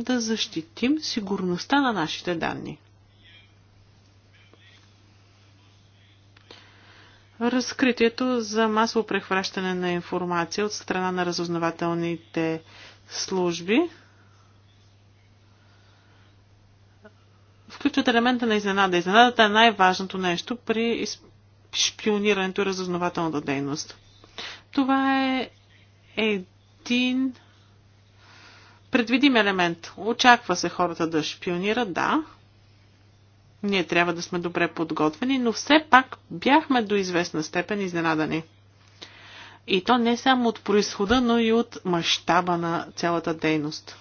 да защитим сигурността на нашите данни. Разкритието за масово прехващане на информация от страна на разузнавателните служби включват елемента на изненада. Изненадата е най-важното нещо при шпионирането и разузнавателната дейност. Това е един Предвидим елемент. Очаква се хората да шпионират, да. Ние трябва да сме добре подготвени, но все пак бяхме до известна степен изненадани. И то не само от происхода, но и от мащаба на цялата дейност.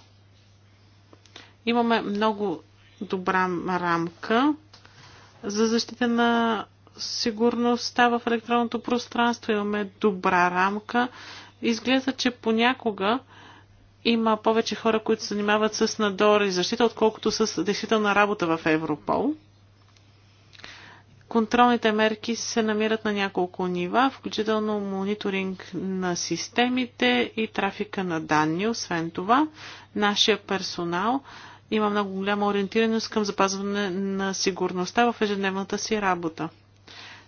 Имаме много добра рамка за защита на сигурността в електронното пространство. Имаме добра рамка. Изглежда, че понякога има повече хора, които се занимават с надор и защита, отколкото с действителна работа в Европол. Контролните мерки се намират на няколко нива, включително мониторинг на системите и трафика на данни. Освен това, нашия персонал има много голяма ориентираност към запазване на сигурността в ежедневната си работа.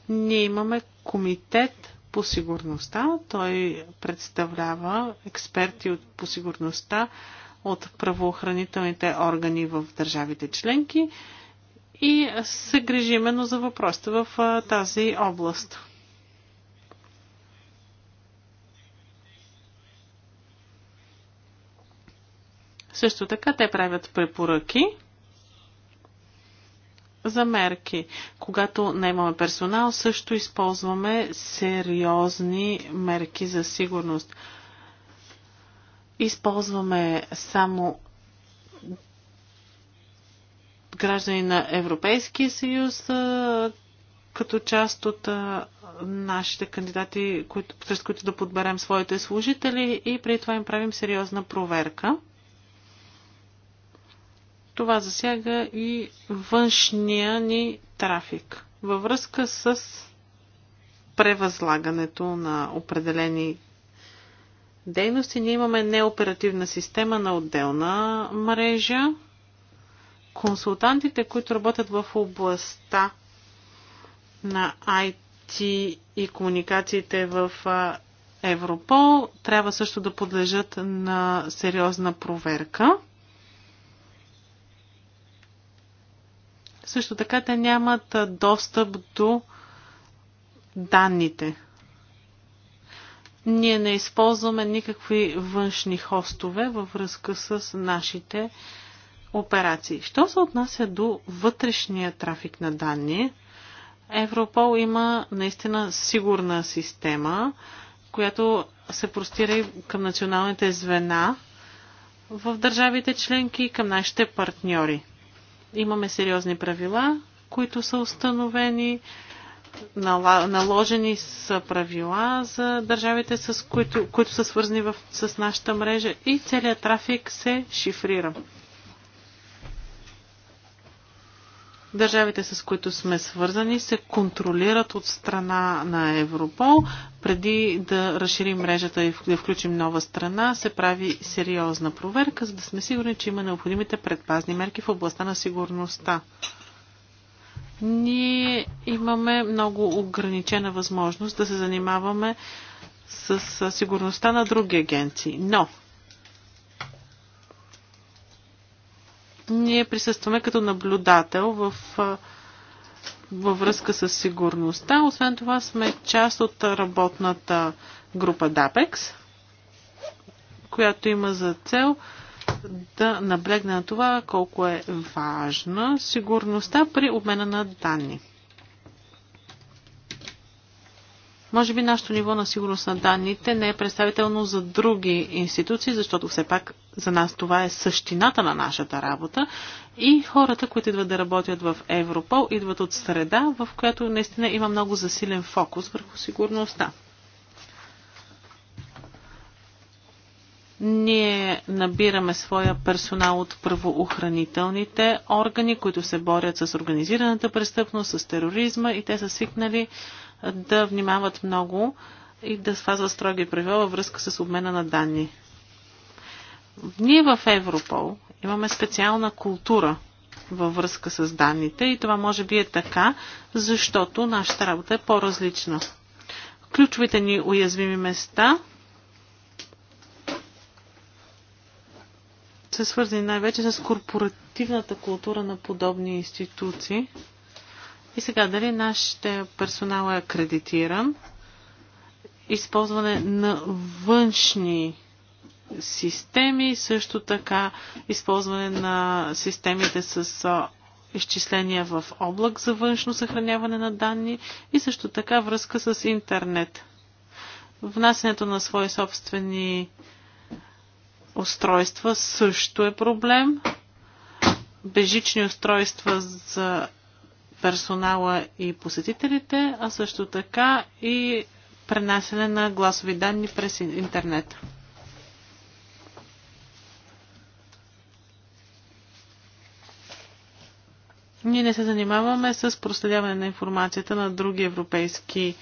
Ние имаме комитет по сигурността. Той представлява експерти от, по сигурността от правоохранителните органи в държавите членки и се грижи именно за въпросите в тази област. Също така те правят препоръки за мерки. Когато не имаме персонал, също използваме сериозни мерки за сигурност. Използваме само граждани на Европейския съюз като част от нашите кандидати, които, чрез които да подберем своите служители и при това им правим сериозна проверка. Това засяга и външния ни трафик. Във връзка с превъзлагането на определени дейности, ние имаме неоперативна система на отделна мрежа. Консултантите, които работят в областта на IT и комуникациите в Европол, трябва също да подлежат на сериозна проверка. Също така те нямат достъп до данните. Ние не използваме никакви външни хостове във връзка с нашите операции. Що се отнася до вътрешния трафик на данни, Европол има наистина сигурна система, която се простира и към националните звена в държавите членки и към нашите партньори. Имаме сериозни правила, които са установени. Наложени са правила за държавите, с които, които са свързани в, с нашата мрежа и целият трафик се шифрира. Държавите, с които сме свързани, се контролират от страна на Европол. Преди да разширим мрежата и да включим нова страна, се прави сериозна проверка, за да сме сигурни, че има необходимите предпазни мерки в областта на сигурността. Ние имаме много ограничена възможност да се занимаваме с сигурността на други агенции. Но Ние присъстваме като наблюдател в, във връзка с сигурността. Освен това сме част от работната група DAPEX, която има за цел да наблегне на това колко е важна сигурността при обмена на данни. Може би нашето ниво на сигурност на данните не е представително за други институции, защото все пак за нас това е същината на нашата работа и хората, които идват да работят в Европол, идват от среда, в която наистина има много засилен фокус върху сигурността. Ние набираме своя персонал от правоохранителните органи, които се борят с организираната престъпност, с тероризма и те са свикнали да внимават много и да спазват строги правила във връзка с обмена на данни. Ние в Европол имаме специална култура във връзка с данните и това може би е така, защото нашата работа е по-различна. Ключовите ни уязвими места са свързани най-вече с корпоративната култура на подобни институции – и сега, дали нашите персонал е акредитиран? Използване на външни системи, също така използване на системите с изчисления в облак за външно съхраняване на данни и също така връзка с интернет. Внасянето на свои собствени устройства също е проблем. Бежични устройства за персонала и посетителите, а също така и пренасене на гласови данни през интернет. Ние не се занимаваме с проследяване на информацията на други европейски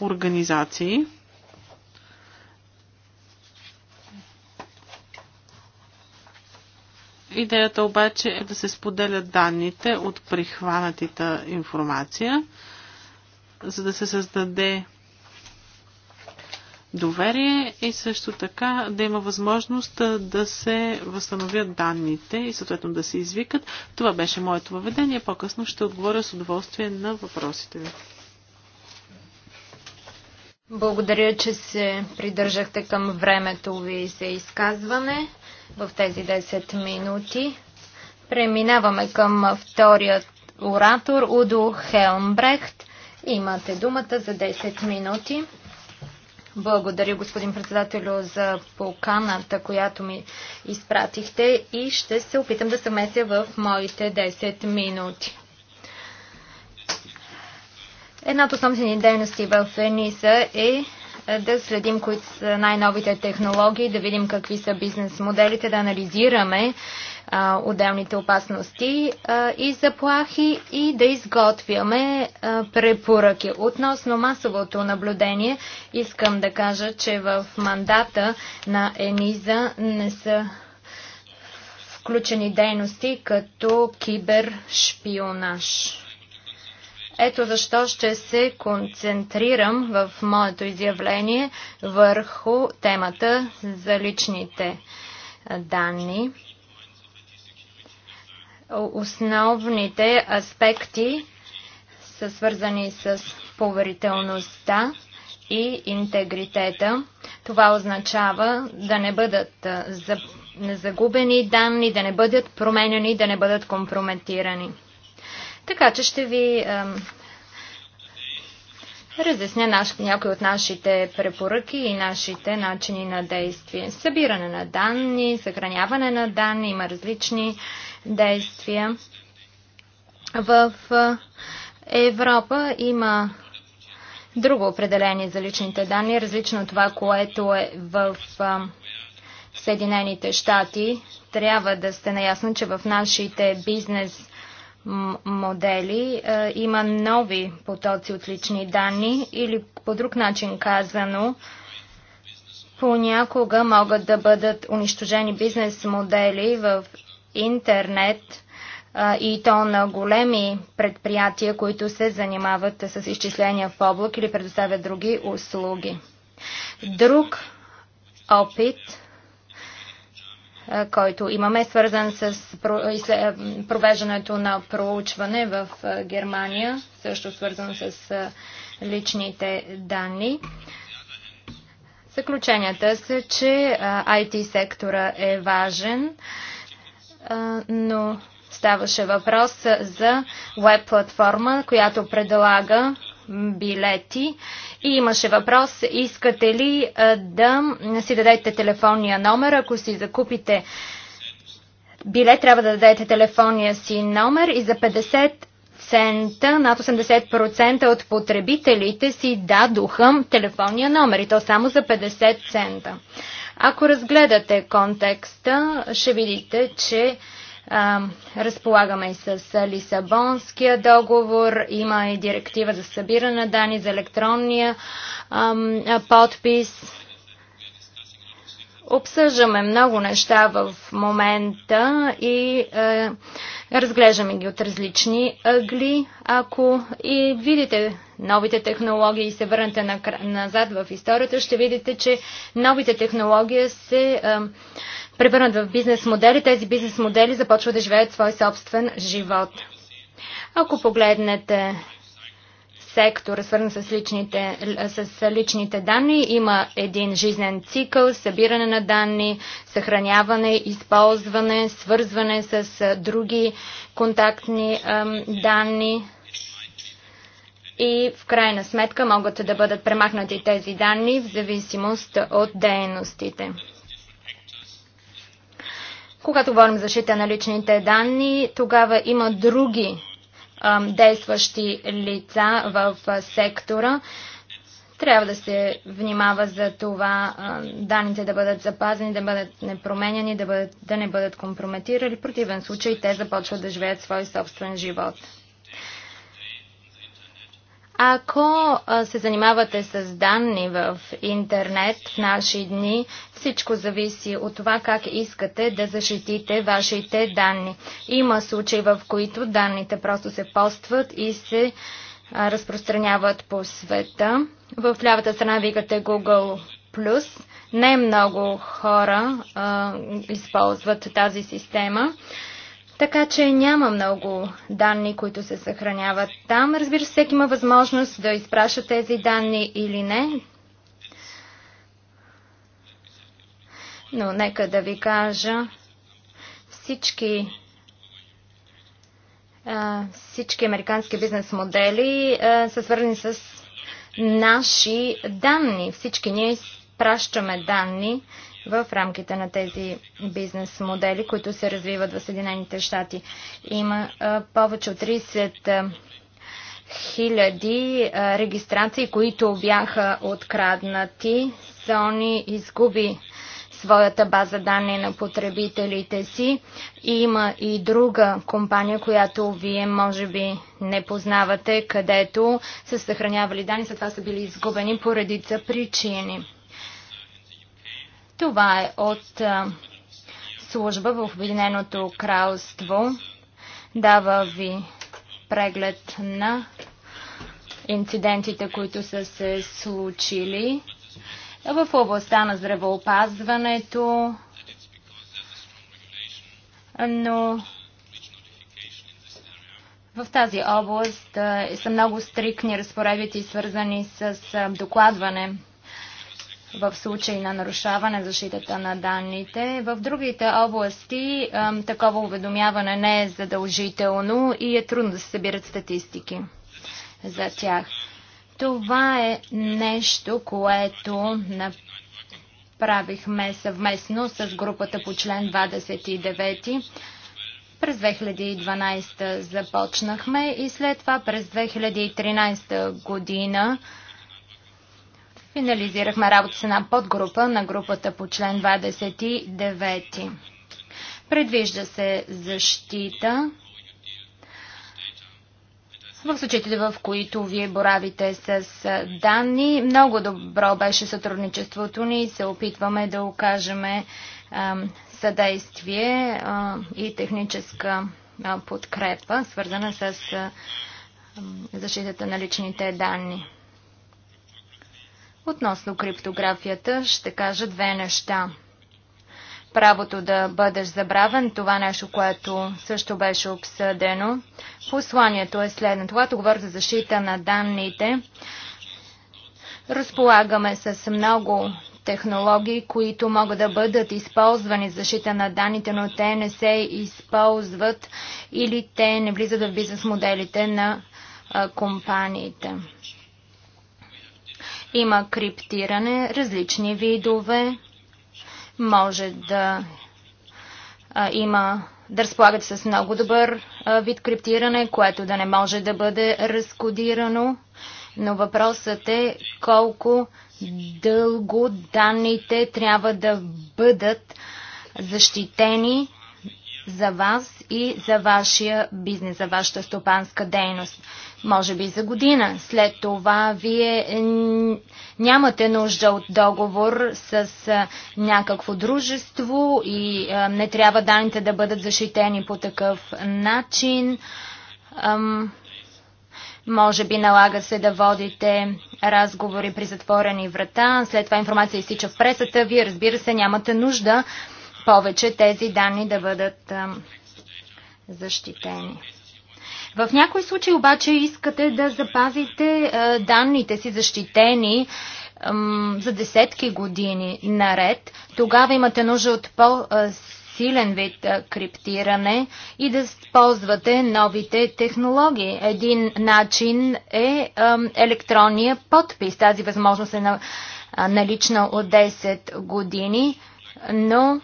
организации. Идеята обаче е да се споделят данните от прихванатите информация, за да се създаде доверие и също така да има възможност да се възстановят данните и съответно да се извикат. Това беше моето въведение. По-късно ще отговоря с удоволствие на въпросите ви. Благодаря, че се придържахте към времето ви за изказване в тези 10 минути. Преминаваме към вторият оратор Удо Хелмбрехт. Имате думата за 10 минути. Благодаря, господин председателю, за поканата, която ми изпратихте и ще се опитам да съместя в моите 10 минути. Една от основните ни дейности в ЕНИСА е е, да следим кои са най-новите технологии, да видим какви са бизнес моделите, да анализираме а, отделните опасности а, и заплахи и да изготвяме а, препоръки. Относно масовото наблюдение, искам да кажа, че в мандата на ЕНИЗА не са включени дейности като кибершпионаж. Ето защо ще се концентрирам в моето изявление върху темата за личните данни. Основните аспекти са свързани с поверителността и интегритета. Това означава да не бъдат загубени данни, да не бъдат променени, да не бъдат компрометирани. Така че ще ви разясня наш, някои от нашите препоръки и нашите начини на действие. Събиране на данни, съхраняване на данни, има различни действия. В Европа има друго определение за личните данни, различно от това, което е в Съединените щати. Трябва да сте наясно, че в нашите бизнес модели, е, има нови потоци от лични данни или по друг начин казано, понякога могат да бъдат унищожени бизнес модели в интернет е, и то на големи предприятия, които се занимават с изчисления в облак или предоставят други услуги. Друг опит – който имаме, свързан с провеждането на проучване в Германия, също свързан с личните данни. Заключенията са, че IT сектора е важен, но ставаше въпрос за веб платформа, която предлага билети и имаше въпрос, искате ли да си дадете телефонния номер, ако си закупите билет, трябва да дадете телефонния си номер и за 50 цента, над 80% от потребителите си дадоха телефонния номер и то само за 50 цента. Ако разгледате контекста, ще видите, че Разполагаме и с Лисабонския договор, има и директива за събиране на данни за електронния подпис. Обсъждаме много неща в момента и е, разглеждаме ги от различни ъгли. Ако и видите новите технологии и се върнете на, назад в историята, ще видите, че новите технологии се е, превърнат в бизнес модели, тези бизнес модели започват да живеят свой собствен живот. Ако погледнете сектор, свързан с личните, с личните данни, има един жизнен цикъл, събиране на данни, съхраняване, използване, свързване с други контактни ем, данни и в крайна сметка могат да бъдат премахнати тези данни в зависимост от дейностите. Когато говорим за защита на личните данни, тогава има други действащи лица в сектора. Трябва да се внимава за това данните да бъдат запазени, да бъдат непроменяни, да, бъдат, да не бъдат компрометирали. В противен случай те започват да живеят свой собствен живот. Ако се занимавате с данни в интернет в наши дни, всичко зависи от това как искате да защитите вашите данни. Има случаи, в които данните просто се постват и се разпространяват по света. В лявата страна викате Google+. Не много хора а, използват тази система. Така че няма много данни, които се съхраняват там. Разбира се, всеки има възможност да изпраща тези данни или не. Но нека да ви кажа, всички всички американски бизнес модели са свързани с наши данни. Всички ние изпращаме данни в рамките на тези бизнес модели, които се развиват в Съединените щати. Има повече от 30 хиляди регистрации, които бяха откраднати. Sony изгуби своята база данни на потребителите си. И има и друга компания, която вие може би не познавате, където са съхранявали данни, след това са били изгубени по редица причини. Това е от служба в Обединеното кралство. Дава ви преглед на инцидентите, които са се случили в областта на здравеопазването, но в тази област са много стрикни разпоредбите, свързани с докладване в случай на нарушаване на защитата на данните. В другите области такова уведомяване не е задължително и е трудно да се събират статистики за тях. Това е нещо, което направихме съвместно с групата по член 29. През 2012 започнахме и след това през 2013 година Финализирахме работа с една подгрупа на групата по член 29. Предвижда се защита в случаите, в които вие боравите с данни. Много добро беше сътрудничеството ни и се опитваме да окажеме съдействие и техническа подкрепа, свързана с защитата на личните данни. Относно криптографията ще кажа две неща. Правото да бъдеш забравен, това нещо, което също беше обсъдено. Посланието е следно. Когато говоря за защита на данните, разполагаме с много технологии, които могат да бъдат използвани за защита на данните, но те не се използват или те не влизат в бизнес моделите на компаниите. Има криптиране, различни видове. Може да а, има да разполагат с много добър а, вид криптиране, което да не може да бъде разкодирано. Но въпросът е колко дълго данните трябва да бъдат защитени за вас и за вашия бизнес, за вашата стопанска дейност може би за година. След това вие е, нямате нужда от договор с някакво дружество и не трябва данните да бъдат защитени по такъв начин. Може би налага се да водите разговори при затворени врата, след това информация изтича в пресата. Вие, разбира се, нямате нужда повече тези данни да бъдат защитени. В някои случаи обаче искате да запазите е, данните си защитени за десетки години наред. Тогава имате нужда от по-силен вид е, криптиране и да използвате новите технологии. Един начин е електронния подпис. Тази възможност е налична от 10 години, но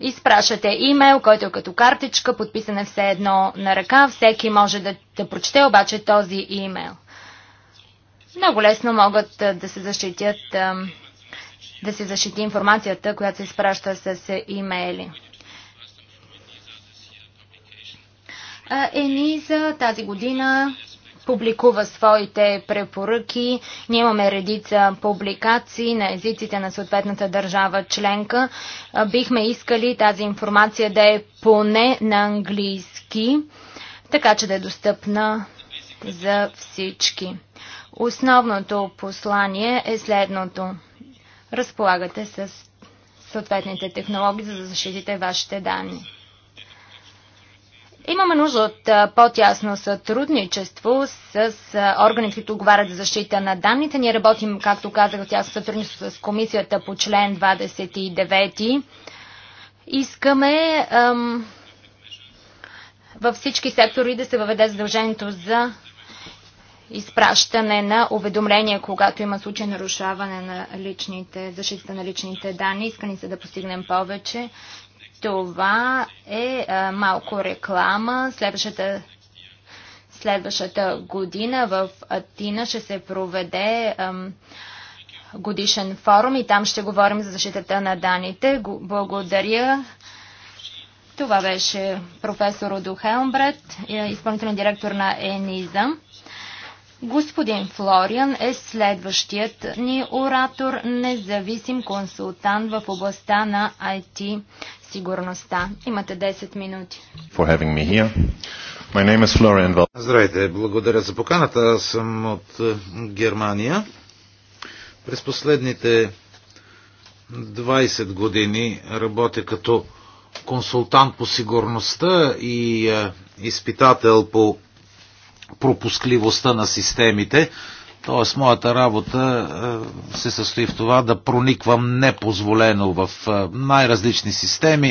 Изпращате имейл, който е като картичка, подписана е все едно на ръка. Всеки може да, да прочете обаче този имейл. Много лесно могат да се защитят, да се защити информацията, която се изпраща с имейли. Ени за тази година публикува своите препоръки. Ние имаме редица публикации на езиците на съответната държава членка. Бихме искали тази информация да е поне на английски, така че да е достъпна за всички. Основното послание е следното. Разполагате с съответните технологии, за да защитите вашите данни. Имаме нужда от по-тясно сътрудничество с органите, които отговарят за защита на данните. Ние работим, както казах, в тясно сътрудничество с комисията по член 29. Искаме ам, във всички сектори да се въведе задължението за изпращане на уведомления, когато има случай нарушаване на личните, защита на личните данни. Искани се да постигнем повече. Това е а, малко реклама. Следващата, следващата година в Атина ще се проведе ам, годишен форум и там ще говорим за защитата на данните. Благодаря. Това беше професор Одо Хелмбрет, е, изпълнителен директор на ЕНИЗА. Господин Флориан е следващият ни оратор, независим консултант в областта на IT сигурността. Имате 10 минути. For having me here. My name is Florian Здравейте, благодаря за поканата. Аз съм от е, Германия. През последните 20 години работя като консултант по сигурността и е, изпитател по пропускливостта на системите Тоест, моята работа е, се състои в това да прониквам непозволено в е, най-различни системи,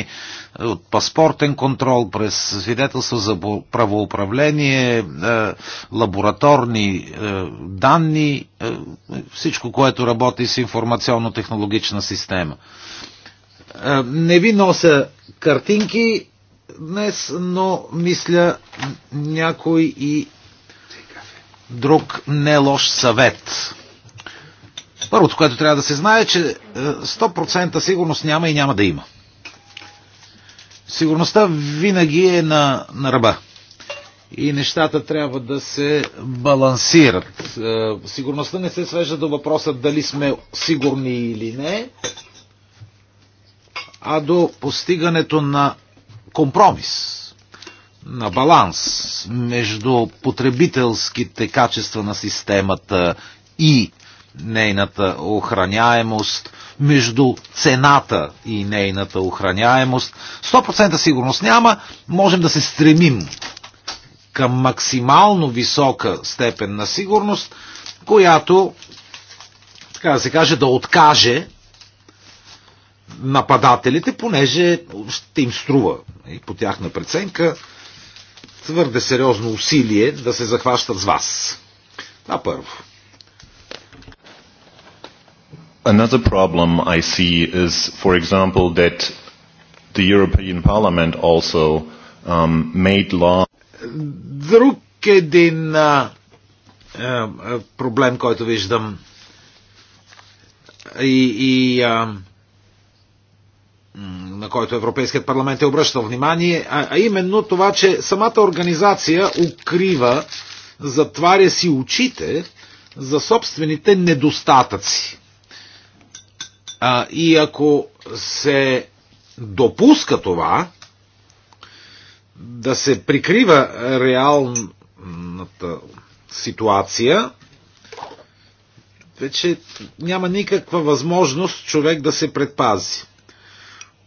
е, от паспортен контрол през свидетелство за правоуправление, лабораторни данни, всичко, което работи с информационно-технологична система. Не ви нося картинки днес, но мисля някой и друг не лош съвет. Първото, което трябва да се знае, е, че 100% е, сигурност няма и няма да има. Сигурността винаги е на, на ръба. И нещата трябва да се балансират. Е, сигурността не се свежда до въпроса дали сме сигурни или не, а до постигането на компромис на баланс между потребителските качества на системата и нейната охраняемост, между цената и нейната охраняемост. 100% сигурност няма, можем да се стремим към максимално висока степен на сигурност, която, така да се каже, да откаже нападателите, понеже ще им струва и по тяхна преценка твърде сериозно усилие да се захващат с вас. Това първо. Another problem I see is, for example, that the European Parliament also um, made law. Друг един а, проблем, който виждам и, и а, на който Европейският парламент е обръщал внимание, а, а именно това, че самата организация укрива, затваря си очите за собствените недостатъци. А, и ако се допуска това, да се прикрива реалната ситуация, вече няма никаква възможност човек да се предпази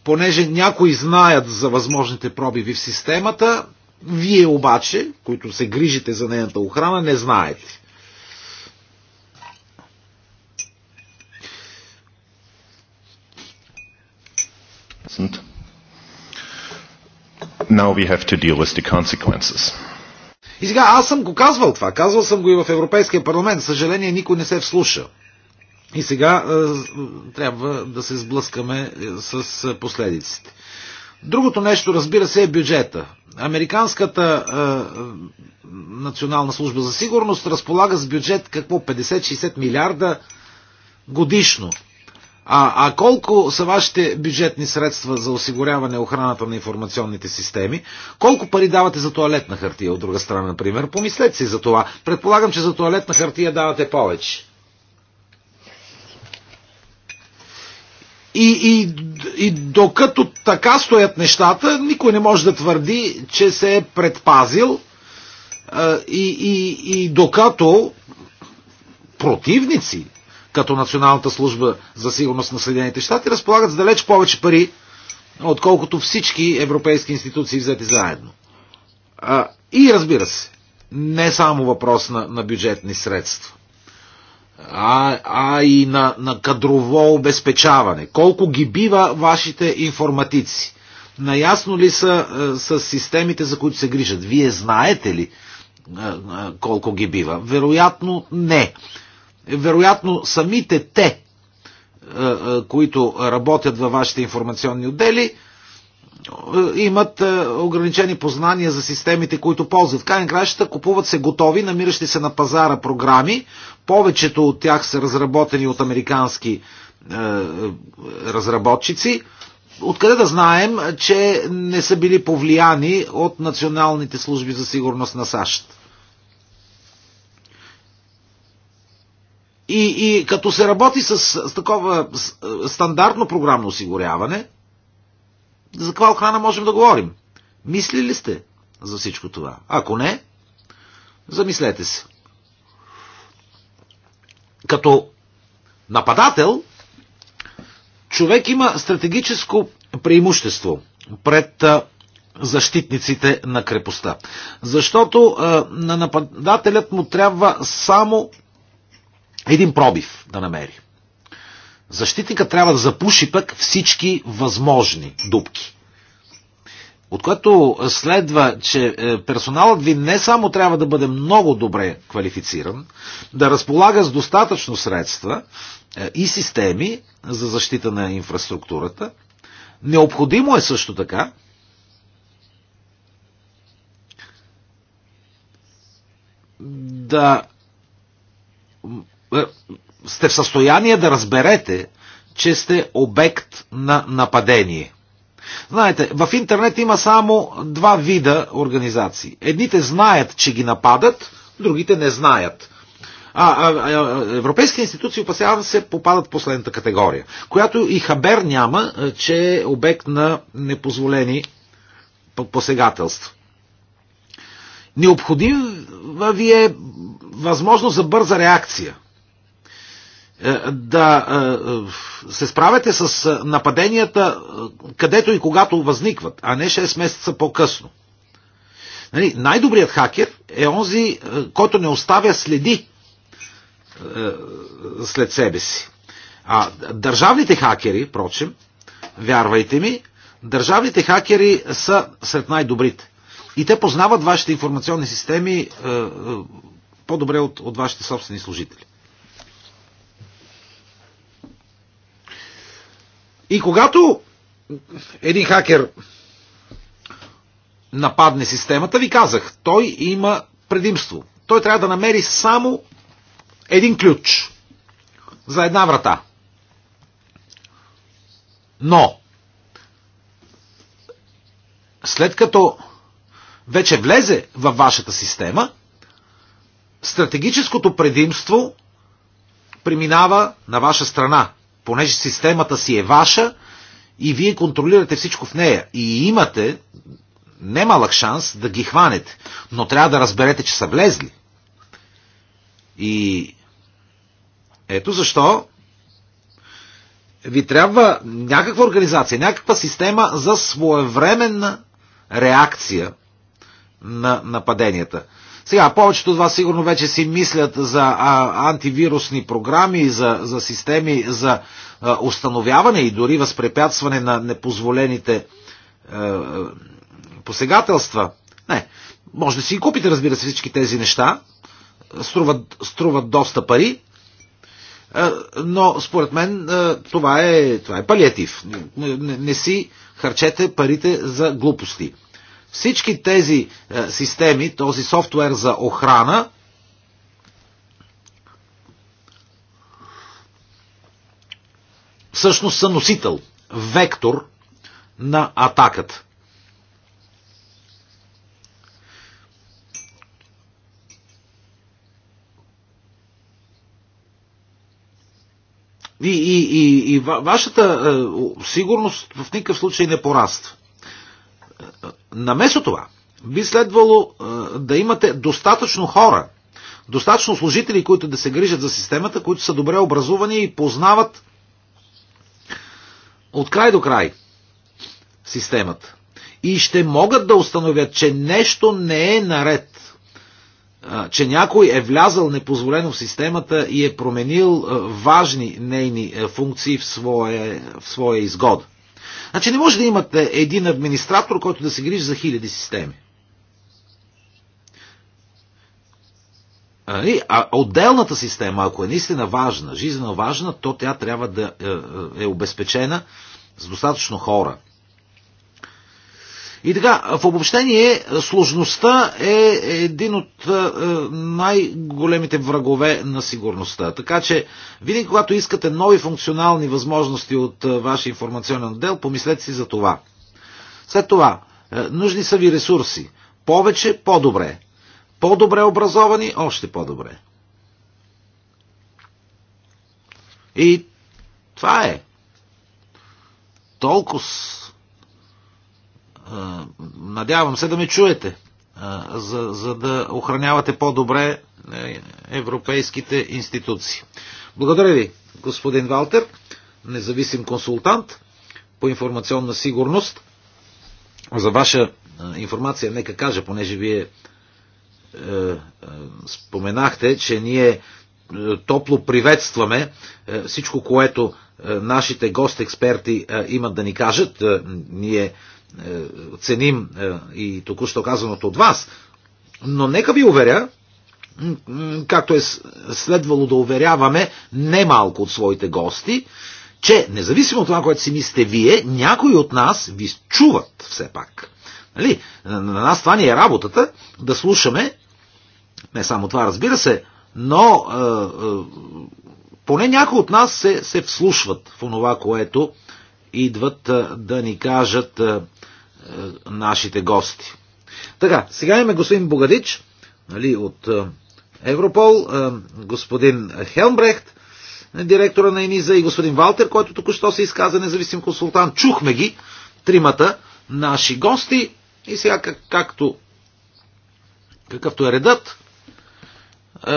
понеже някои знаят за възможните пробиви в системата, вие обаче, които се грижите за нейната охрана, не знаете. Now we have to deal with the consequences. И сега аз съм го казвал това. Казвал съм го и в Европейския парламент. Съжаление, никой не се вслуша. И сега е, трябва да се сблъскаме е, с е, последиците. Другото нещо, разбира се, е бюджета. Американската е, национална служба за сигурност разполага с бюджет какво 50-60 милиарда годишно. А, а колко са вашите бюджетни средства за осигуряване охраната на информационните системи? Колко пари давате за туалетна хартия, от друга страна, например? Помислете си за това. Предполагам, че за туалетна хартия давате повече. И, и, и докато така стоят нещата, никой не може да твърди, че се е предпазил и, и, и докато противници, като Националната служба за сигурност на Съединените щати, разполагат с далеч повече пари, отколкото всички европейски институции взети заедно. и разбира се, не само въпрос на, на бюджетни средства а, а и на, на кадрово обезпечаване. Колко ги бива вашите информатици? Наясно ли са а, е, с системите, за които се грижат? Вие знаете ли а, е, а, е, колко ги бива? Вероятно не. Вероятно самите те, а, а, които работят във вашите информационни отдели, а, е, имат е, ограничени познания за системите, които ползват. В краищата, купуват се готови, намиращи се на пазара програми. Повечето от тях са разработени от американски е, разработчици. Откъде да знаем, че не са били повлияни от националните служби за сигурност на САЩ? И, и като се работи с, с такова стандартно програмно осигуряване, за каква охрана можем да говорим? Мислили сте за всичко това? Ако не, замислете се. Като нападател, човек има стратегическо преимущество пред защитниците на крепостта. Защото на нападателят му трябва само един пробив да намери защитника трябва да запуши пък всички възможни дупки. От което следва, че е, персоналът ви не само трябва да бъде много добре квалифициран, да разполага с достатъчно средства е, и системи за защита на инфраструктурата, необходимо е също така да е, сте в състояние да разберете, че сте обект на нападение. Знаете, в интернет има само два вида организации. Едните знаят, че ги нападат, другите не знаят. А, а, а европейски институции, опасявам се, попадат в последната категория, която и хабер няма, че е обект на непозволени посегателства. Необходим ви е възможност за бърза реакция – е, да е, е, се справяте с нападенията където и когато възникват, а не 6 месеца по-късно. Нали, най-добрият хакер е онзи, който не оставя следи след себе си. А държавните хакери, прочим, вярвайте ми, държавните хакери са сред най-добрите. И те познават вашите информационни системи по-добре от, от вашите собствени служители. И когато един хакер нападне системата, ви казах, той има предимство. Той трябва да намери само един ключ за една врата. Но, след като вече влезе във вашата система, стратегическото предимство преминава на ваша страна понеже системата си е ваша и вие контролирате всичко в нея. И имате немалък шанс да ги хванете. Но трябва да разберете, че са влезли. И ето защо ви трябва някаква организация, някаква система за своевременна реакция на нападенията. Сега, повечето от вас сигурно вече си мислят за а, антивирусни програми, за, за системи за а, установяване и дори възпрепятстване на непозволените а, е, е, посегателства. Не, може да си купите, разбира се, всички тези неща. Струват, струват доста пари, е, но според мен това е, това е палиатив. Не, не си харчете парите за глупости. Всички тези е, системи, този софтуер за охрана, всъщност са носител, вектор на атаката. И, и, и, и вашата е, сигурност в никакъв случай не пораства. Наместо това, би следвало е, да имате достатъчно хора, достатъчно служители, които да се грижат за системата, които са добре образувани и познават от край до край системата. И ще могат да установят, че нещо не е наред. Е, че някой е влязал непозволено в системата и е променил е, важни нейни функции в своя, в своя изгода. Значи не може да имате един администратор, който да се грижи за хиляди системи. Нали? А отделната система, ако е наистина важна, жизненно важна, то тя трябва да е, е, е обезпечена с достатъчно хора. И така, в обобщение, сложността е един от е, най-големите врагове на сигурността. Така че, винаги когато искате нови функционални възможности от е, вашия информационен отдел, помислете си за това. След това, е, нужни са ви ресурси. Повече, по-добре. По-добре образовани, още по-добре. И това е. Толкова Надявам се да ме чуете, за, за да охранявате по-добре е, европейските институции. Благодаря ви, господин Валтер, независим консултант по информационна сигурност. За ваша информация, нека кажа, понеже вие е, е, споменахте, че ние топло приветстваме всичко, което нашите гост-експерти имат да ни кажат. ние е, ценим е, и току-що казаното от вас, но нека ви уверя, както е следвало да уверяваме немалко от своите гости, че независимо от това, което си мислите вие, някои от нас ви чуват все пак. Нали? На нас това ни е работата да слушаме, не само това разбира се, но е, е, поне някои от нас се, се вслушват в онова, което идват да ни кажат нашите гости. Така, сега имаме господин Богадич нали, от Европол, господин Хелмбрехт, директора на ЕНИЗА и господин Валтер, който току-що се изказа независим консултант. Чухме ги, тримата наши гости и сега как, както какъвто е редът,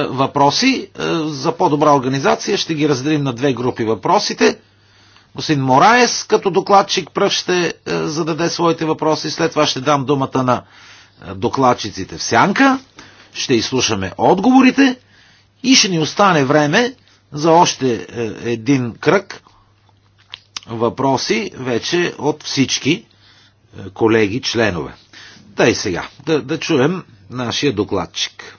въпроси за по-добра организация ще ги разделим на две групи въпросите – Господин Мораес като докладчик пръв ще е, зададе своите въпроси. След това ще дам думата на е, докладчиците в сянка. Ще изслушаме отговорите и ще ни остане време за още е, един кръг въпроси вече от всички колеги, членове. Тъй сега, да, да чуем нашия докладчик.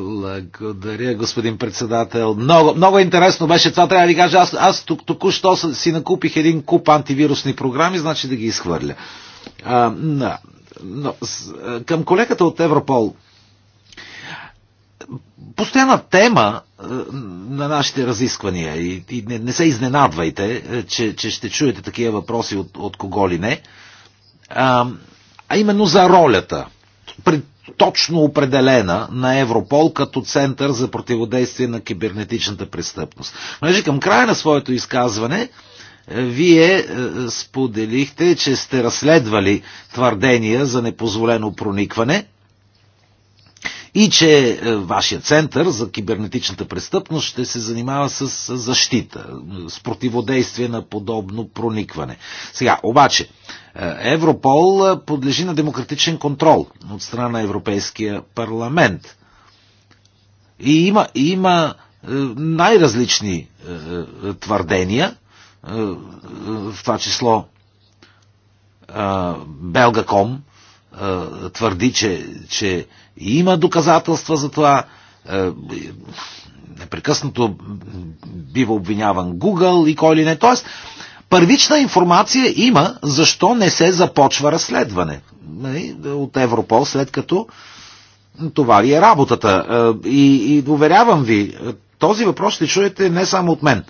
Благодаря, господин председател. Много, много интересно беше това. Трябва да ви кажа, аз, аз току-що си накупих един куп антивирусни програми, значи да ги изхвърля. А, на, но, с, към колегата от Европол. Постоянна тема на нашите разисквания и, и не, не се изненадвайте, че, че ще чуете такива въпроси от, от кого ли не, а, а именно за ролята пред точно определена на Европол като център за противодействие на кибернетичната престъпност. Понеже към края на своето изказване е, вие е, споделихте, че сте разследвали твърдения за непозволено проникване и че е, вашия център за кибернетичната престъпност ще се занимава с защита, с противодействие на подобно проникване. Сега, обаче, е, Европол е, подлежи на демократичен контрол от страна на Европейския парламент. И има, има най-различни твърдения, в това число Белгаком твърди, че, че има доказателства за това. Е, непрекъснато бива обвиняван Google и кой ли не. Тоест, първична информация има, защо не се започва разследване нали, от Европол, след като това ви е работата. Е, и, и доверявам ви, този въпрос ще чуете не само от мен.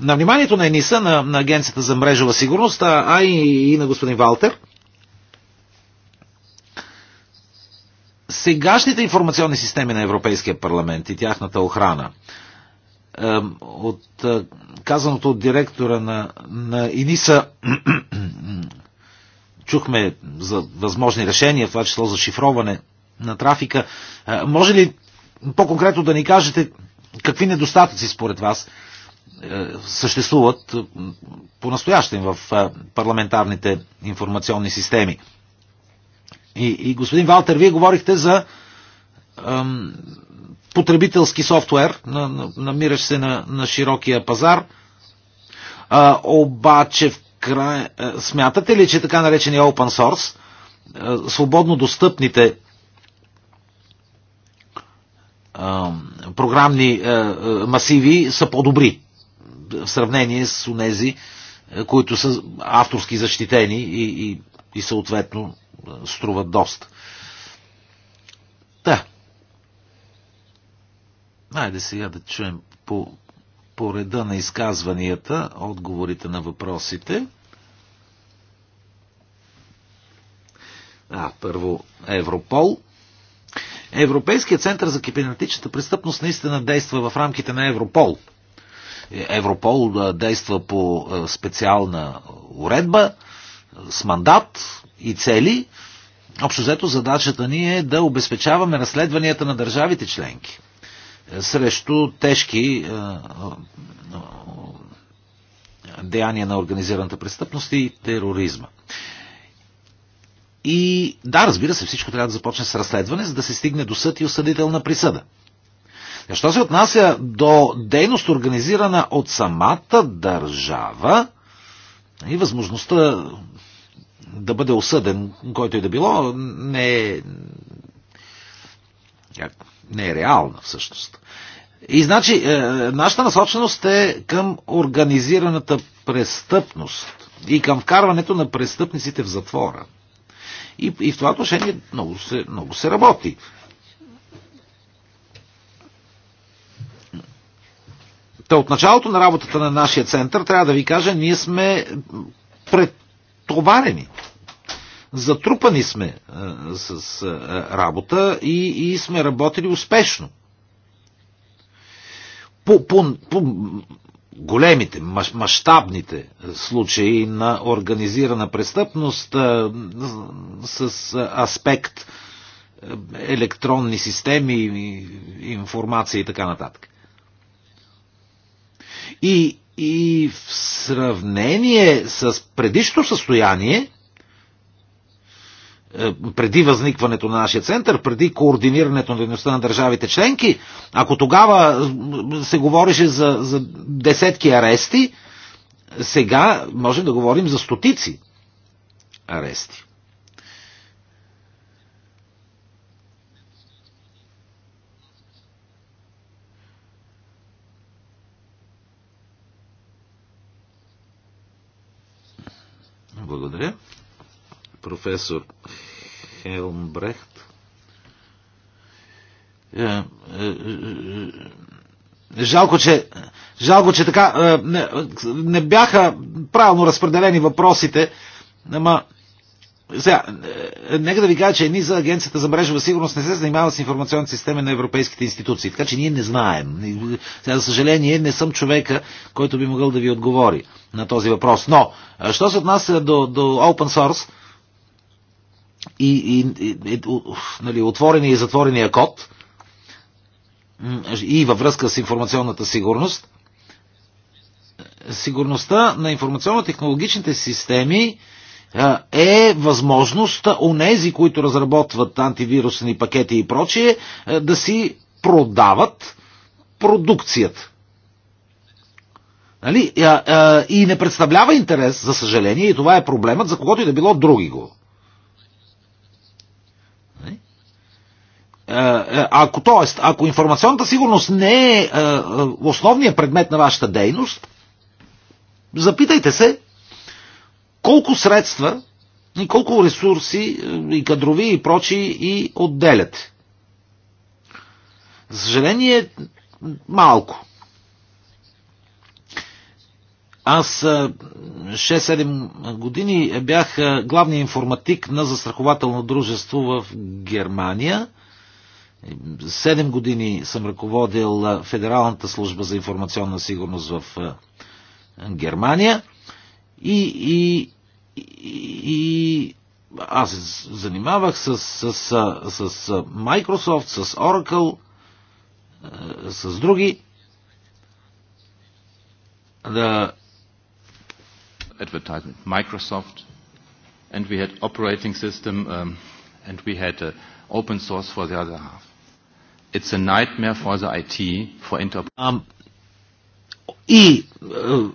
На вниманието на ЕНИСА, на, на Агенцията за мрежова сигурност, а и, и на господин Валтер, сегашните информационни системи на Европейския парламент и тяхната охрана. От е, казаното от директора на, на ИНИСА чухме за възможни решения, в това число за шифроване на трафика. Е, може ли по-конкретно да ни кажете какви недостатъци според вас е, съществуват по-настоящем в парламентарните информационни системи? И, и господин Валтер, вие говорихте за ам, потребителски софтуер, на, на, намиращ се на, на широкия пазар. А, обаче, в край... смятате ли, че така наречения open source, а, свободно достъпните а, програмни а, масиви са по-добри в сравнение с тези, които са авторски защитени и, и, и съответно струва доста. Да. Айде сега да чуем по, по реда на изказванията, отговорите на въпросите. А, първо Европол. Европейският център за кибернетичната престъпност наистина действа в рамките на Европол. Е, Европол действа по специална уредба с мандат и цели, Общо взето задачата ни е да обезпечаваме разследванията на държавите членки е, срещу тежки е, е, деяния на организираната престъпност и тероризма. И да, разбира се, всичко трябва да започне с разследване, за да се стигне до съд и осъдителна присъда. Що се отнася до дейност, организирана от самата държава и възможността да бъде осъден, който и е да било, не е, не е реална всъщност. И значи, е, нашата насоченост е към организираната престъпност и към вкарването на престъпниците в затвора. И, и в това отношение много се, много се работи. Та от началото на работата на нашия център, трябва да ви кажа, ние сме пред натоварени. Затрупани сме с работа и, и сме работили успешно. По, по, по големите, мащабните случаи на организирана престъпност с аспект електронни системи, информация и така нататък. И и в сравнение с предишното състояние, е, преди възникването на нашия център, преди координирането на дейността на държавите членки, ако тогава се говореше за, за десетки арести, сега можем да говорим за стотици арести. Благодаря. Професор Хелмбрехт. Е, е, е, жалко, че, жалко, че така не, не бяха правилно разпределени въпросите, ама сега, е, нека да ви кажа, че ние за Агенцията за мрежова сигурност не се занимава с информационните системи на европейските институции, така че ние не знаем. Сега, за съжаление, не съм човека, който би могъл да ви отговори на този въпрос. Но, е, що се отнася до, до open source и, и, и, и е, нали, отворения и затворения код и във връзка с информационната сигурност, сигурността на информационно-технологичните системи е възможност нези, които разработват антивирусни пакети и прочие, да си продават продукцията. Нали? и не представлява интерес, за съжаление, и това е проблемът, за когото и да било други го. Нали? ако, тоест, ако информационната сигурност не е основният предмет на вашата дейност, запитайте се колко средства и колко ресурси е, и кадрови и прочи и отделяте. За съжаление, малко. Аз 6-7 е, години бях е, главния информатик на застрахователно дружество в Германия. 7 години съм ръководил Федералната служба за информационна сигурност в Германия. И, и и аз се занимавах с, с, с, с, с Microsoft, с Oracle, с други. Да. Advertisement, Microsoft, and we had operating system, um, and we had uh, open source for the other half. It's a nightmare for the IT, for enterprise. Um, и uh,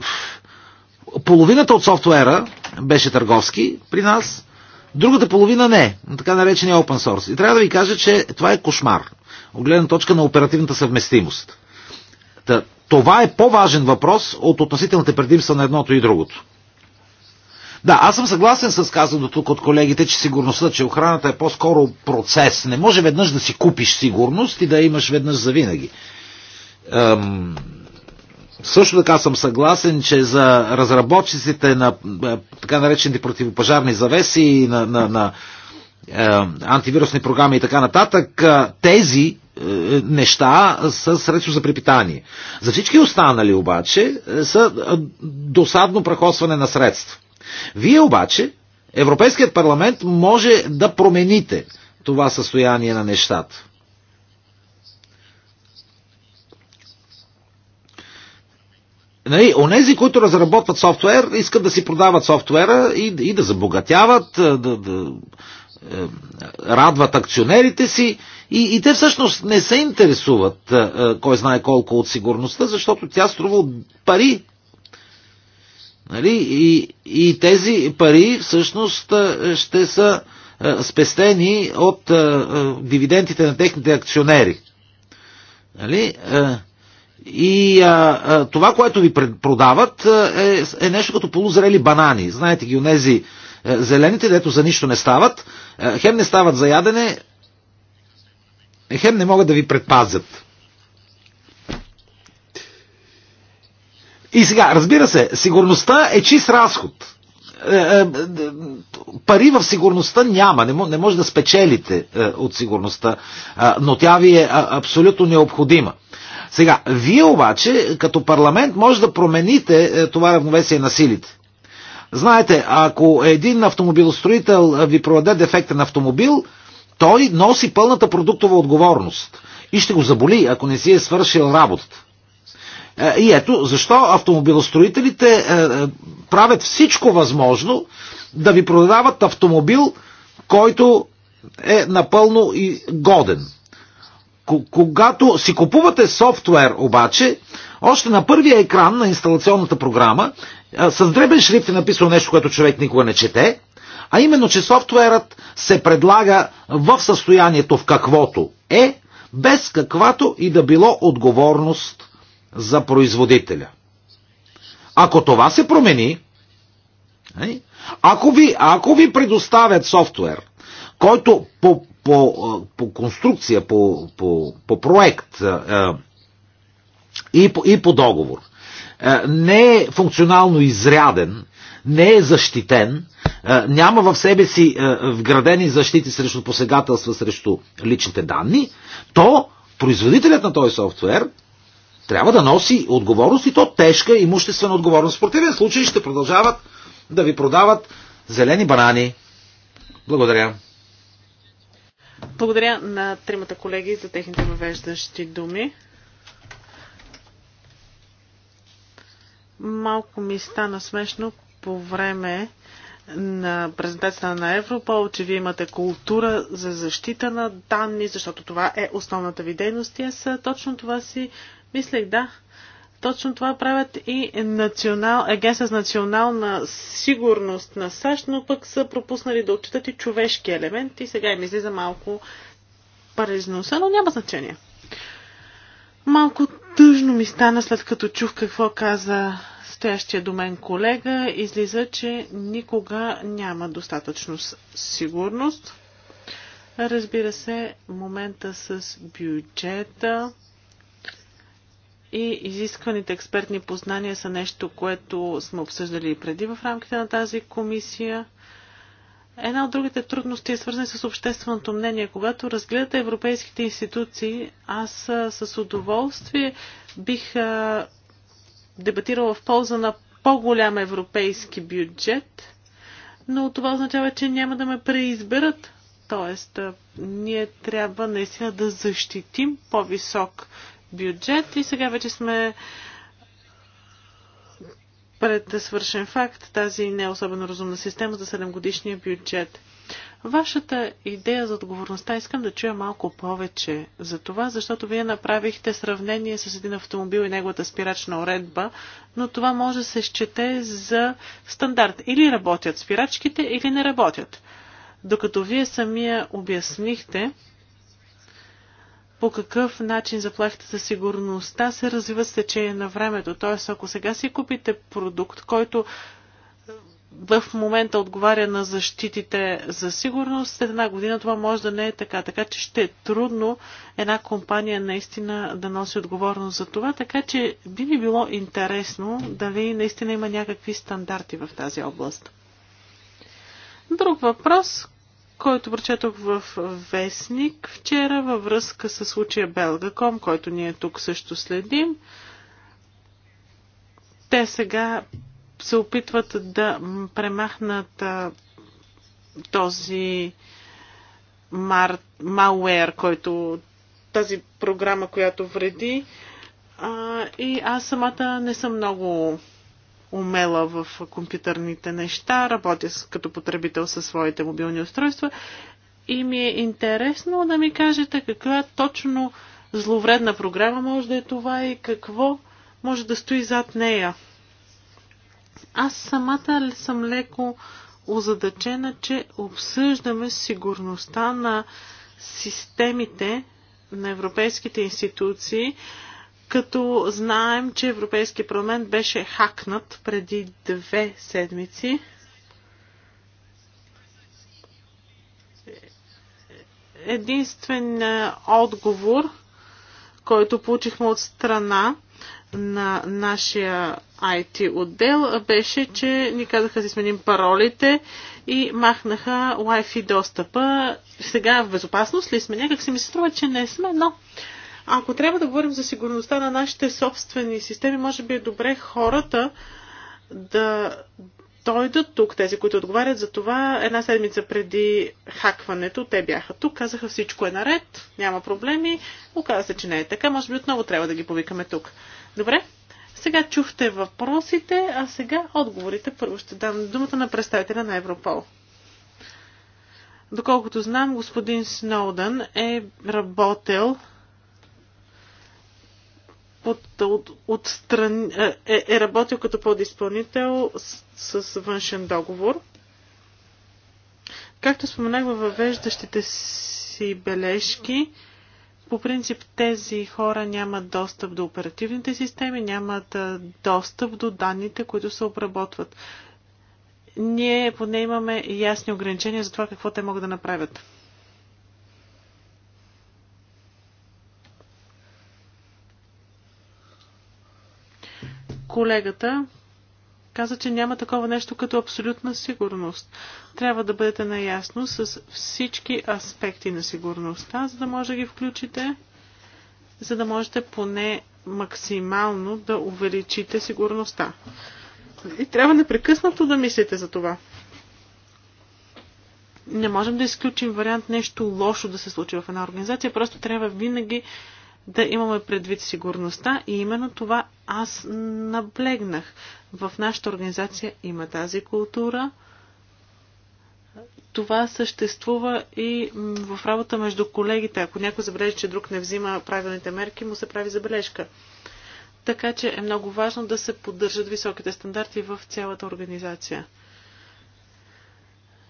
половината от софтуера беше търговски при нас, другата половина не, така наречения open source. И трябва да ви кажа, че това е кошмар от гледна точка на оперативната съвместимост. Та, това е по-важен въпрос от относителните предимства на едното и другото. Да, аз съм съгласен с казаното тук от колегите, че сигурността, че охраната е по-скоро процес. Не може веднъж да си купиш сигурност и да имаш веднъж завинаги. Ем, също така съм съгласен, че за разработчиците на е, така наречените противопожарни завеси, на, на, на е, антивирусни програми и така нататък, е, тези е, неща са средство за препитание. За всички останали обаче е, са досадно прахосване на средства. Вие обаче, Европейският парламент, може да промените това състояние на нещата. Нали, онези, които разработват софтуер, искат да си продават софтуера и, и да забогатяват, да, да е, радват акционерите си. И, и те всъщност не се интересуват, е, е, кой знае колко от сигурността, защото тя струва от пари. Нали? И, и тези пари всъщност е, ще са е, спестени от е, е, дивидендите на техните акционери. Нали? Е, и а, а, това, което ви продават, е, е нещо като полузрели банани. Знаете ги, онези е, зелените, дето за нищо не стават, е, хем не стават за ядене, е, хем не могат да ви предпазят. И сега, разбира се, сигурността е чист разход. Е, е, пари в сигурността няма, не, може да спечелите е, от сигурността, но тя ви е абсолютно необходима. Сега, вие обаче, като парламент, може да промените е, това равновесие на силите. Знаете, ако един автомобилостроител е, ви продаде дефектен автомобил, той носи пълната продуктова отговорност и ще го заболи, ако не си е свършил работата. Е, и ето защо автомобилостроителите правят всичко възможно да ви продават автомобил, който е напълно и годен. Когато си купувате софтуер обаче, още на първия екран на инсталационната програма с дребен шрифт е написано нещо, което човек никога не чете, а именно, че софтуерът се предлага в състоянието в каквото е, без каквато и да било отговорност за производителя. Ако това се промени, ако ви, ако ви предоставят софтуер, който по по, по конструкция, по, по, по проект и по, и по договор не е функционално изряден, не е защитен, няма в себе си вградени защити срещу посегателства срещу личните данни, то производителят на този софтуер трябва да носи отговорност и то тежка имуществена отговорност. В противен случай ще продължават да ви продават зелени банани. Благодаря. Благодаря на тримата колеги за техните въвеждащи думи. Малко ми стана смешно по време на презентацията на Европол, че вие имате култура за защита на данни, защото това е основната ви дейност. И аз точно това си мислех, да. Точно това правят и национал, агенция е, е с национална сигурност на САЩ, но пък са пропуснали да отчитат и човешки елемент и сега им излиза малко през но няма значение. Малко тъжно ми стана след като чух какво каза стоящия до мен колега. Излиза, че никога няма достатъчно сигурност. Разбира се, момента с бюджета и изискваните експертни познания са нещо, което сме обсъждали и преди в рамките на тази комисия. Една от другите трудности е свързана с общественото мнение. Когато разгледате европейските институции, аз с удоволствие бих дебатирала в полза на по-голям европейски бюджет, но това означава, че няма да ме преизберат. Тоест, ние трябва наистина да защитим по-висок бюджет бюджет и сега вече сме пред свършен факт тази не особено разумна система за 7 годишния бюджет. Вашата идея за отговорността искам да чуя малко повече за това, защото вие направихте сравнение с един автомобил и неговата спирачна уредба, но това може да се счете за стандарт. Или работят спирачките, или не работят. Докато вие самия обяснихте, по какъв начин заплахите за сигурността се развиват с течение на времето. Тоест, ако сега си купите продукт, който в момента отговаря на защитите за сигурност, след една година това може да не е така. Така че ще е трудно една компания наистина да носи отговорност за това. Така че би ми било интересно дали наистина има някакви стандарти в тази област. Друг въпрос, който прочетох в Вестник вчера във връзка с случая Белгаком, който ние тук също следим. Те сега се опитват да премахнат а, този мауер, който тази програма, която вреди. А, и аз самата не съм много умела в компютърните неща, работя като потребител със своите мобилни устройства и ми е интересно да ми кажете каква точно зловредна програма може да е това и какво може да стои зад нея. Аз самата съм леко озадачена, че обсъждаме сигурността на системите на европейските институции, като знаем, че Европейския парламент беше хакнат преди две седмици. Единствен е, отговор, който получихме от страна на нашия IT отдел беше, че ни казаха да сменим паролите и махнаха Wi-Fi достъпа. Сега в безопасност ли сме? Някак си ми се струва, че не сме, но ако трябва да говорим за сигурността на нашите собствени системи, може би е добре хората да дойдат тук, тези, които отговарят за това. Една седмица преди хакването те бяха тук, казаха всичко е наред, няма проблеми. Оказа се, че не е така. Може би отново трябва да ги повикаме тук. Добре? Сега чухте въпросите, а сега отговорите. Първо ще дам думата на представителя на Европол. Доколкото знам, господин Сноудън е работел под, от, от стран, е, е, е работил като подизпълнител с, с външен договор. Както споменах във въвеждащите си бележки, по принцип тези хора нямат достъп до оперативните системи, нямат е, достъп до данните, които се обработват. Ние поне имаме ясни ограничения за това какво те могат да направят. колегата каза, че няма такова нещо като абсолютна сигурност. Трябва да бъдете наясно с всички аспекти на сигурността, за да може да ги включите, за да можете поне максимално да увеличите сигурността. И трябва непрекъснато да мислите за това. Не можем да изключим вариант нещо лошо да се случи в една организация, просто трябва винаги да имаме предвид сигурността и именно това аз наблегнах. В нашата организация има тази култура. Това съществува и в работа между колегите. Ако някой забележи, че друг не взима правилните мерки, му се прави забележка. Така че е много важно да се поддържат високите стандарти в цялата организация.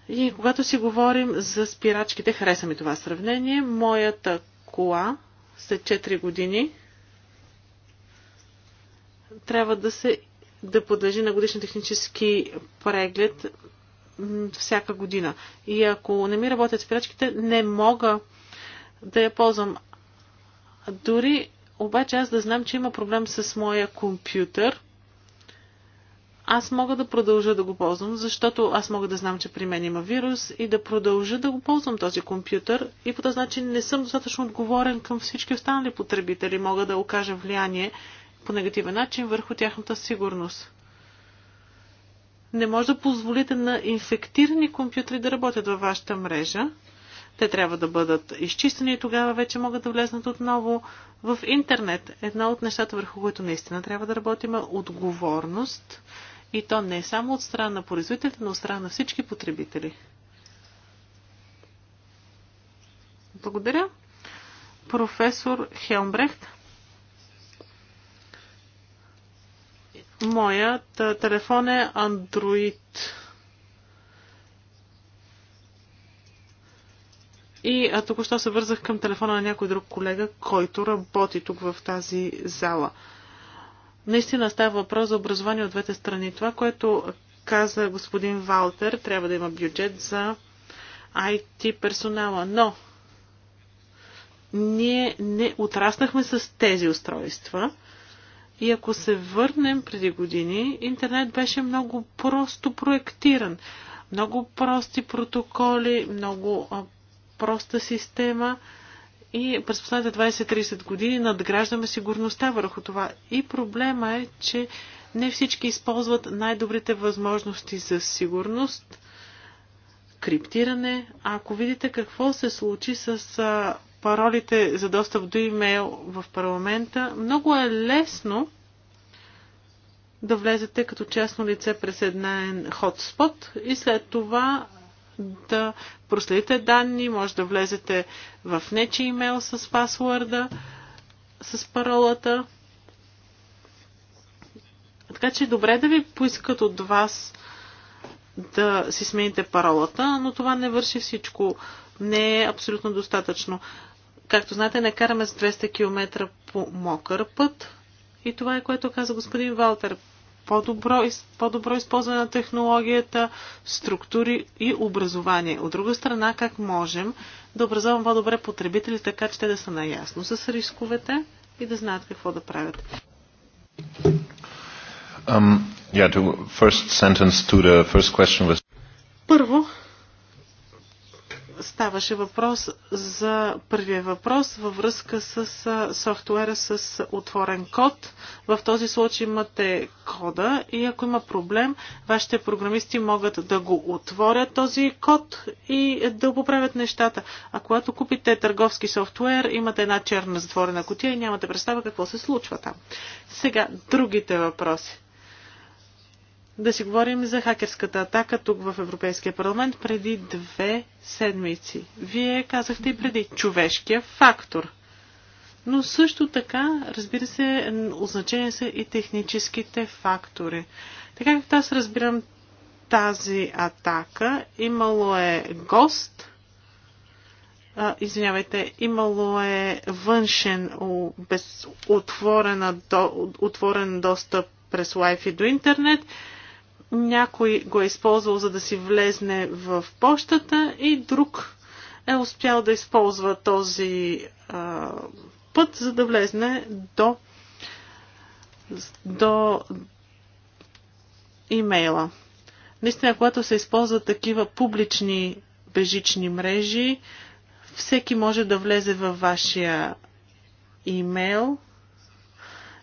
И когато си говорим за спирачките, хареса ми това сравнение, моята кола след 4 години трябва да се да подлежи на годишен технически преглед всяка година. И ако не ми работят спирачките, не мога да я ползвам. Дори обаче аз да знам, че има проблем с моя компютър, аз мога да продължа да го ползвам, защото аз мога да знам, че при мен има вирус и да продължа да го ползвам този компютър и по този начин не съм достатъчно отговорен към всички останали потребители. Мога да окажа влияние по негативен начин върху тяхната сигурност. Не може да позволите на инфектирани компютри да работят във вашата мрежа. Те трябва да бъдат изчистени и тогава вече могат да влезнат отново в интернет. Една от нещата, върху които наистина трябва да работим е отговорност и то не е само от страна на производителите, но от страна на всички потребители. Благодаря. Професор Хелмбрехт. Моят телефон е Android. И а, току-що се вързах към телефона на някой друг колега, който работи тук в тази зала. Наистина става въпрос за образование от двете страни. Това, което каза господин Валтер, трябва да има бюджет за IT персонала, но ние не отраснахме с тези устройства. И ако се върнем преди години, интернет беше много просто проектиран. Много прости протоколи, много проста система – и през последните 20-30 години надграждаме сигурността върху това. И проблема е, че не всички използват най-добрите възможности за сигурност, криптиране. А ако видите какво се случи с паролите за достъп до имейл в парламента, много е лесно да влезете като частно лице през една хотспот и след това да проследите данни, може да влезете в нечи имейл с пасворда, с паролата. Така че добре да ви поискат от вас да си смените паролата, но това не върши всичко. Не е абсолютно достатъчно. Както знаете, не караме с 200 км по мокър път. И това е което каза господин Валтер по-добро, по-добро използване на технологията, структури и образование. От друга страна, как можем да образуваме по-добре потребители, така че те да са наясно с рисковете и да знаят какво да правят. Um, yeah, was... Първо, ставаше въпрос за първия въпрос във връзка с софтуера с отворен код. В този случай имате кода и ако има проблем, вашите програмисти могат да го отворят този код и да поправят нещата. А когато купите търговски софтуер, имате една черна затворена котия и нямате представа какво се случва там. Сега, другите въпроси да си говорим за хакерската атака тук в Европейския парламент преди две седмици. Вие казахте и преди човешкия фактор. Но също така, разбира се, означени са и техническите фактори. Така както аз разбирам тази атака, имало е гост, а, извинявайте, имало е външен, без отворена, до, отворен достъп през Wi-Fi до интернет някой го е използвал за да си влезне в почтата и друг е успял да използва този а, път, за да влезне до, до имейла. Наистина, когато се използват такива публични бежични мрежи, всеки може да влезе във вашия имейл.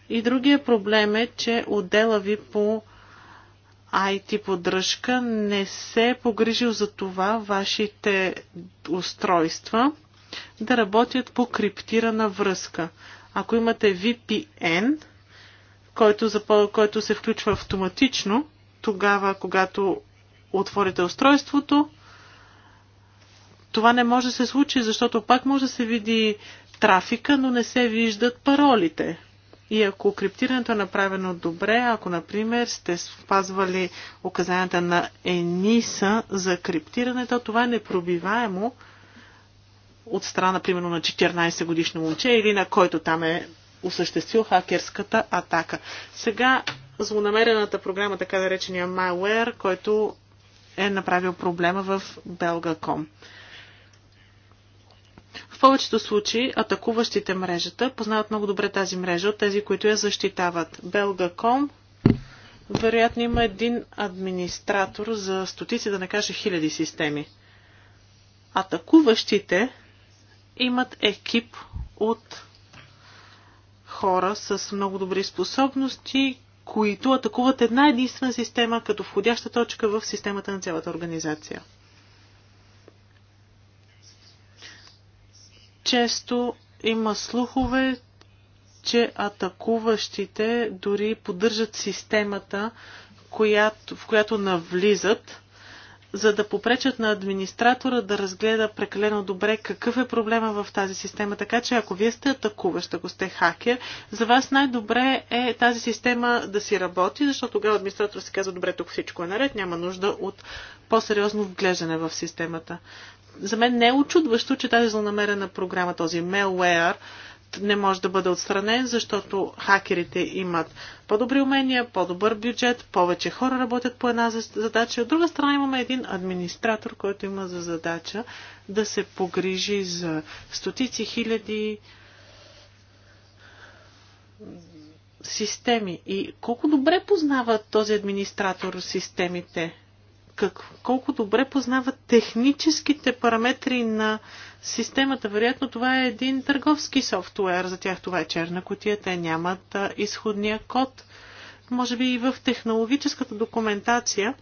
И другия проблем е, че отдела ви по IT поддръжка не се е погрижил за това вашите устройства да работят по криптирана връзка. Ако имате VPN, който, за, който се включва автоматично, тогава, когато отворите устройството, това не може да се случи, защото пак може да се види трафика, но не се виждат паролите. И ако криптирането е направено добре, ако, например, сте спазвали указанията на ЕНИСА за криптирането, това е непробиваемо от страна, примерно, на 14 годишно момче или на който там е осъществил хакерската атака. Сега злонамерената програма, така наречения речения MyWare, който е направил проблема в Belga.com. В повечето случаи атакуващите мрежата познават много добре тази мрежа от тези, които я защитават. Belga.com вероятно има един администратор за стотици, да не кажа хиляди системи. Атакуващите имат екип от хора с много добри способности, които атакуват една единствена система като входяща точка в системата на цялата организация. Често има слухове, че атакуващите дори поддържат системата, която, в която навлизат, за да попречат на администратора да разгледа прекалено добре какъв е проблема в тази система. Така че ако вие сте атакуващ, ако сте хакер, за вас най-добре е тази система да си работи, защото тогава администратор си казва, добре, тук всичко е наред, няма нужда от по-сериозно вглеждане в системата за мен не е очудващо, че тази злонамерена програма, този malware, не може да бъде отстранен, защото хакерите имат по-добри умения, по-добър бюджет, повече хора работят по една задача. От друга страна имаме един администратор, който има за задача да се погрижи за стотици хиляди системи. И колко добре познават този администратор системите? как, колко добре познава техническите параметри на системата. Вероятно това е един търговски софтуер. За тях това е черна котия. Те нямат а, изходния код. Може би и в технологическата документация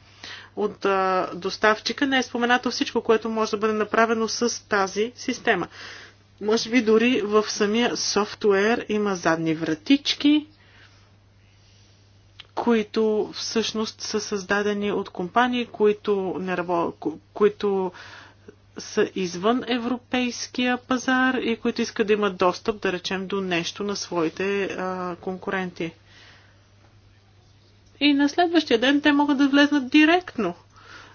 от а, доставчика не е споменато всичко, което може да бъде направено с тази система. Може би дори в самия софтуер има задни вратички, които всъщност са създадени от компании, които, не рабо... които са извън европейския пазар и които искат да имат достъп, да речем, до нещо на своите а, конкуренти. И на следващия ден те могат да влезнат директно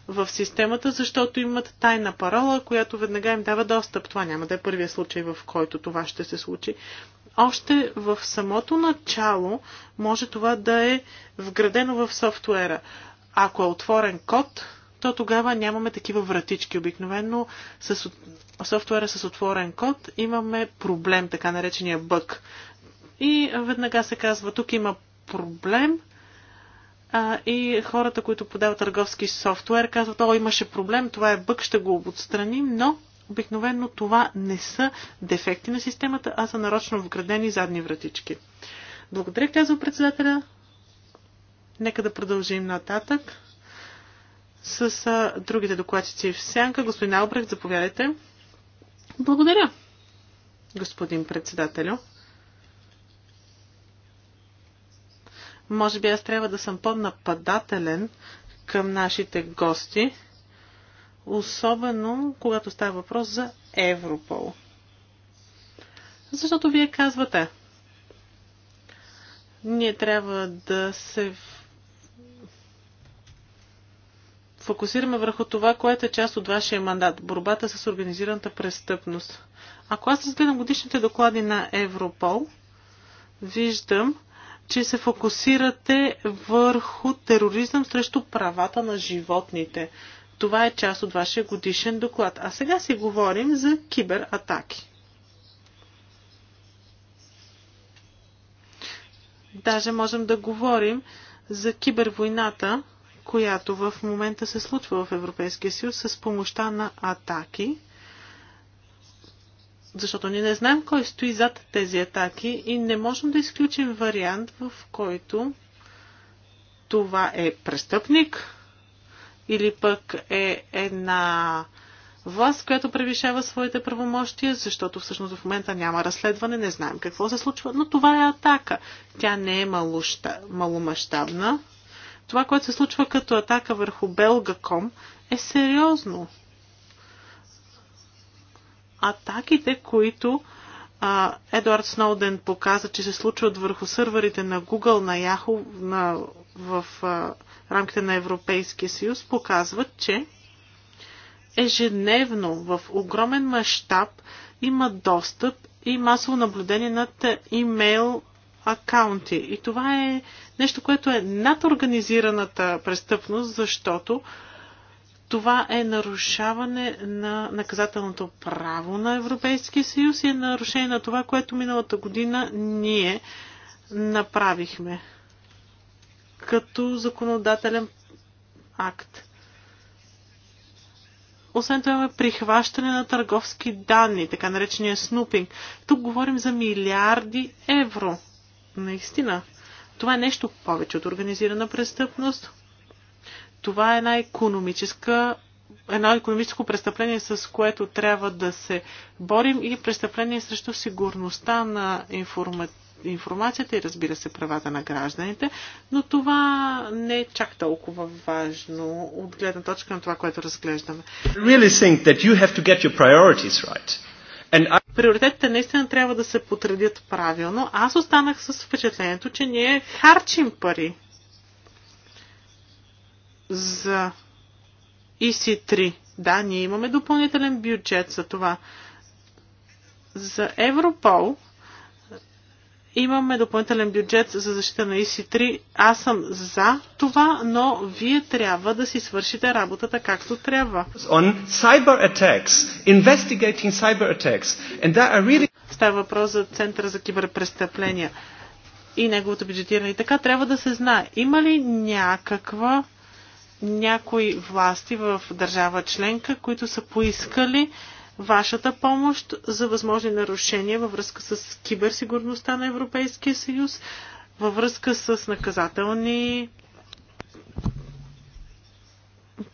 в системата, защото имат тайна парола, която веднага им дава достъп. Това няма да е първия случай, в който това ще се случи още в самото начало може това да е вградено в софтуера. Ако е отворен код, то тогава нямаме такива вратички. Обикновено с софтуера с отворен код имаме проблем, така наречения бък. И веднага се казва, тук има проблем, а, и хората, които подават търговски софтуер, казват, о, имаше проблем, това е бък, ще го отстраним, но обикновено това не са дефекти на системата, а са нарочно вградени задни вратички. Благодаря, казва председателя. Нека да продължим нататък с а, другите докладчици в сянка. Господин Албрехт, заповядайте. Благодаря, господин председателю. Може би аз трябва да съм по-нападателен към нашите гости особено когато става въпрос за Европол. Защото вие казвате, ние трябва да се фокусираме върху това, което е част от вашия мандат – борбата с организираната престъпност. Ако аз разгледам годишните доклади на Европол, виждам, че се фокусирате върху тероризъм срещу правата на животните. Това е част от вашия годишен доклад. А сега си говорим за кибератаки. Даже можем да говорим за кибервойната, която в момента се случва в Европейския съюз с помощта на атаки, защото ние не знаем кой стои зад тези атаки и не можем да изключим вариант, в който това е престъпник, или пък е една власт, която превишава своите правомощия, защото всъщност в момента няма разследване, не знаем какво се случва, но това е атака. Тя не е малуща, маломащабна. Това, което се случва като атака върху Белгаком, е сериозно. Атаките, които а, Едуард Сноуден показа, че се случват върху сървърите на Google, на Yahoo, на, в а, в рамките на Европейския съюз показват, че ежедневно в огромен мащаб има достъп и масово наблюдение над имейл акаунти. И това е нещо, което е над организираната престъпност, защото това е нарушаване на наказателното право на Европейския съюз и е нарушение на това, което миналата година ние направихме като законодателен акт. Освен това имаме прихващане на търговски данни, така наречения снупинг. Тук говорим за милиарди евро. Наистина. Това е нещо повече от организирана престъпност. Това е една економическа едно економическо престъпление, с което трябва да се борим и престъпление срещу сигурността на информация информацията и разбира се правата на гражданите, но това не е чак толкова важно от гледна точка на това, което разглеждаме. Приоритетите наистина трябва да се потредят правилно. Аз останах с впечатлението, че ние харчим пари за EC3. Да, ние имаме допълнителен бюджет за това. За Европол имаме допълнителен бюджет за защита на ИСИ-3. Аз съм за това, но вие трябва да си свършите работата както трябва. Really... Става въпрос за Центъра за киберпрестъпления и неговото бюджетиране. И така трябва да се знае. Има ли някаква някои власти в държава членка, които са поискали вашата помощ за възможни нарушения във връзка с киберсигурността на Европейския съюз, във връзка с наказателни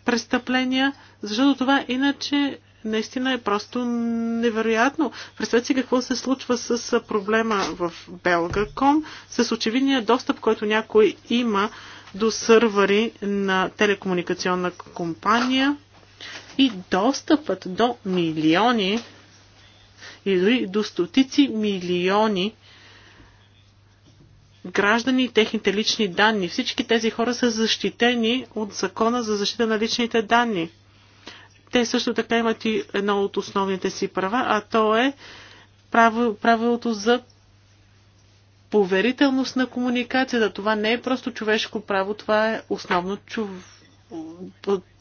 престъпления, защото това иначе наистина е просто невероятно. Представете си какво се случва с проблема в Belga.com, с очевидния достъп, който някой има до сървъри на телекомуникационна компания. И достъпът до милиони или дори до стотици милиони граждани и техните лични данни. Всички тези хора са защитени от закона за защита на личните данни. Те също така имат и едно от основните си права, а то е правилото за поверителност на комуникацията. Това не е просто човешко право, това е основно човешко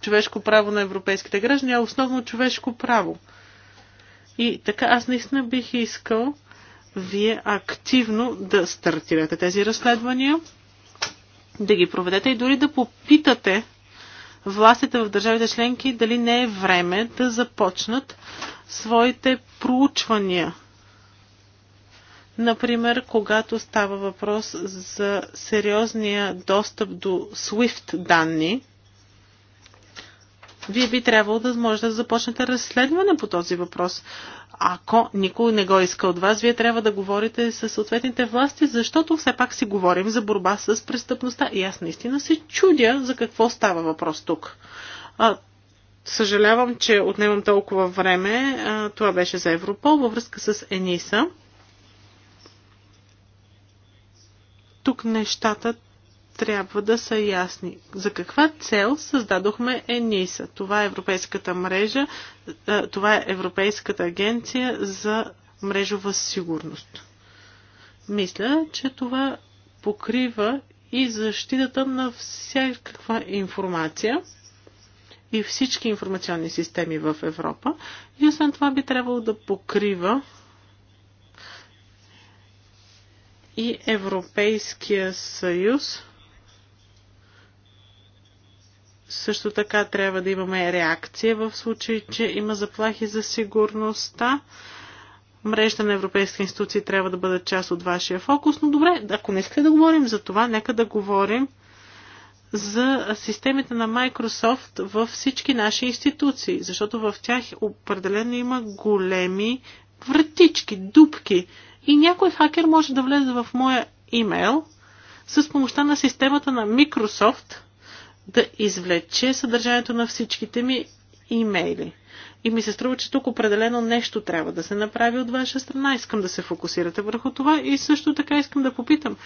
човешко право на европейските граждани, а основно човешко право. И така аз наистина бих искал вие активно да стартирате тези разследвания, да ги проведете и дори да попитате властите в държавите членки дали не е време да започнат своите проучвания. Например, когато става въпрос за сериозния достъп до SWIFT данни, вие би трябвало да може да започнете разследване по този въпрос. Ако никой не го иска от вас, вие трябва да говорите с съответните власти, защото все пак си говорим за борба с престъпността. И аз наистина се чудя за какво става въпрос тук. съжалявам, че отнемам толкова време. това беше за Европол във връзка с Ениса. Тук нещата трябва да са ясни. За каква цел създадохме ЕНИСА? Това е Европейската мрежа, това е Европейската агенция за мрежова сигурност. Мисля, че това покрива и защитата на всякаква информация и всички информационни системи в Европа. И освен това би трябвало да покрива и Европейския съюз също така трябва да имаме реакция в случай, че има заплахи за сигурността. Мрежата на европейски институции трябва да бъдат част от вашия фокус, но добре, ако не искате да говорим за това, нека да говорим за системите на Microsoft във всички наши институции, защото в тях определено има големи вратички, дупки. И някой хакер може да влезе в моя имейл с помощта на системата на Microsoft – да извлече съдържанието на всичките ми имейли. И ми се струва, че тук определено нещо трябва да се направи от ваша страна. Искам да се фокусирате върху това и също така искам да попитам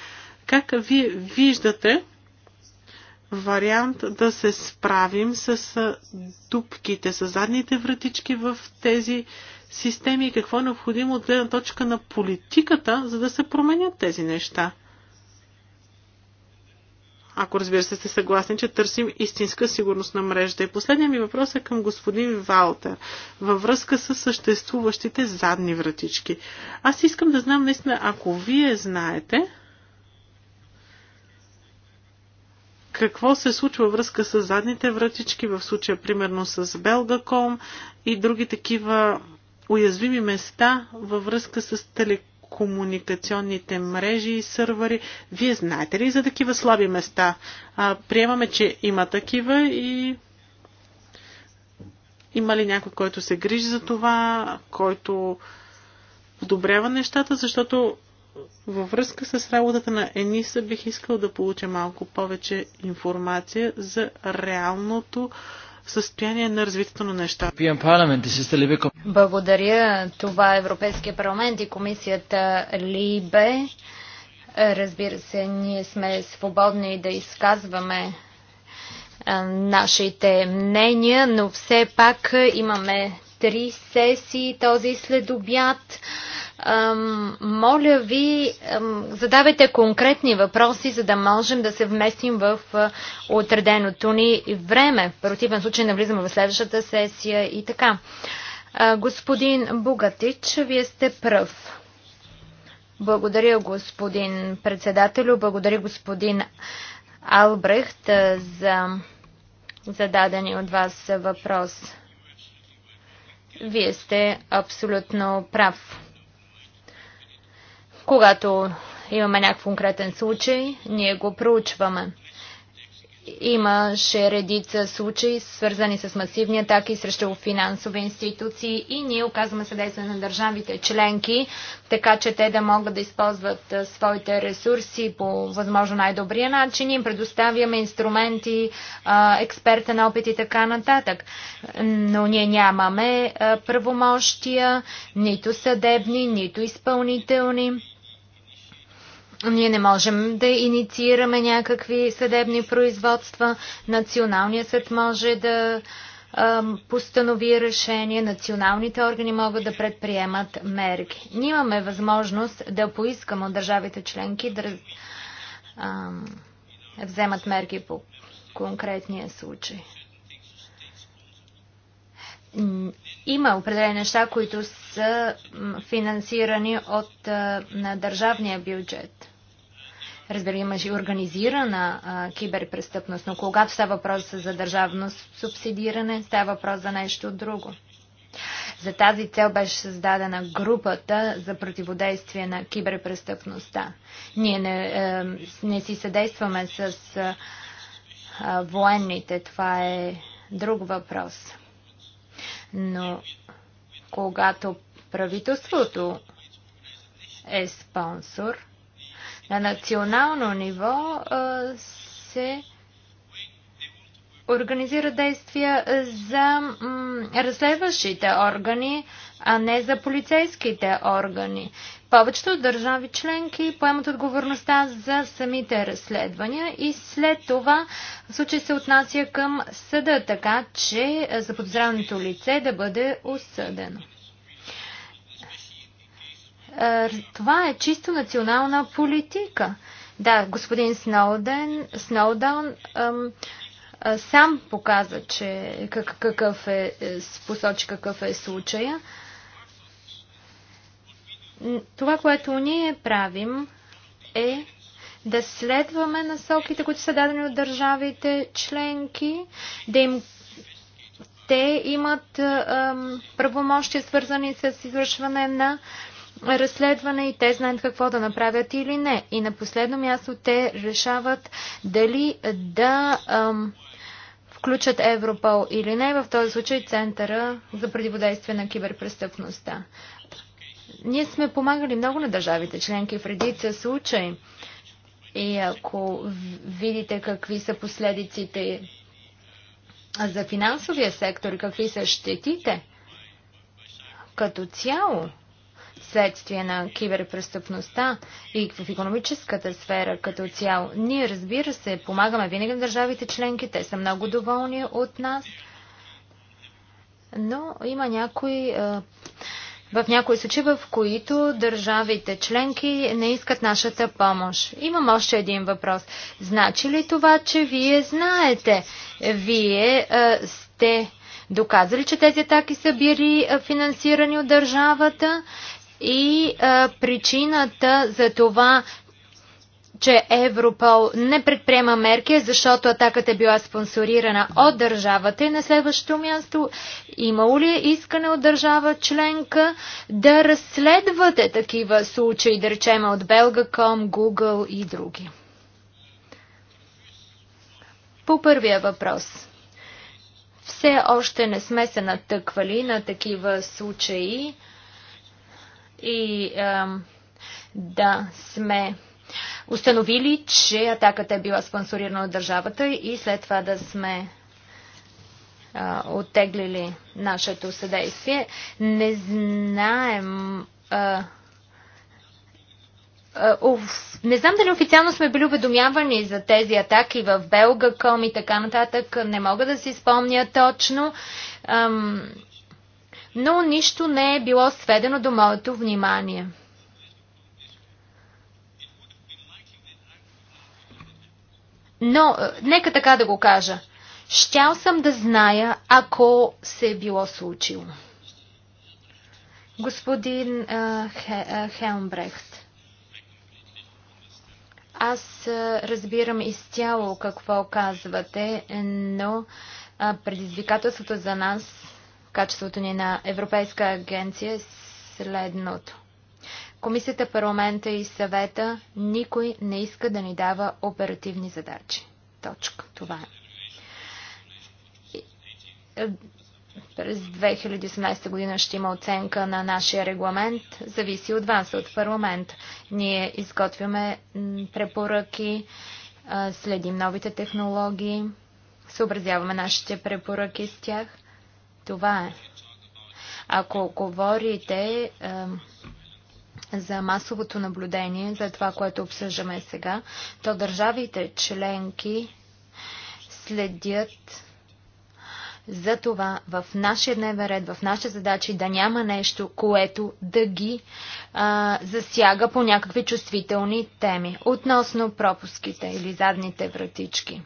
как вие виждате вариант да се справим с дупките, с задните вратички в тези системи и какво е необходимо от гледна точка на политиката, за да се променят тези неща ако разбира се сте съгласни, че търсим истинска сигурност на мрежата. И последният ми въпрос е към господин Валтер, във връзка с съществуващите задни вратички. Аз искам да знам наистина, ако вие знаете, какво се случва във връзка с задните вратички, в случая примерно с Белгаком и други такива уязвими места във връзка с телек комуникационните мрежи и сървъри. Вие знаете ли за такива слаби места? А, приемаме, че има такива и има ли някой, който се грижи за това, който подобрява нещата, защото във връзка с работата на ЕНИСА бих искал да получа малко повече информация за реалното състояние на развитието на неща. Благодаря. Това е Европейския парламент и комисията Либе. Разбира се, ние сме свободни да изказваме нашите мнения, но все пак имаме три сесии този следобят. Моля ви, задавайте конкретни въпроси, за да можем да се вместим в отреденото ни време. В противен случай навлизаме в следващата сесия и така. Господин Бугатич, вие сте пръв. Благодаря, господин председателю. Благодаря, господин Албрехт, за зададени от вас въпрос. Вие сте абсолютно прав. Когато имаме някакъв конкретен случай, ние го проучваме. Имаше редица случаи, свързани с масивни атаки срещу финансови институции и ние оказваме съдействие на държавите членки, така че те да могат да използват своите ресурси по възможно най-добрия начин. Им предоставяме инструменти, експерта на опит и така нататък. Но ние нямаме правомощия, нито съдебни, нито изпълнителни ние не можем да инициираме някакви съдебни производства. Националният съд може да постанови решение, националните органи могат да предприемат мерки. Ние имаме възможност да поискаме от държавите членки да а, вземат мерки по конкретния случай. Има определени неща, които са финансирани от на държавния бюджет. Разбира, имаше и организирана а, киберпрестъпност, но когато става въпрос за държавно субсидиране, става въпрос за нещо друго. За тази цел беше създадена групата за противодействие на киберпрестъпността. Ние не, а, е, не си съдействаме с а, военните, това е друг въпрос. Но когато правителството е спонсор, на национално ниво се организира действия за разследващите органи, а не за полицейските органи. Повечето от държави членки поемат отговорността за самите разследвания и след това случай се отнася към съда, така че заподозраното лице да бъде осъдено. Е, това е чисто национална политика. Да, господин Сноуден, Сноудаун ам, сам показа, че как, какъв е, е посочи какъв е случая. Това, което ние правим е да следваме насоките, които са дадени от държавите членки, да им те имат правомощи, свързани с извършване на разследване и те знаят какво да направят или не. И на последно място те решават дали да ам, включат Европол или не, в този случай Центъра за противодействие на киберпрестъпността. Ние сме помагали много на държавите членки в редица случаи. И ако видите какви са последиците за финансовия сектор и какви са щетите като цяло, следствие на киберпрестъпността и в економическата сфера като цяло. Ние, разбира се, помагаме винаги на държавите членки, те са много доволни от нас, но има някои. В някои случаи, в които държавите членки не искат нашата помощ. Имам още един въпрос. Значи ли това, че вие знаете? Вие а, сте доказали, че тези атаки са били финансирани от държавата и а, причината за това, че Европол не предприема мерки, защото атаката е била спонсорирана от държавата и на следващото място имало ли е искане от държава членка да разследвате такива случаи, да речем от Belga.com, Google и други? По първия въпрос. Все още не сме се натъквали на такива случаи и да сме установили, че атаката е била спонсорирана от държавата и след това да сме а, оттеглили нашето съдействие. Не знаем. А, не знам дали официално сме били уведомявани за тези атаки в Белгаком и така нататък. Не мога да си спомня точно но нищо не е било сведено до моето внимание. Но, е, нека така да го кажа. Щял съм да зная, ако се е било случило. Господин а, е, Хе, а, е, Хелмбрехт, аз а, разбирам изцяло какво казвате, но а, предизвикателството за нас качеството ни на Европейска агенция е следното. Комисията, парламента и съвета никой не иска да ни дава оперативни задачи. Точка. Това е. е през 2018 година ще има оценка на нашия регламент. Зависи от вас, от парламент. Ние изготвяме препоръки, е, следим новите технологии, съобразяваме нашите препоръки с тях това е. Ако говорите е, за масовото наблюдение, за това, което обсъждаме сега, то държавите членки следят за това в нашия дневен ред, в нашите задачи да няма нещо, което да ги а, засяга по някакви чувствителни теми. Относно пропуските или задните вратички.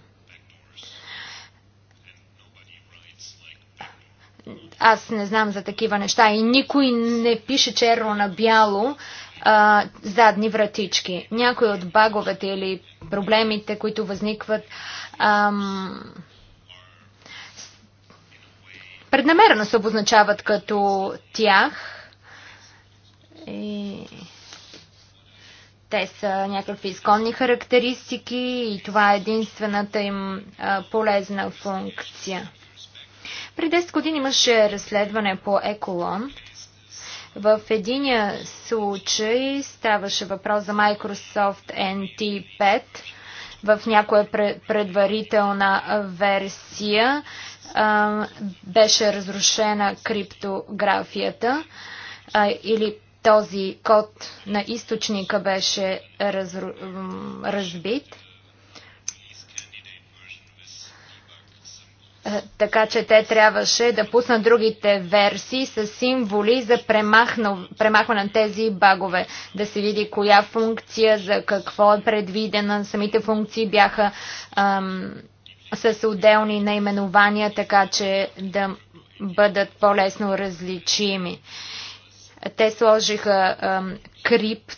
аз не знам за такива неща и никой не пише черно на бяло а, задни вратички. Някои от баговете или проблемите, които възникват ам, преднамерено се обозначават като тях. И... Те са някакви изконни характеристики и това е единствената им а, полезна функция. При 10 години имаше разследване по Еколон. В единия случай ставаше въпрос за Microsoft NT5 в някоя предварителна версия беше разрушена криптографията или този код на източника беше разбит. Е, така че те трябваше да пуснат другите версии с символи за премахване на тези багове. Да се види коя функция, за какво е предвидена. Самите функции бяха ам, с отделни наименования, така че да бъдат по-лесно различими. Те сложиха ам, крипт,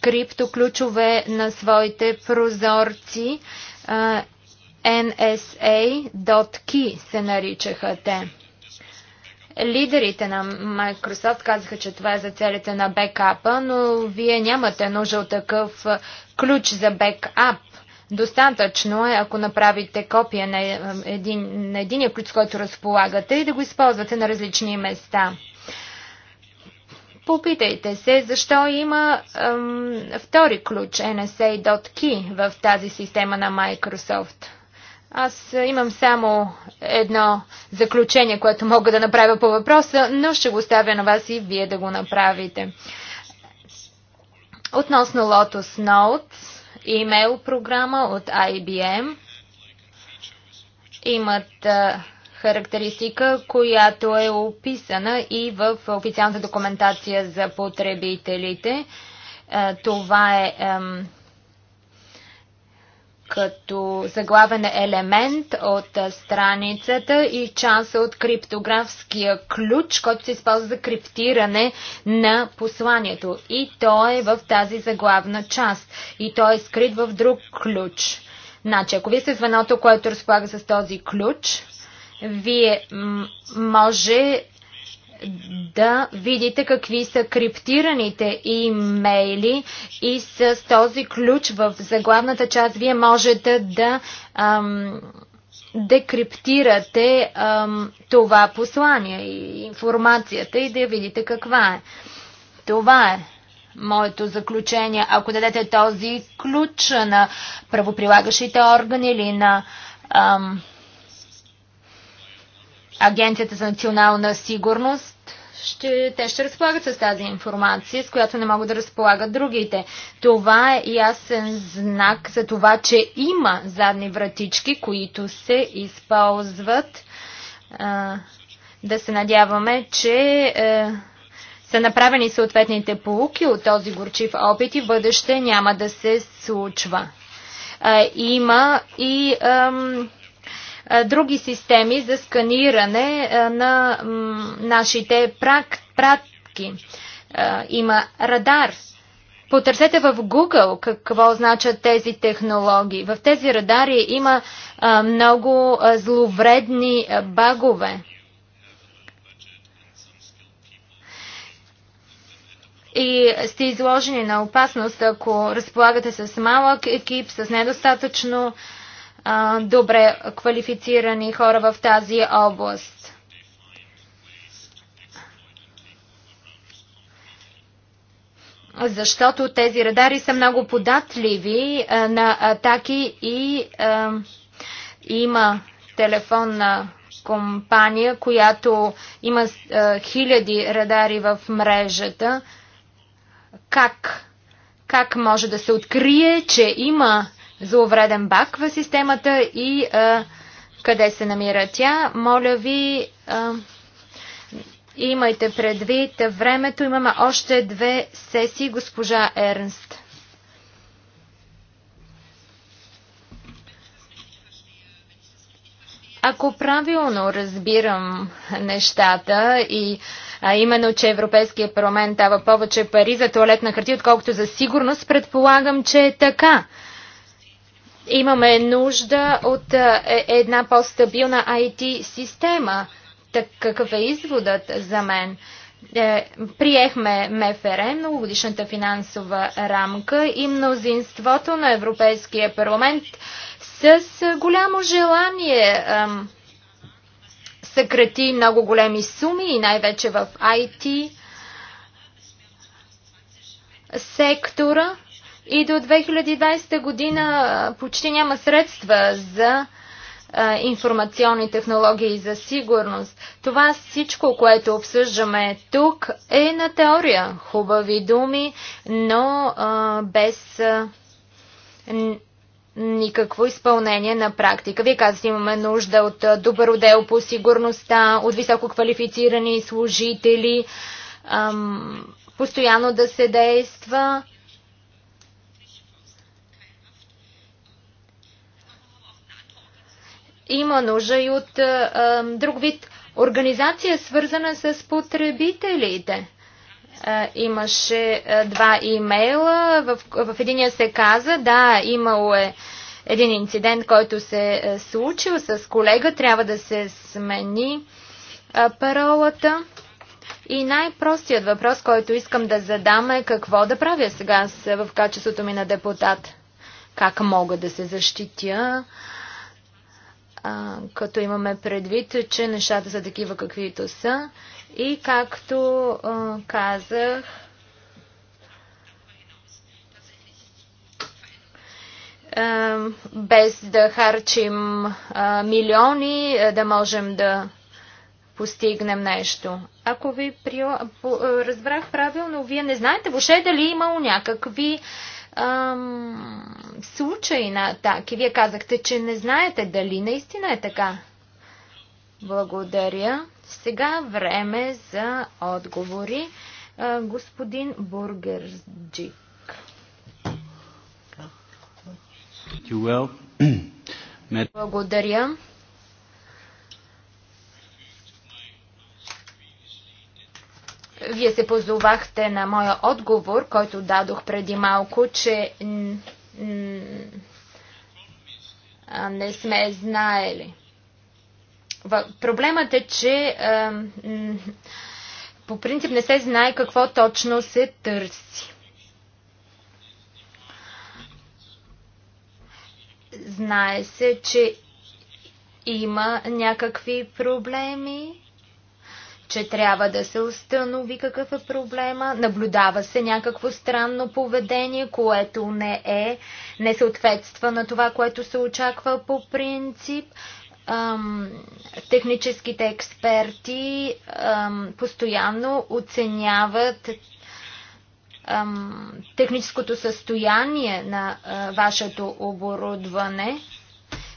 криптоключове на своите прозорци. NSA.key се наричаха те. Лидерите на Microsoft казаха, че това е за целите на бекапа, но вие нямате нужда от такъв ключ за бекап. Достатъчно е, ако направите копия на, един, на единия ключ, който разполагате и да го използвате на различни места. Попитайте се, защо има ем, втори ключ NSA.key в тази система на Microsoft. Аз имам само едно заключение, което мога да направя по въпроса, но ще го оставя на вас и вие да го направите. Относно Lotus Notes, имейл програма от IBM, имат характеристика, която е описана и в официалната документация за потребителите. Това е като заглавен елемент от страницата и част от криптографския ключ, който се използва за криптиране на посланието. И то е в тази заглавна част. И то е скрит в друг ключ. Значи, ако вие сте звеното, което разполага с този ключ, вие може да видите какви са криптираните имейли и с този ключ в заглавната част вие можете да ам, декриптирате ам, това послание и информацията и да видите каква е. Това е моето заключение. Ако дадете този ключ на правоприлагащите органи или на ам, Агенцията за национална сигурност ще, те ще разполагат с тази информация, с която не могат да разполагат другите. Това е ясен знак за това, че има задни вратички, които се използват. А, да се надяваме, че е, са направени съответните полуки от този горчив опит и в бъдеще няма да се случва. А, има и. Ам, други системи за сканиране на нашите пратки. Има радар. Потърсете в Google какво означат тези технологии. В тези радари има много зловредни багове. и сте изложени на опасност, ако разполагате с малък екип, с недостатъчно добре квалифицирани хора в тази област. Защото тези радари са много податливи на атаки и има телефонна компания, която има хиляди радари в мрежата. Как? Как може да се открие, че има за увреден бак в системата и а, къде се намира тя. Моля ви, а, имайте предвид времето. Имаме още две сесии, госпожа Ернст. Ако правилно разбирам нещата и а именно, че Европейския парламент дава повече пари за туалетна хартия, отколкото за сигурност, предполагам, че е така. Имаме нужда от е, е, една по-стабилна IT система. Так, какъв е изводът за мен? Е, приехме МФР, многогодишната финансова рамка и мнозинството на Европейския парламент с голямо желание съкрати много големи суми и най-вече в IT сектора. И до 2020 година почти няма средства за информационни технологии за сигурност. Това всичко, което обсъждаме тук, е на теория. Хубави думи, но а, без а, никакво изпълнение на практика. Вие казвате, имаме нужда от добър отдел по сигурността, от високо квалифицирани служители, а, постоянно да се действа. има нужда и от а, друг вид организация, свързана с потребителите. А, имаше а, два имейла, в, в единия се каза, да, имало е един инцидент, който се е случил с колега, трябва да се смени а, паролата. И най-простият въпрос, който искам да задам е какво да правя сега в качеството ми на депутат. Как мога да се защитя? като имаме предвид, че нещата са такива каквито са. И както казах, без да харчим милиони, да можем да постигнем нещо. Ако ви разбрах правилно, вие не знаете въобще дали имало някакви ам, случай на И Вие казахте, че не знаете дали наистина е така. Благодаря. Сега време за отговори. А, господин Бургерджик. Благодаря. Вие се позовахте на моя отговор, който дадох преди малко, че не сме знаели. Проблемът е, че по принцип не се знае какво точно се търси. Знае се, че има някакви проблеми че трябва да се установи какъв е проблема, наблюдава се някакво странно поведение, което не е, не съответства на това, което се очаква по принцип. Ам, техническите експерти ам, постоянно оценяват ам, техническото състояние на а, вашето оборудване,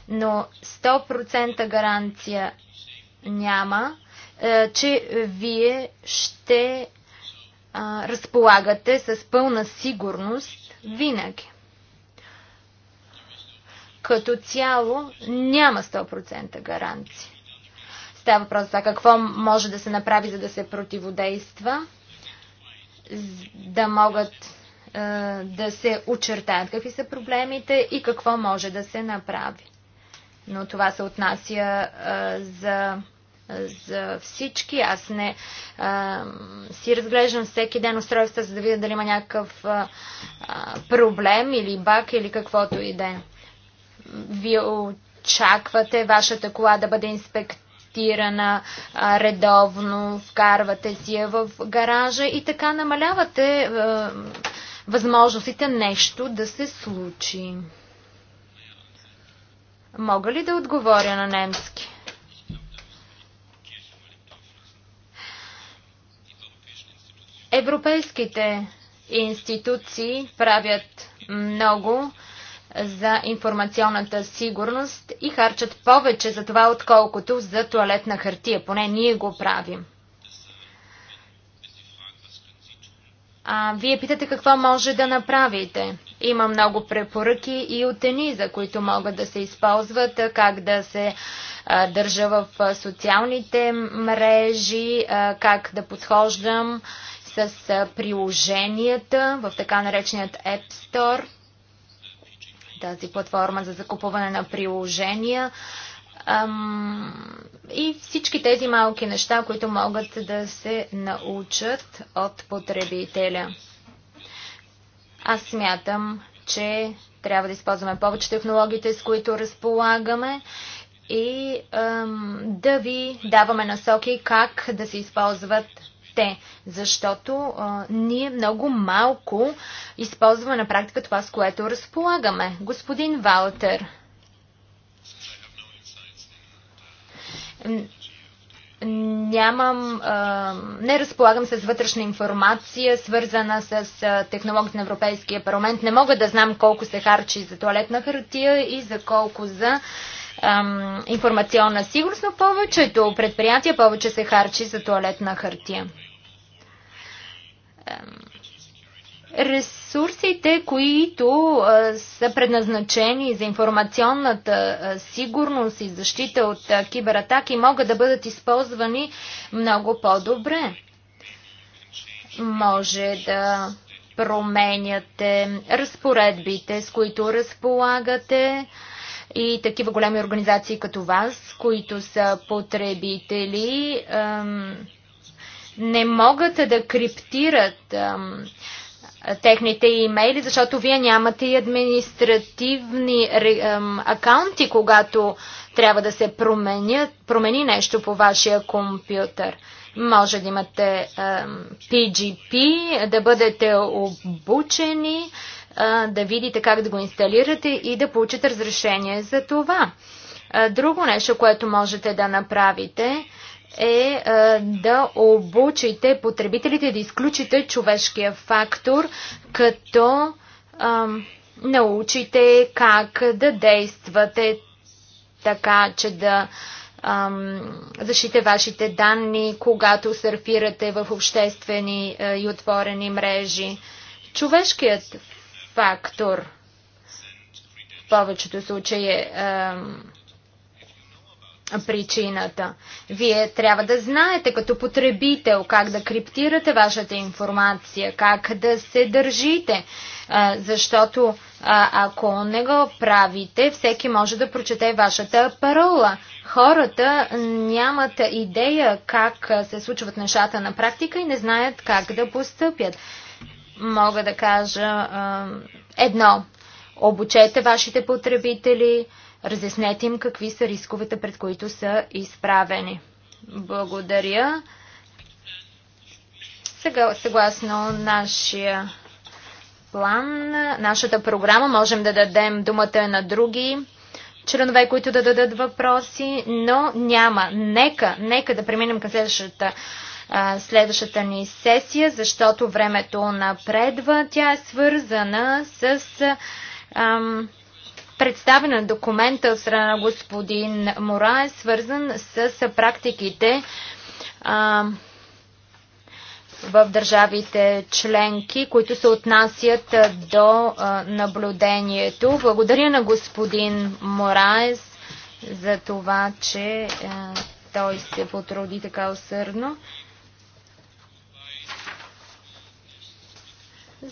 но 100% гаранция няма е, че вие ще разполагате с пълна сигурност винаги. Като цяло няма 100% гаранция. Става въпрос за какво може да се направи, за да се противодейства, да могат е, да се очертаят какви са проблемите и какво може да се направи. Но това се отнася е, за за всички. Аз не а, си разглеждам всеки ден устройства, за да видя дали има някакъв а, проблем или бак или каквото и да е. Вие очаквате вашата кола да бъде инспектирана а, редовно, вкарвате си я в гаража и така намалявате а, възможностите нещо да се случи. Мога ли да отговоря на немски? Европейските институции правят много за информационната сигурност и харчат повече за това, отколкото за туалетна хартия. Поне ние го правим. А, вие питате какво може да направите. Има много препоръки и от за които могат да се използват, как да се а, държа в социалните мрежи, а, как да подхождам. А, с приложенията в така нареченият App Store, тази платформа за закупуване на приложения и всички тези малки неща, които могат да се научат от потребителя. Аз смятам, че трябва да използваме повече технологиите, с които разполагаме и ам, да ви даваме насоки как да се използват те, защото а, ние много малко използваме на практика това, с което разполагаме. Господин Валтер. Нямам, а, не разполагам с вътрешна информация, свързана с а, технологията на Европейския парламент. Не мога да знам колко се харчи за туалетна хартия и за колко за информационна сигурност, но повечето предприятия повече се харчи за туалетна хартия ресурсите, които а, е, са предназначени за информационната е, сигурност и защита от а, е, кибератаки, могат да бъдат използвани много по-добре. Може да променяте разпоредбите, с които разполагате и такива големи организации като вас, които са потребители. Ам, не могат да криптират ам, техните имейли, защото вие нямате и административни ам, акаунти, когато трябва да се променят, промени нещо по вашия компютър. Може да имате ам, PGP, да бъдете обучени, а, да видите как да го инсталирате и да получите разрешение за това. А, друго нещо, което можете да направите, е, е да обучите потребителите да изключите човешкия фактор, като а, научите как да действате така, че да защите вашите данни, когато сърфирате в обществени е, и отворени мрежи. Човешкият фактор в повечето случаи е причината. Вие трябва да знаете като потребител как да криптирате вашата информация, как да се държите, защото ако не го правите, всеки може да прочете вашата парола. Хората нямат идея как се случват нещата на практика и не знаят как да постъпят. Мога да кажа едно. Обучете вашите потребители, Разяснете им какви са рисковете, пред които са изправени. Благодаря. Сега, съгласно нашия план, нашата програма, можем да дадем думата на други членове, които да дадат въпроси, но няма. Нека, нека да преминем към следващата, следващата ни сесия, защото времето напредва. Тя е свързана с ам, представена документа от страна на господин Мора е свързан с практиките а, в държавите членки, които се отнасят до а, наблюдението. Благодаря на господин Мораес за това, че а, той се потруди така усърдно.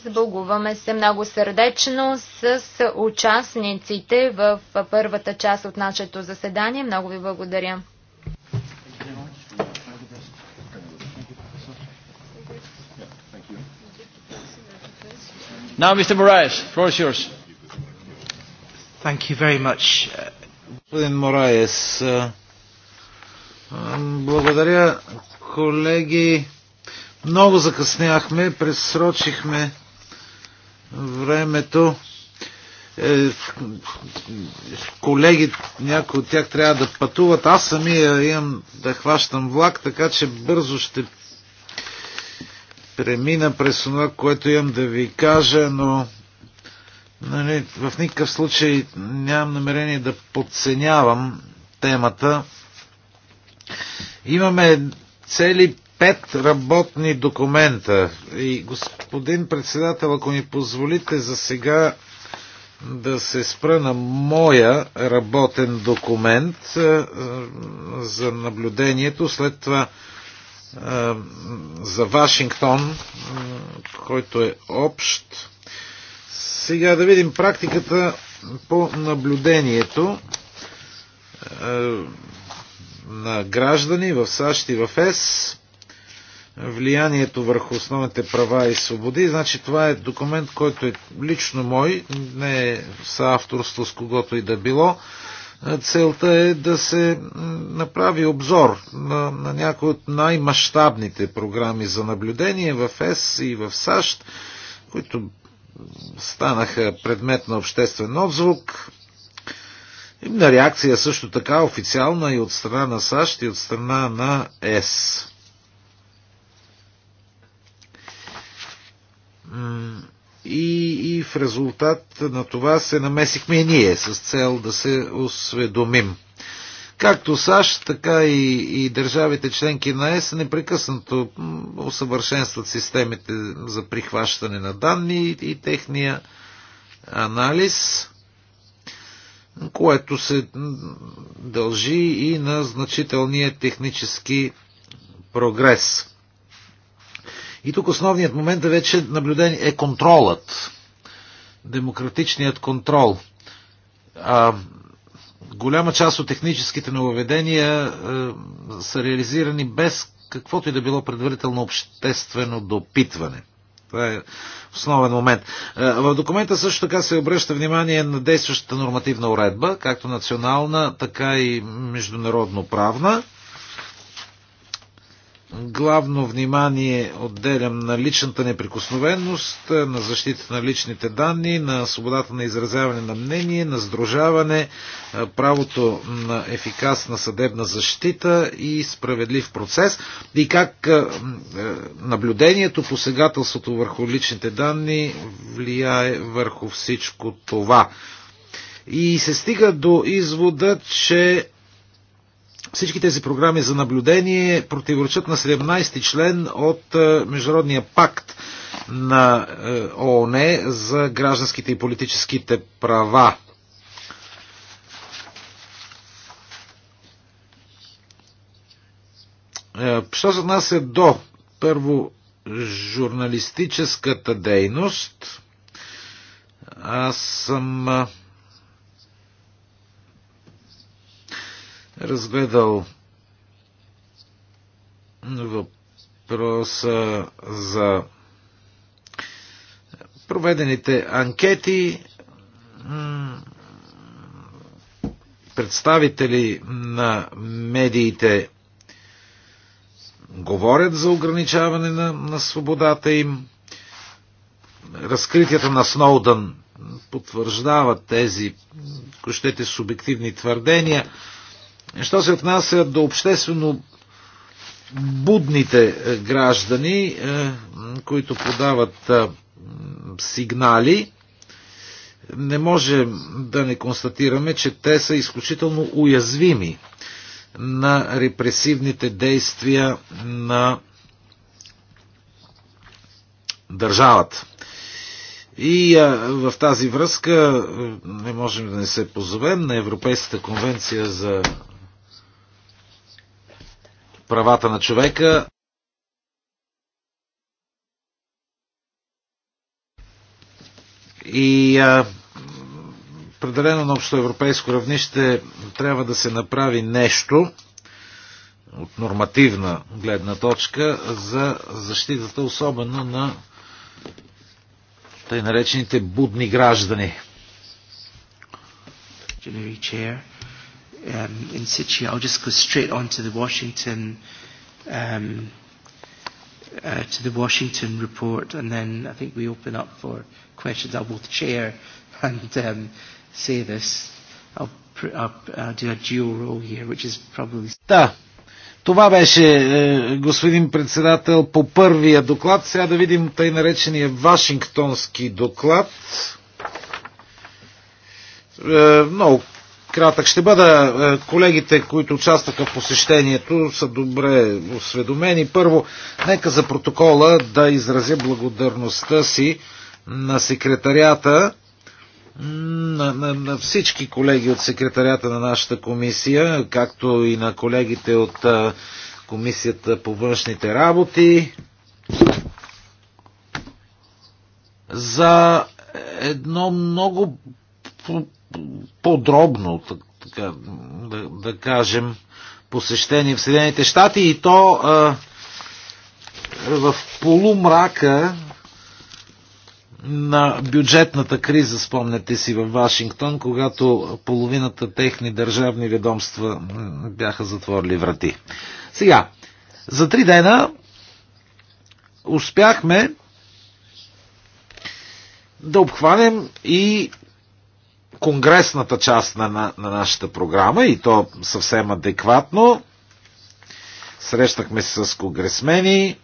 Сбългуваме се много сърдечно с участниците в първата част от нашето заседание. Много ви благодаря. Now, Mr. Moraes, floor is yours. Thank you very much. Господин Мораес, благодаря, колеги. Много закъсняхме, пресрочихме времето. Е, колеги, някои от тях трябва да пътуват. Аз самия имам да хващам влак, така че бързо ще премина през това, което имам да ви кажа, но нали, в никакъв случай нямам намерение да подценявам темата. Имаме цели пет работни документа. И господин председател, ако ми позволите за сега да се спра на моя работен документ за наблюдението, след това за Вашингтон, който е общ. Сега да видим практиката по наблюдението на граждани в САЩ и в ЕС влиянието върху основните права и свободи. Значи това е документ, който е лично мой, не е съавторство с когото и да било. Целта е да се направи обзор на, на някои от най-мащабните програми за наблюдение в ЕС и в САЩ, които станаха предмет на обществен отзвук. на реакция също така официална и от страна на САЩ и от страна на ЕС. И, и в резултат на това се намесихме и ние с цел да се осведомим. Както САЩ, така и, и държавите членки на ЕС непрекъснато усъвършенстват системите за прихващане на данни и, и техния анализ което се дължи и на значителния технически прогрес. И тук основният момент е вече наблюдение е контролът. Демократичният контрол. А, голяма част от техническите нововведения а, е, са реализирани без каквото и да било предварително обществено допитване. Това е основен момент. Е, в документа също така се обръща внимание на действащата нормативна уредба, както национална, така и международно правна главно внимание отделям на личната неприкосновеност, на защита на личните данни, на свободата на изразяване на мнение, на сдружаване, правото на ефикасна съдебна защита и справедлив процес и как е, е, наблюдението, посегателството върху личните данни влияе върху всичко това. И се стига до извода, че всички тези програми за наблюдение противоречат на 17 ти член от е, Международния пакт на е, ООН за гражданските и политическите права. Е, що се отнася до първо журналистическата дейност, аз съм разгледал въпроса за проведените анкети, представители на медиите говорят за ограничаване на, на свободата им. Разкритията на Сноудън потвърждават тези, ако щете, субективни твърдения. Що се отнася до обществено будните е, граждани, е, които подават е, сигнали, не можем да не констатираме, че те са изключително уязвими на репресивните действия на държавата. И а, в тази връзка не можем да не се позовем на Европейската конвенция за правата на човека. И а, определено на европейско равнище трябва да се направи нещо от нормативна гледна точка за защитата, особено на тъй наречените будни граждани. Chair um, in situ. I'll just go straight on to the Washington um, uh, to the Washington report, and then I think we open up for questions. I'll both chair and um, say this. I'll, pr- I'll, I'll do a dual role here, which is probably. Да. Това беше, господин председател, по първия доклад. Сега да видим тъй наречения Вашингтонски доклад. Много кратък ще бъда. Е, колегите, които участваха в посещението, са добре осведомени. Първо, нека за протокола да изразя благодарността си на секретарията, на, на, на всички колеги от секретарията на нашата комисия, както и на колегите от е, Комисията по външните работи, за едно много по-подробно, така, да, да кажем, посещение в Съединените щати и то а, в полумрака на бюджетната криза, спомняте си в Вашингтон, когато половината техни държавни ведомства бяха затворили врати. Сега, за три дена успяхме да обхванем и конгресната част на, на, на нашата програма и то съвсем адекватно. Срещнахме се с конгресмени.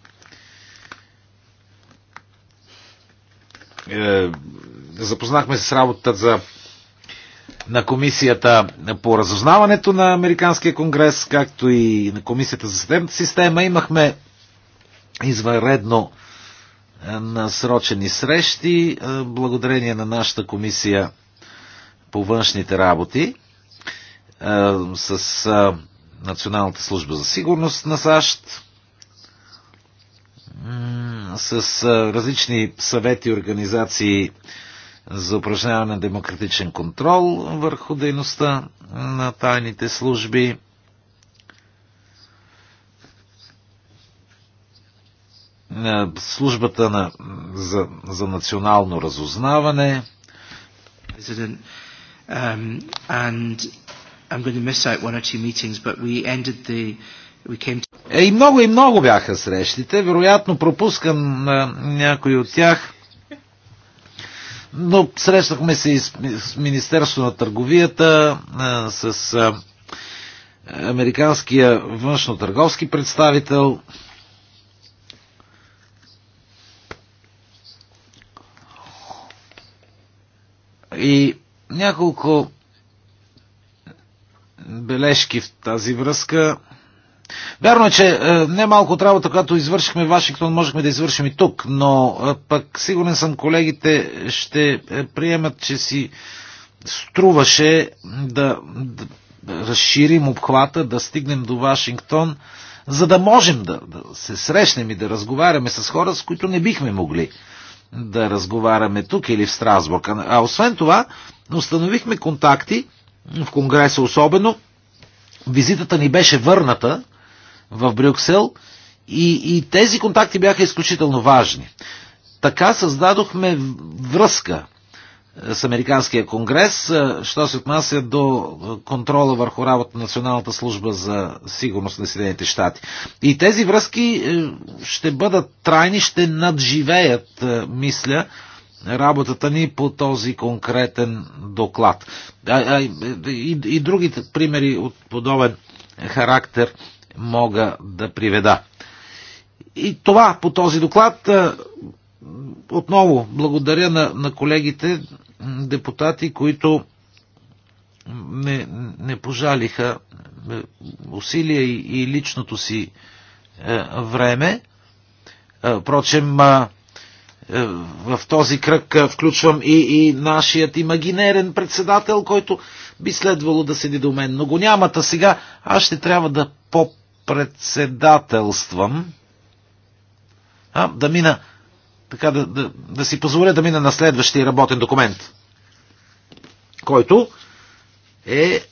Е, запознахме се с работата за, на комисията по разузнаването на Американския конгрес, както и на комисията за съдебната система. Имахме извънредно е, насрочени срещи, е, благодарение на нашата комисия по външните работи е, с е, Националната служба за сигурност на САЩ, с е, различни съвети и организации за упражняване на демократичен контрол върху дейността на тайните служби. Службата на, за, за национално разузнаване. Um, and I'm going to miss out one or two meetings, but we ended the we came to... Е, И много и много бяха срещите. Вероятно пропускам някои от тях. Но срещахме се и с Министерство на търговията, с американския външно-търговски представител. И няколко бележки в тази връзка. Вярно е, че е, немалко от работа, която извършихме в Вашингтон, можехме да извършим и тук, но е, пък сигурен съм колегите ще е, приемат, че си струваше да, да разширим обхвата, да стигнем до Вашингтон, за да можем да, да се срещнем и да разговаряме с хора, с които не бихме могли да разговаряме тук или в Страсбург. А освен това, установихме контакти, в Конгреса особено. Визитата ни беше върната в Брюксел и, и тези контакти бяха изключително важни. Така създадохме връзка е, с Американския конгрес, е, що се отнася до контрола върху работа на Националната служба за сигурност на Съединените щати. И тези връзки е, ще бъдат трайни, ще надживеят, мисля, работата ни по този конкретен доклад. А, а, и, и другите примери от подобен характер мога да приведа. И това по този доклад. Отново благодаря на, на колегите депутати, които не, не пожалиха е, усилия и, и личното си е, време. Е, впрочем, е, е, в този кръг е, включвам и, и нашият имагинерен председател, който би следвало да седи до мен. Но го няма, а сега аз ще трябва да попредседателствам. А, да мина, така да, да, да си позволя да мина на следващия работен документ, който е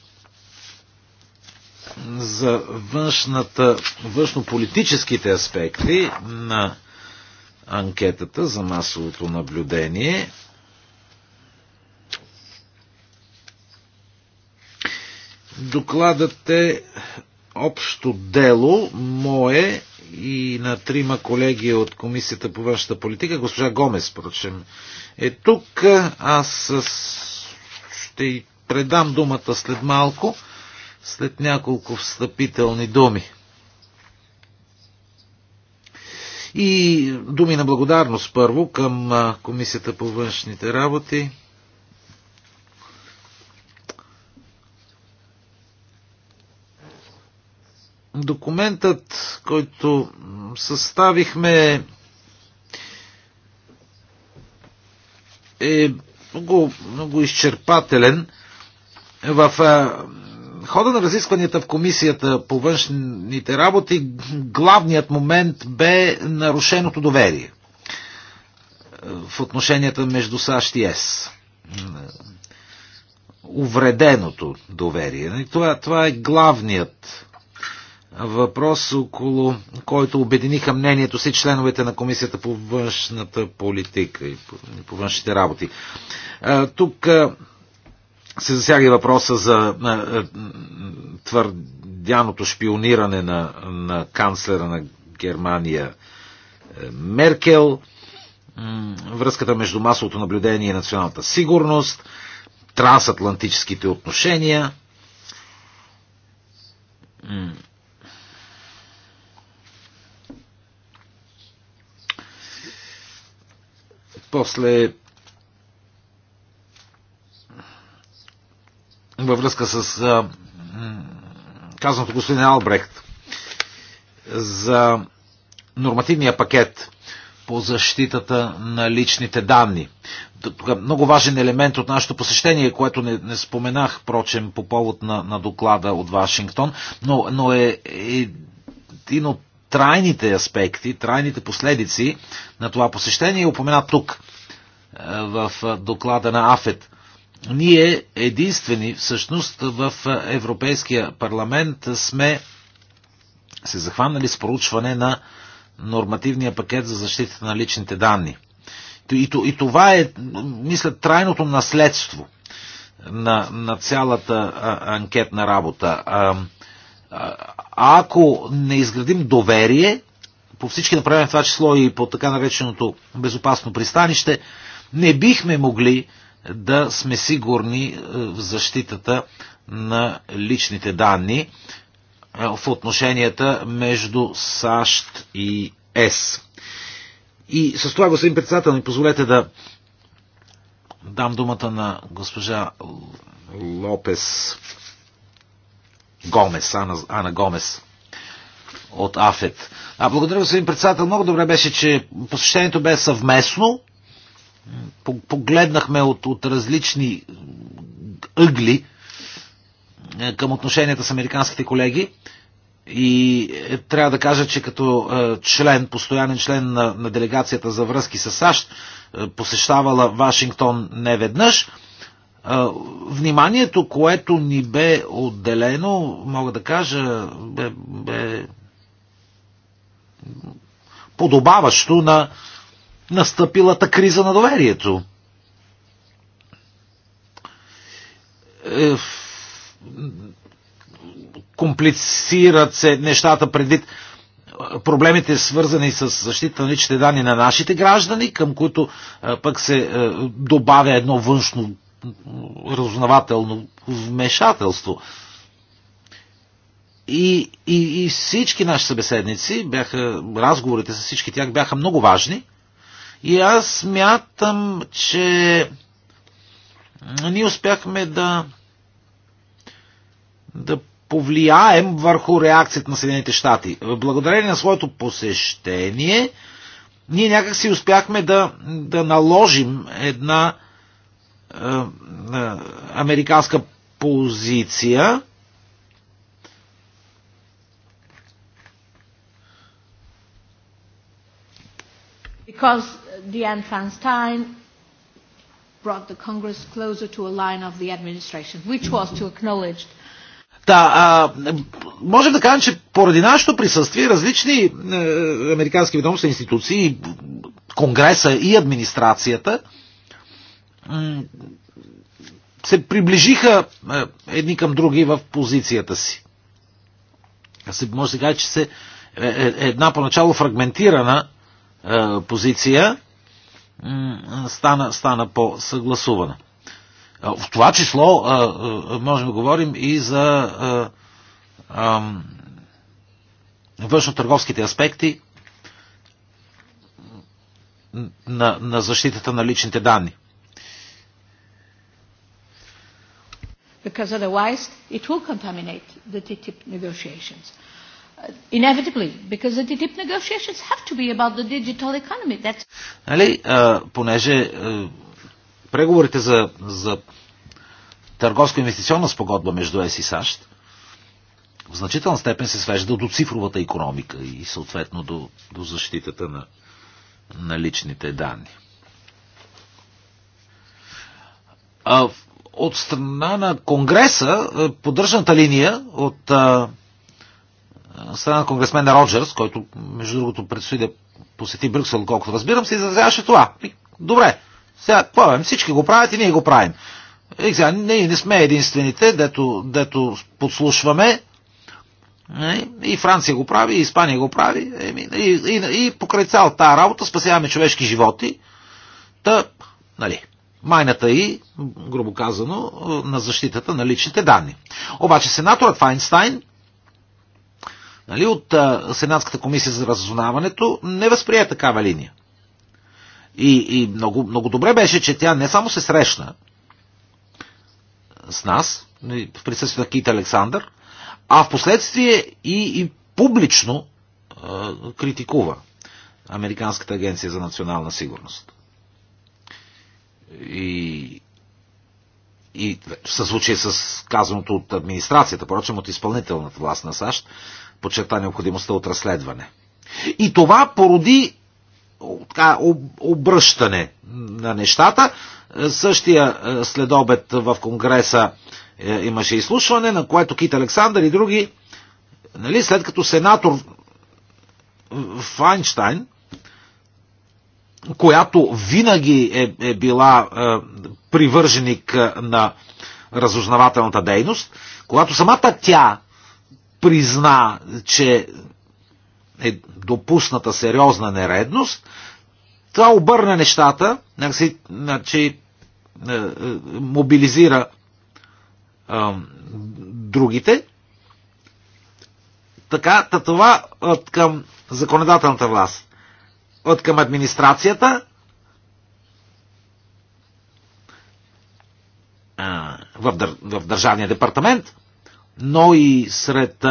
за външната, външнополитическите аспекти на анкетата за масовото наблюдение. Докладът е общо дело мое и на трима колеги от Комисията по външната политика. Госпожа Гомес, впрочем, е тук. Аз с... ще й предам думата след малко, след няколко встъпителни думи. И думи на благодарност първо към Комисията по външните работи. Документът, който съставихме, е много, много изчерпателен. В хода на разискванията в комисията по външните работи главният момент бе нарушеното доверие е, в отношенията между САЩ и ЕС. Е, увреденото доверие. Това, това е главният въпрос, около който обединиха мнението си членовете на Комисията по външната политика и по, външните работи. Е, тук се засяга и въпроса за твърдяното шпиониране на, на канцлера на Германия е, Меркел, връзката между масовото наблюдение и националната сигурност, трансатлантическите отношения. После във връзка с казаното господин Албрехт за нормативния пакет по защитата на личните данни. Тук е много важен елемент от нашето посещение, което не, не споменах, прочем, по повод на, на доклада от Вашингтон, но, но е, е един от трайните аспекти, трайните последици на това посещение е упоменат тук е, в е, доклада на АФЕТ ние единствени всъщност в Европейския парламент сме се захванали с проучване на нормативния пакет за защита на личните данни. И, това е, мисля, трайното наследство на, на цялата анкетна работа. А, а, ако не изградим доверие, по всички направления, това число и по така нареченото безопасно пристанище, не бихме могли да сме сигурни е, в защитата на личните данни е, в отношенията между САЩ и ЕС. И с това, господин председател, ми позволете да дам думата на госпожа Лопес Гомес, Ана, Ана Гомес от АФЕТ. А, благодаря, господин председател. Много добре беше, че посещението бе съвместно погледнахме от, от различни ъгли е, към отношенията с американските колеги. И е, трябва да кажа, че като е, член, постоянен член на, на делегацията за връзки с САЩ, посещавала Вашингтон не веднъж, вниманието, което ни бе отделено, мога да кажа, бе, бе подобаващо на, настъпилата криза на доверието. Е, комплицират се нещата предвид проблемите свързани с защита на личните данни на нашите граждани, към които е, пък се е, добавя едно външно разузнавателно вмешателство. И, и, и всички наши събеседници бяха, разговорите с всички тях бяха много важни – и аз смятам, че ние успяхме да да повлияем върху реакцията на Съединените щати. Благодарение на своето посещение, ние някакси успяхме да, да наложим една е, е, американска позиция. Because Dianne Feinstein brought the Congress closer to a line of the administration, which was to acknowledge Да, а, можем да кажем, че поради нашето присъствие различни е, американски ведомства, институции, Конгреса и администрацията се приближиха е, едни към други в позицията си. Може да се каже, че се е, е една поначало фрагментирана е, позиция стана, стана по-съгласувана. В това число можем да говорим и за външно-търговските аспекти на, на защитата на личните данни. Because otherwise it will contaminate the TTIP negotiations. Inevitably, because the TTIP negotiations have to be about the digital economy. That's... Нали, а, понеже а, преговорите за, за търговско-инвестиционна спогодба между ЕС и САЩ в значителна степен се свежда до цифровата економика и съответно до, до защитата на, на личните данни. А, от страна на Конгреса поддържаната линия от страна на конгресмена Роджерс, който, между другото, предстои да посети Брюксел, колкото разбирам, се изразяваше това. Добре, сега, какво е? Всички го правят и ние го правим. И сега, ние не сме единствените, дето, дето подслушваме. Е, и Франция го прави, и Испания го прави. Е, и, и, и, и покрай цялата тази работа спасяваме човешки животи. Та, нали, майната и, грубо казано, на защитата на личните данни. Обаче сенаторът Файнстайн нали, от а, Сенатската комисия за разузнаването не възприе такава линия. И, и много, много добре беше, че тя не само се срещна с нас, нали, в присъствието на Кит Александър, а в последствие и, и публично а, критикува Американската агенция за национална сигурност. И, и в случай с казаното от администрацията, впрочем от изпълнителната власт на САЩ, подчерта необходимостта от разследване. И това породи така, обръщане на нещата. Същия е, следобед в Конгреса е, имаше изслушване, на което Кит Александър и други, нали, след като сенатор Файнштайн, която винаги е, е била е, привърженик е, на разузнавателната дейност, когато самата тя призна, че е допусната сериозна нередност, това обърна нещата, значи, мобилизира а, другите. Така, та това от към законодателната власт, от към администрацията, а, в, дър, в Държавния департамент, но и сред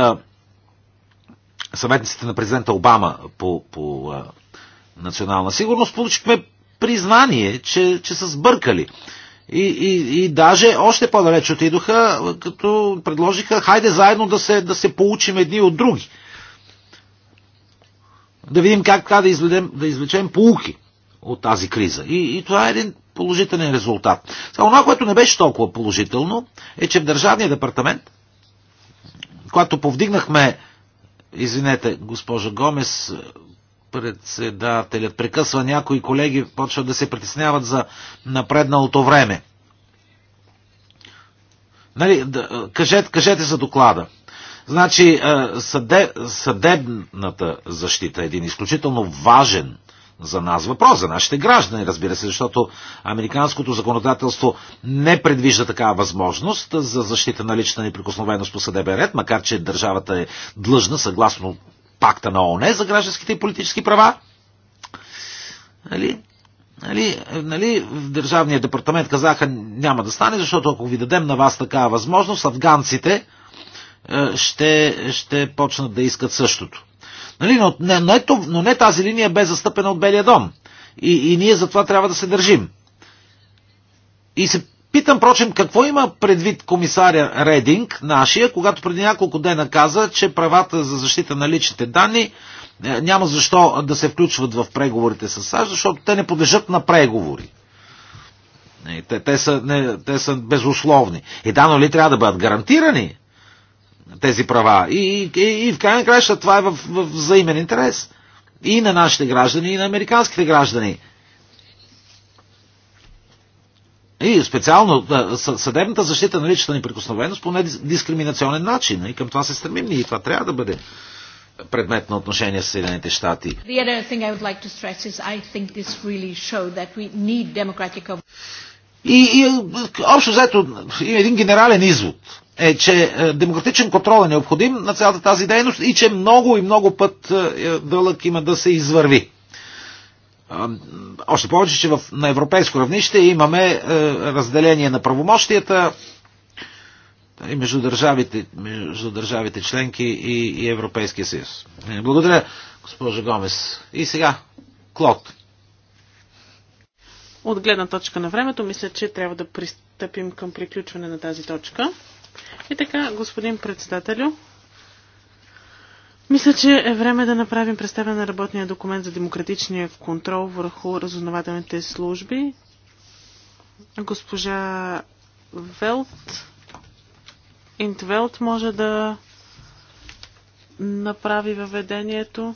съветниците на президента Обама по, по национална сигурност получихме признание, че, че са сбъркали. И, и, и даже още по-далеч отидоха, като предложиха, хайде заедно да се, да се получим едни от други. Да видим как така да, изведем, да извлечем полуки от тази криза. И, и това е един положителен резултат. това, което не беше толкова положително, е, че в Държавния департамент когато повдигнахме, извинете, госпожа Гомес, председателят прекъсва някои колеги, почват да се притесняват за напредналото време. Нали, да, кажете, кажете за доклада. Значи, е, съде, съдебната защита е един изключително важен за нас въпрос, за нашите граждани, разбира се, защото американското законодателство не предвижда такава възможност за защита на лична неприкосновеност по съдебен ред, макар че държавата е длъжна, съгласно пакта на ОНЕ за гражданските и политически права. Нали? Нали, нали, в Държавния департамент казаха няма да стане, защото ако ви дадем на вас такава възможност, афганците е, ще, ще почнат да искат същото. Нали? Но, не, но, ето, но не тази линия бе застъпена от Белия дом. И, и ние за това трябва да се държим. И се питам, прочим, какво има предвид комисаря Рединг, нашия, когато преди няколко дена каза, че правата за защита на личните данни е, няма защо да се включват в преговорите с САЩ, защото те не подлежат на преговори. Е, те, те, са, не, те са безусловни. И да, но ли трябва да бъдат гарантирани? тези права. И, и, и в крайна краща това е в, в взаимен интерес. И на нашите граждани, и на американските граждани. И специално съдебната защита на личната неприкосновеност по недискриминационен начин. И към това се стремим и това трябва да бъде предмет на отношение с Съединените щати. Like really и, и общо взето един генерален извод е, че е, демократичен контрол е необходим на цялата тази дейност и че много и много път е, е, дълъг има да се извърви. Още повече, че в, на европейско равнище имаме е, разделение на правомощията и между държавите, между държавите членки и, и Европейския съюз. Благодаря, госпожо Гомес. И сега, Клод. От гледна точка на времето, мисля, че трябва да пристъпим към приключване на тази точка. И така, господин председателю, мисля, че е време да направим представяне на работния документ за демократичния контрол върху разузнавателните служби. Госпожа Велт, Интвелт може да направи въведението.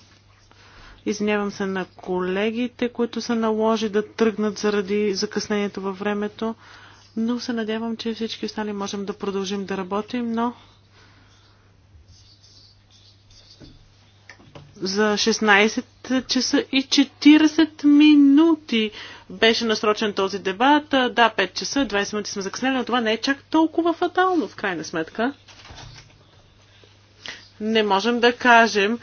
Извинявам се на колегите, които се наложи да тръгнат заради закъснението във времето, но се надявам, че всички останали можем да продължим да работим, но за 16 часа и 40 минути беше насрочен този дебат. Да, 5 часа, 20 минути сме закъснели, но това не е чак толкова фатално, в крайна сметка. Не можем да кажем,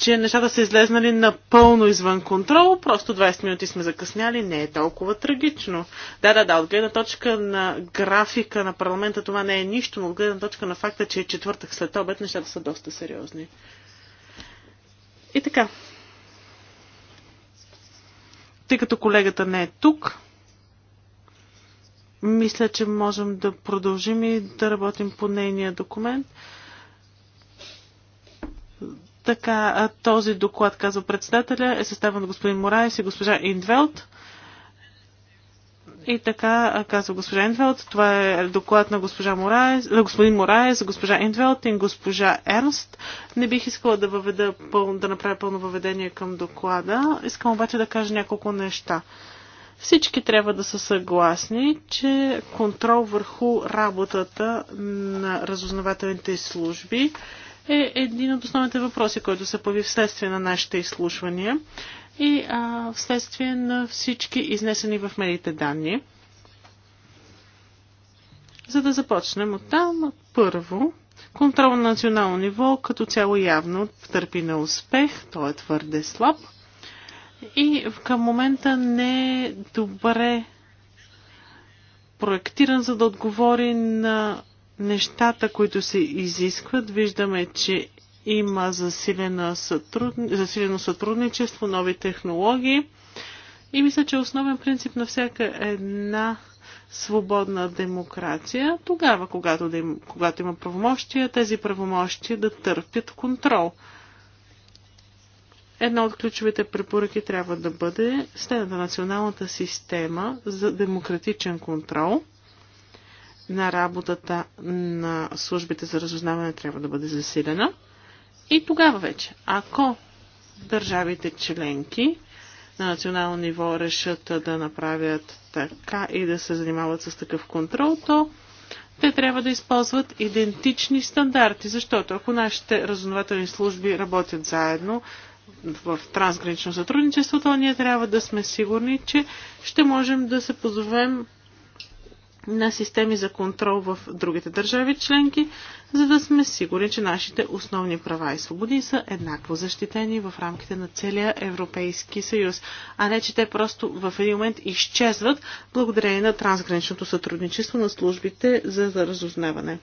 че нещата са излезнали напълно извън контрол, просто 20 минути сме закъсняли, не е толкова трагично. Да, да, да, от гледна точка на графика на парламента това не е нищо, но от гледна точка на факта, че е четвъртък след обед, нещата са доста сериозни. И така. Тъй като колегата не е тук, мисля, че можем да продължим и да работим по нейния документ. Така, този доклад, казва председателя, е съставен от господин Мораес и госпожа Индвелт. И така, казва госпожа Индвелт, това е доклад на госпожа Морайс, на господин Мораес, госпожа Индвелт и госпожа Ернст. Не бих искала да, въведа, да направя пълно въведение към доклада, искам обаче да кажа няколко неща. Всички трябва да са съгласни, че контрол върху работата на разузнавателните служби е един от основните въпроси, който се появи вследствие на нашите изслушвания и а, вследствие на всички изнесени в медиите данни. За да започнем от там, първо, контрол на национално ниво като цяло явно търпи на успех, той е твърде слаб и към момента не е добре проектиран, за да отговори на нещата, които се изискват. Виждаме, че има засилено, сътруд... засилено сътрудничество, нови технологии. И мисля, че е основен принцип на всяка една свободна демокрация, тогава, когато, да им, когато има правомощия, тези правомощия да търпят контрол. Една от ключовите препоръки трябва да бъде следната националната система за демократичен контрол – на работата на службите за разузнаване трябва да бъде засилена. И тогава вече, ако държавите членки на национално ниво решат да направят така и да се занимават с такъв контрол, то те трябва да използват идентични стандарти, защото ако нашите разузнавателни служби работят заедно в трансгранично сътрудничество, то ние трябва да сме сигурни, че ще можем да се позовем на системи за контрол в другите държави членки, за да сме сигурни, че нашите основни права и свободи са еднакво защитени в рамките на целия Европейски съюз, а не че те просто в един момент изчезват благодарение на трансграничното сътрудничество на службите за разузнаване.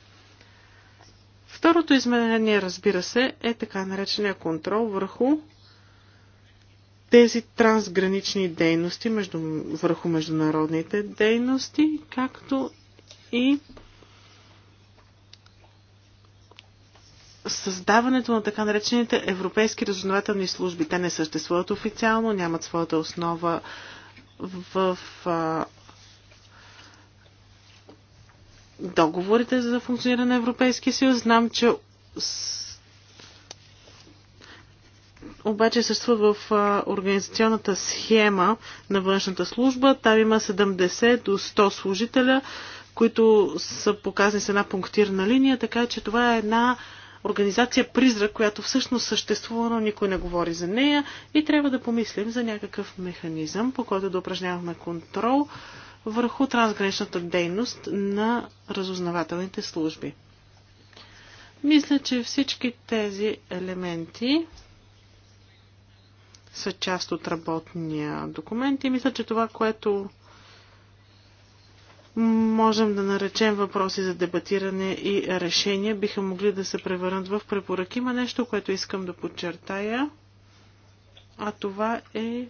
Второто изменение, разбира се, е така наречения контрол върху тези трансгранични дейности между, върху международните дейности, както и създаването на така наречените европейски разузнавателни служби. Те не съществуват официално, нямат своята основа в а, договорите за функциониране на Европейския съюз. Знам, че обаче съществува в организационната схема на външната служба. Там има 70 до 100 служителя, които са показани с една пунктирна линия, така че това е една организация призрак, която всъщност съществува, но никой не говори за нея и трябва да помислим за някакъв механизъм, по който да упражняваме контрол върху трансграничната дейност на разузнавателните служби. Мисля, че всички тези елементи са част от работния документ и мисля, че това, което можем да наречем въпроси за дебатиране и решения, биха могли да се превърнат в препоръки. Има нещо, което искам да подчертая, а това е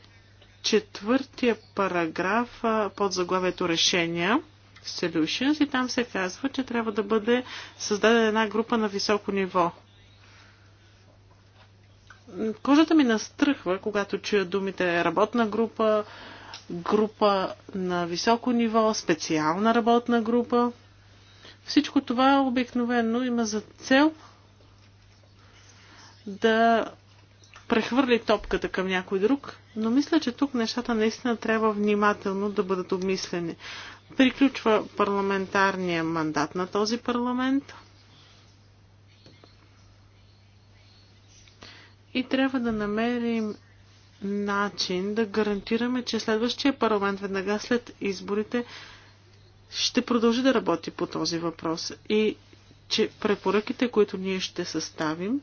четвъртия параграф под заглавието решения. Solutions и там се казва, че трябва да бъде създадена една група на високо ниво. Кожата ми настръхва, когато чуя думите работна група, група на високо ниво, специална работна група. Всичко това обикновено има за цел да прехвърли топката към някой друг, но мисля, че тук нещата наистина трябва внимателно да бъдат обмислени. Приключва парламентарния мандат на този парламент – и трябва да намерим начин да гарантираме, че следващия парламент веднага след изборите ще продължи да работи по този въпрос и че препоръките, които ние ще съставим,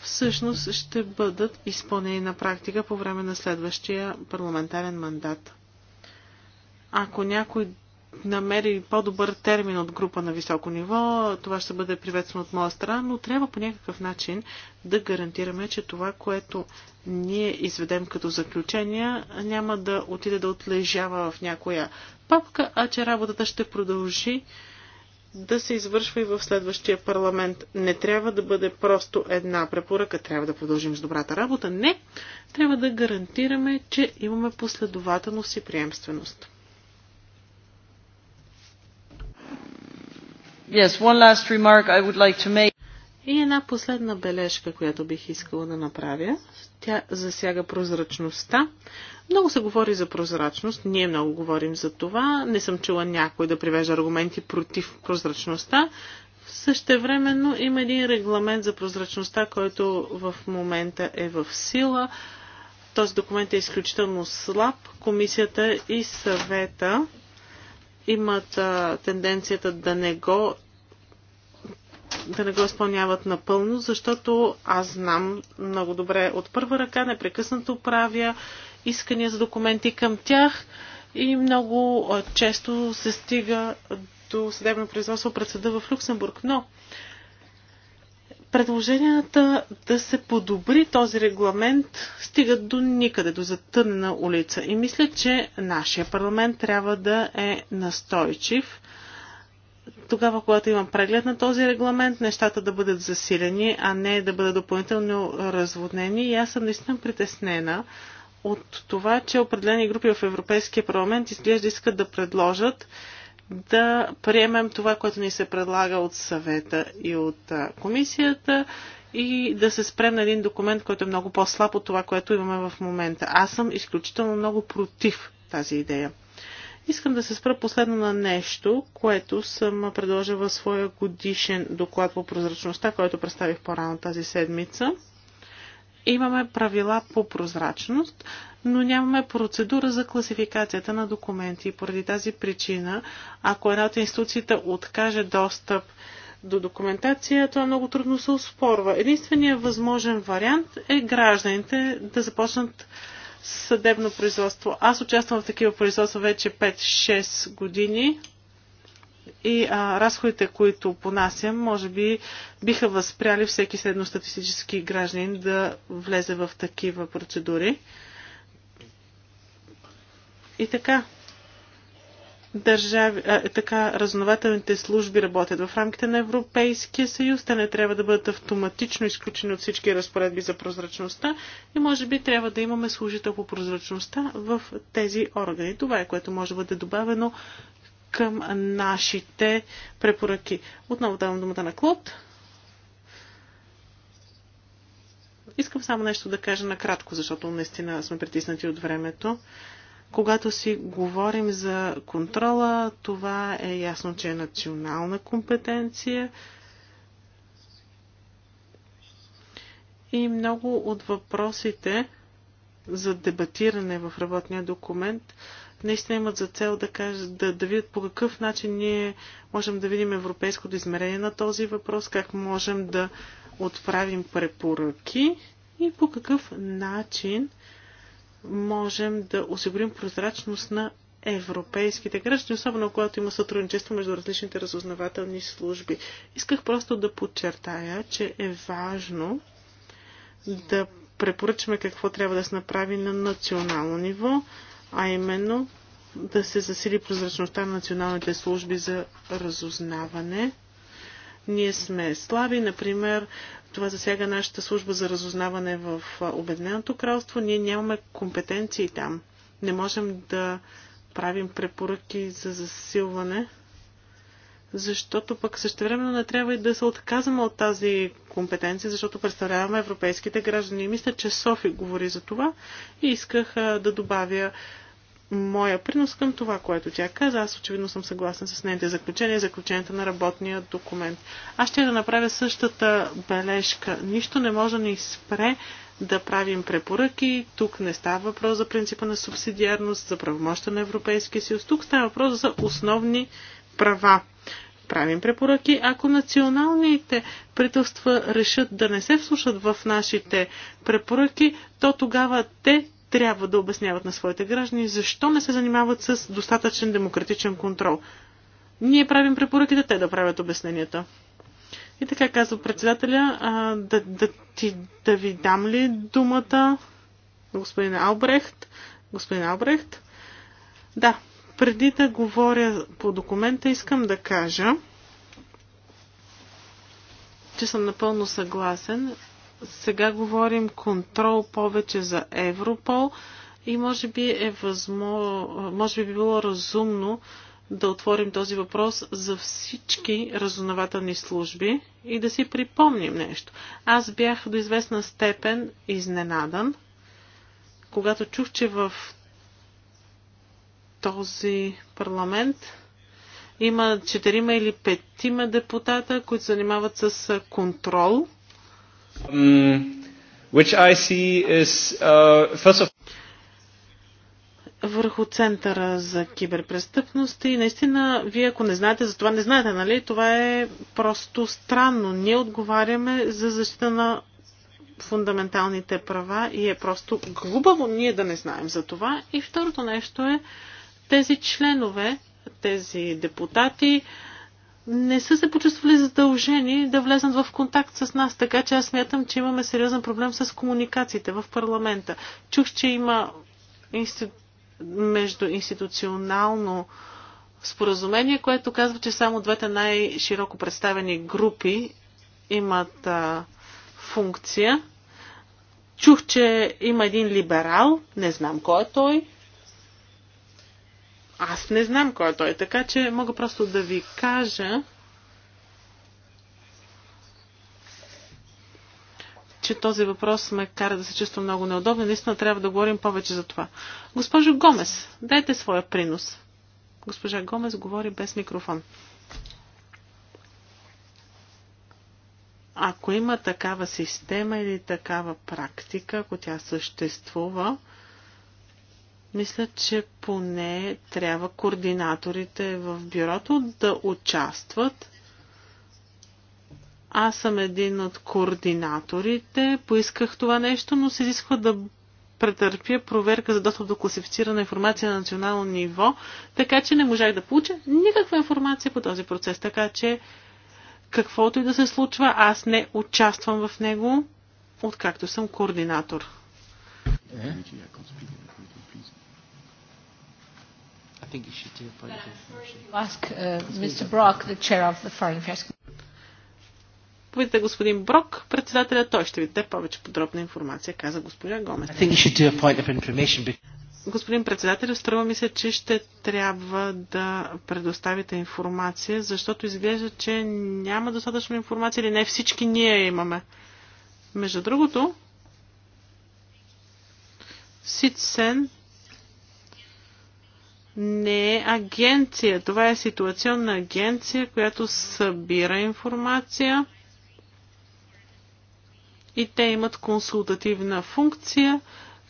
всъщност ще бъдат изпълнени на практика по време на следващия парламентарен мандат. Ако някой намери по-добър термин от група на високо ниво. Това ще бъде приветствано от моя страна, но трябва по някакъв начин да гарантираме, че това, което ние изведем като заключение, няма да отиде да отлежава в някоя папка, а че работата ще продължи да се извършва и в следващия парламент. Не трябва да бъде просто една препоръка, трябва да продължим с добрата работа. Не, трябва да гарантираме, че имаме последователност и приемственост. Yes, one last remark I would like to make. И една последна бележка, която бих искала да направя. Тя засяга прозрачността. Много се говори за прозрачност, ние много говорим за това. Не съм чула някой да привежда аргументи против прозрачността. Същевременно има един регламент за прозрачността, който в момента е в сила. Този документ е изключително слаб. Комисията и съвета имат а, тенденцията да не го да не го изпълняват напълно, защото аз знам много добре от първа ръка, непрекъснато правя искания за документи към тях и много често се стига до съдебно производство пред съда в Люксембург. Но предложенията да се подобри този регламент стигат до никъде, до затънна улица. И мисля, че нашия парламент трябва да е настойчив. Тогава, когато има преглед на този регламент, нещата да бъдат засилени, а не да бъдат допълнително разводнени. И аз съм наистина притеснена от това, че определени групи в Европейския парламент изглежда искат да предложат да приемем това, което ни се предлага от съвета и от комисията и да се спрем на един документ, който е много по-слаб от това, което имаме в момента. Аз съм изключително много против тази идея. Искам да се спра последно на нещо, което съм предложила в своя годишен доклад по прозрачността, който представих по-рано тази седмица. Имаме правила по прозрачност, но нямаме процедура за класификацията на документи. И поради тази причина, ако една от институциите откаже достъп до документация, това много трудно се успорва. Единственият възможен вариант е гражданите да започнат съдебно производство. Аз участвам в такива производства вече 5-6 години и а, разходите, които понасям, може би биха възпряли всеки средностатистически гражданин да влезе в такива процедури. И така, държави, а, така разнователните служби работят в рамките на Европейския съюз. Те не трябва да бъдат автоматично изключени от всички разпоредби за прозрачността и може би трябва да имаме служител по прозрачността в тези органи. Това е което може да бъде добавено към нашите препоръки. Отново давам думата на Клод. Искам само нещо да кажа накратко, защото наистина сме притиснати от времето. Когато си говорим за контрола, това е ясно, че е национална компетенция. И много от въпросите за дебатиране в работния документ наистина имат за цел да, кажат, да, да видят по какъв начин ние можем да видим европейското измерение на този въпрос, как можем да отправим препоръки и по какъв начин можем да осигурим прозрачност на европейските граждани, особено когато има сътрудничество между различните разузнавателни служби. Исках просто да подчертая, че е важно да препоръчаме какво трябва да се направи на национално ниво, а именно да се засили прозрачността на националните служби за разузнаване. Ние сме слаби, например, това засяга нашата служба за разузнаване в Обединеното кралство. Ние нямаме компетенции там. Не можем да правим препоръки за засилване, защото пък същевременно не трябва и да се отказваме от тази компетенция, защото представляваме европейските граждани. мисля, че Софи говори за това и исках да добавя моя принос към това, което тя каза. Аз очевидно съм съгласна с нейните заключения и заключенията на работния документ. Аз ще да направя същата бележка. Нищо не може да ни спре да правим препоръки. Тук не става въпрос за принципа на субсидиарност, за правомощта на Европейския съюз. Тук става въпрос за основни права. Правим препоръки. Ако националните правителства решат да не се вслушат в нашите препоръки, то тогава те трябва да обясняват на своите граждани защо не се занимават с достатъчен демократичен контрол. Ние правим препоръките, те да правят обясненията. И така казва председателя, а, да, да, ти, да ви дам ли думата, господин Албрехт? Господин Албрехт? Да, преди да говоря по документа, искам да кажа, че съм напълно съгласен сега говорим контрол повече за Европол и може би е възможно, може би било разумно да отворим този въпрос за всички разузнавателни служби и да си припомним нещо. Аз бях до известна степен изненадан, когато чух, че в този парламент има четирима или петима депутата, които занимават с контрол – Um, uh, върху Центъра за киберпрестъпност и наистина, вие ако не знаете за това, не знаете, нали? Това е просто странно. Ние отговаряме за защита на фундаменталните права и е просто глупаво ние да не знаем за това. И второто нещо е тези членове, тези депутати, не са се почувствали задължени да влезнат в контакт с нас, така че аз смятам, че имаме сериозен проблем с комуникациите в парламента. Чух, че има инсти... междуинституционално споразумение, което казва, че само двете най-широко представени групи имат а, функция. Чух, че има един либерал, не знам кой е той, аз не знам кой е той, така че мога просто да ви кажа, че този въпрос ме кара да се чувства много неудобно. Наистина трябва да говорим повече за това. Госпожо Гомес, дайте своя принос. Госпожа Гомес говори без микрофон. Ако има такава система или такава практика, ако тя съществува, мисля, че поне трябва координаторите в бюрото да участват. Аз съм един от координаторите. Поисках това нещо, но се изисква да претърпя проверка за достъп до класифицирана информация на национално ниво, така че не можах да получа никаква информация по този процес. Така че каквото и да се случва, аз не участвам в него, откакто съм координатор. Е? think you should do a point of Ask uh, Mr. Brock, the chair of the Foreign Affairs Попитайте господин Брок, председателя, той ще ви даде повече подробна информация, каза господин Гомес. Господин председател, струва ми се, че ще трябва да предоставите информация, защото изглежда, че няма достатъчно информация или не всички ние имаме. Между другото, Сит сен не е агенция. Това е ситуационна агенция, която събира информация и те имат консултативна функция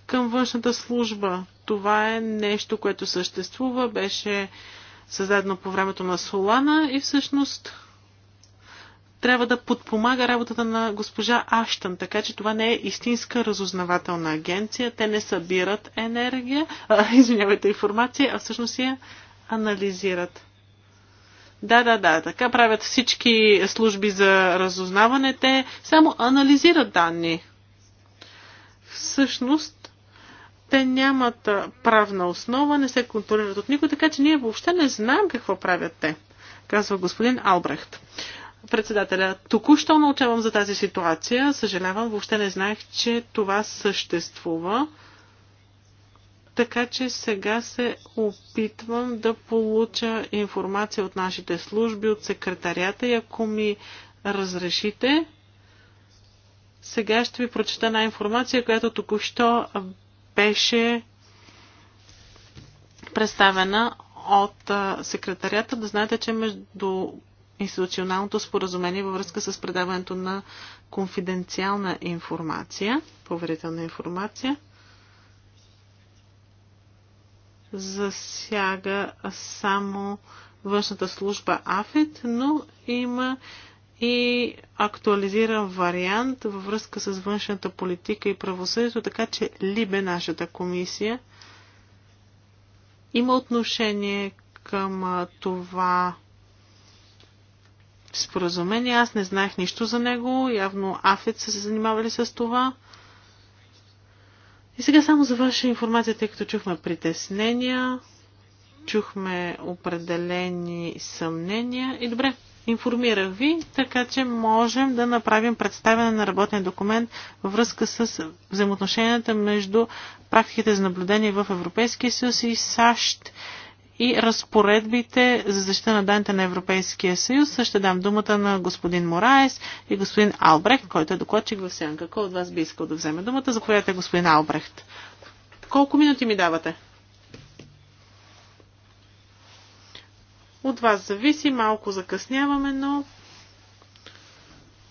към външната служба. Това е нещо, което съществува, беше създадено по времето на Солана и всъщност трябва да подпомага работата на госпожа Аштън, така че това не е истинска разузнавателна агенция. Те не събират енергия, а, извинявайте, информация, а всъщност я анализират. Да, да, да, така правят всички служби за разузнаване. Те само анализират данни. Всъщност, те нямат правна основа, не се контролират от никой, така че ние въобще не знаем какво правят те, казва господин Албрехт. Председателя, току-що научавам за тази ситуация. Съжалявам, въобще не знаех, че това съществува. Така че сега се опитвам да получа информация от нашите служби, от секретарията и ако ми разрешите, сега ще ви прочета една информация, която току-що беше представена от секретарията. Да знаете, че между институционалното споразумение във връзка с предаването на конфиденциална информация, поверителна информация, засяга само външната служба АФИТ, но има и актуализиран вариант във връзка с външната политика и правосъдието, така че Либе, нашата комисия, има отношение към това споразумение. Аз не знаех нищо за него. Явно Афет са се занимавали с това. И сега само за ваша информация, тъй като чухме притеснения, чухме определени съмнения. И добре, информирах ви, така че можем да направим представяне на работен документ във връзка с взаимоотношенията между практиките за наблюдение в Европейския съюз и САЩ и разпоредбите за защита на данните на Европейския съюз. Ще дам думата на господин Мораес и господин Албрехт, който е докладчик в Сянка. Кой от вас би искал да вземе думата? Заповядайте, господин Албрехт. Колко минути ми давате? От вас зависи, малко закъсняваме, но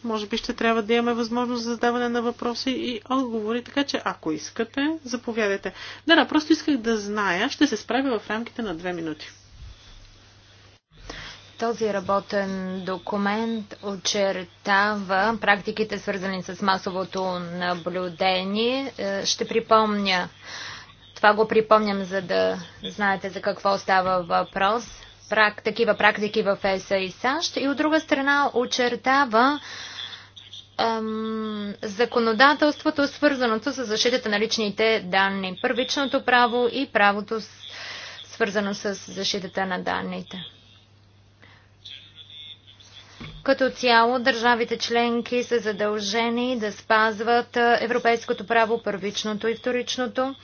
може би ще трябва да имаме възможност за задаване на въпроси и отговори, така че ако искате, заповядайте. Да, да, просто исках да зная. Ще се справя в рамките на две минути. Този работен документ очертава практиките, свързани с масовото наблюдение. Е, ще припомня, това го припомням, за да знаете за какво става въпрос такива практики в ЕСА и САЩ и от друга страна очертава законодателството, свързаното с защитата на личните данни, първичното право и правото свързано с защитата на данните. Като цяло, държавите членки са задължени да спазват европейското право, първичното и вторичното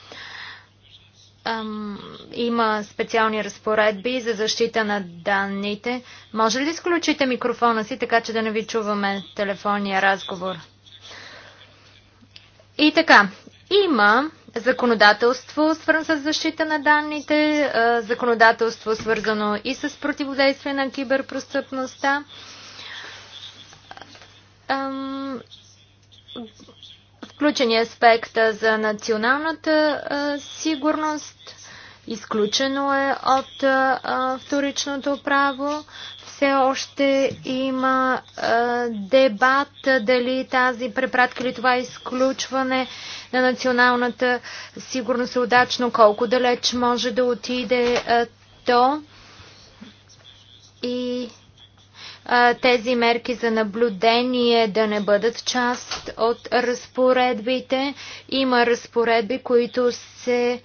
има специални разпоредби за защита на данните. Може ли да изключите микрофона си, така че да не ви чуваме телефонния разговор? И така, има законодателство, свързано с защита на данните, законодателство, свързано и с противодействие на киберпростъпността включени е аспекта за националната сигурност, изключено е от вторичното право. Все още има дебат дали тази препратка или това изключване на националната сигурност е удачно, колко далеч може да отиде то. И тези мерки за наблюдение да не бъдат част от разпоредбите. Има разпоредби, които се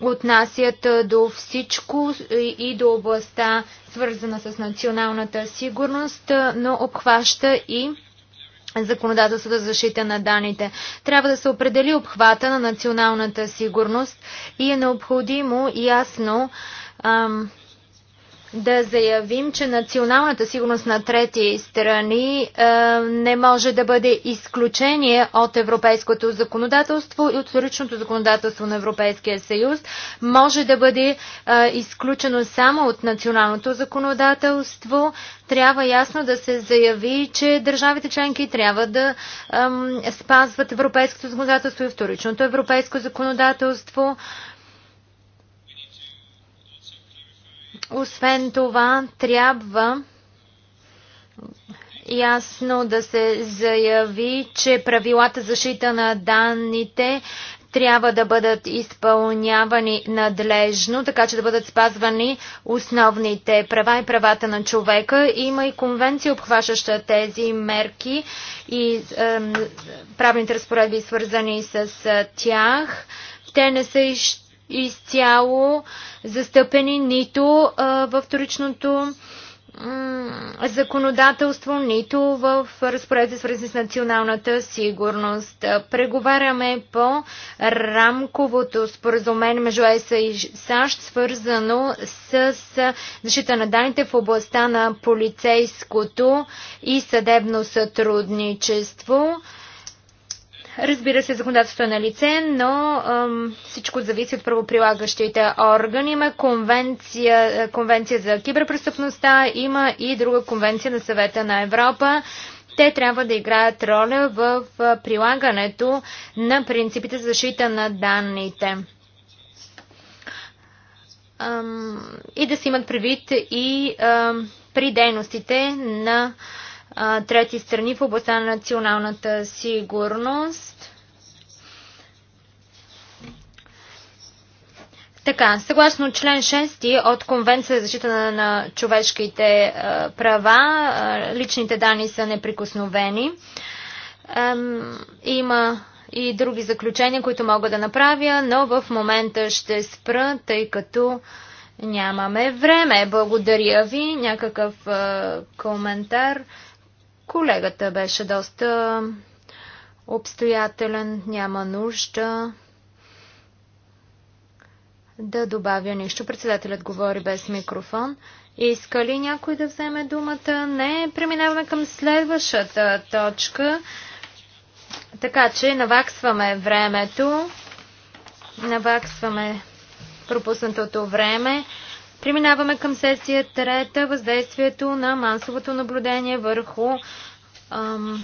отнасят до всичко и до областта, свързана с националната сигурност, но обхваща и законодателството за защита на данните. Трябва да се определи обхвата на националната сигурност и е необходимо ясно ам, да заявим, че националната сигурност на трети страни е, не може да бъде изключение от европейското законодателство и от вторичното законодателство на Европейския съюз. Може да бъде е, изключено само от националното законодателство. Трябва ясно да се заяви, че държавите членки трябва да е, спазват европейското законодателство и вторичното европейско законодателство. Е, Освен това, трябва ясно да се заяви, че правилата защита на данните трябва да бъдат изпълнявани надлежно, така че да бъдат спазвани основните права и правата на човека. Има и конвенция, обхващаща тези мерки и е, правните разпоредби, свързани с е, тях. Те не са изчерпани изцяло застъпени нито а, в вторичното законодателство, нито в разпоредите свързани с националната сигурност. Преговаряме по рамковото споразумение между ЕС и САЩ, свързано с защита на данните в областта на полицейското и съдебно сътрудничество. Разбира се, законодателството е на лице, но ам, всичко зависи от правоприлагащите органи. Има конвенция, е, конвенция за киберпрестъпността, има и друга конвенция на съвета на Европа. Те трябва да играят роля в е, прилагането на принципите за защита на данните. Ам, и да си имат предвид и ам, при дейностите на ам, трети страни в областта на националната сигурност. Така, съгласно член 6 от Конвенция за защита на, на човешките а, е, права, а, е, личните данни са неприкосновени. Ам, има и други заключения, които мога да направя, но в момента ще спра, тъй като нямаме време. Благодаря ви. Някакъв а, е, коментар Колегата беше доста обстоятелен, няма нужда да добавя нищо. Председателят говори без микрофон. Иска ли някой да вземе думата? Не. Преминаваме към следващата точка. Така че наваксваме времето. Наваксваме пропуснатото време. Преминаваме към сесия трета въздействието на масовото наблюдение върху ам,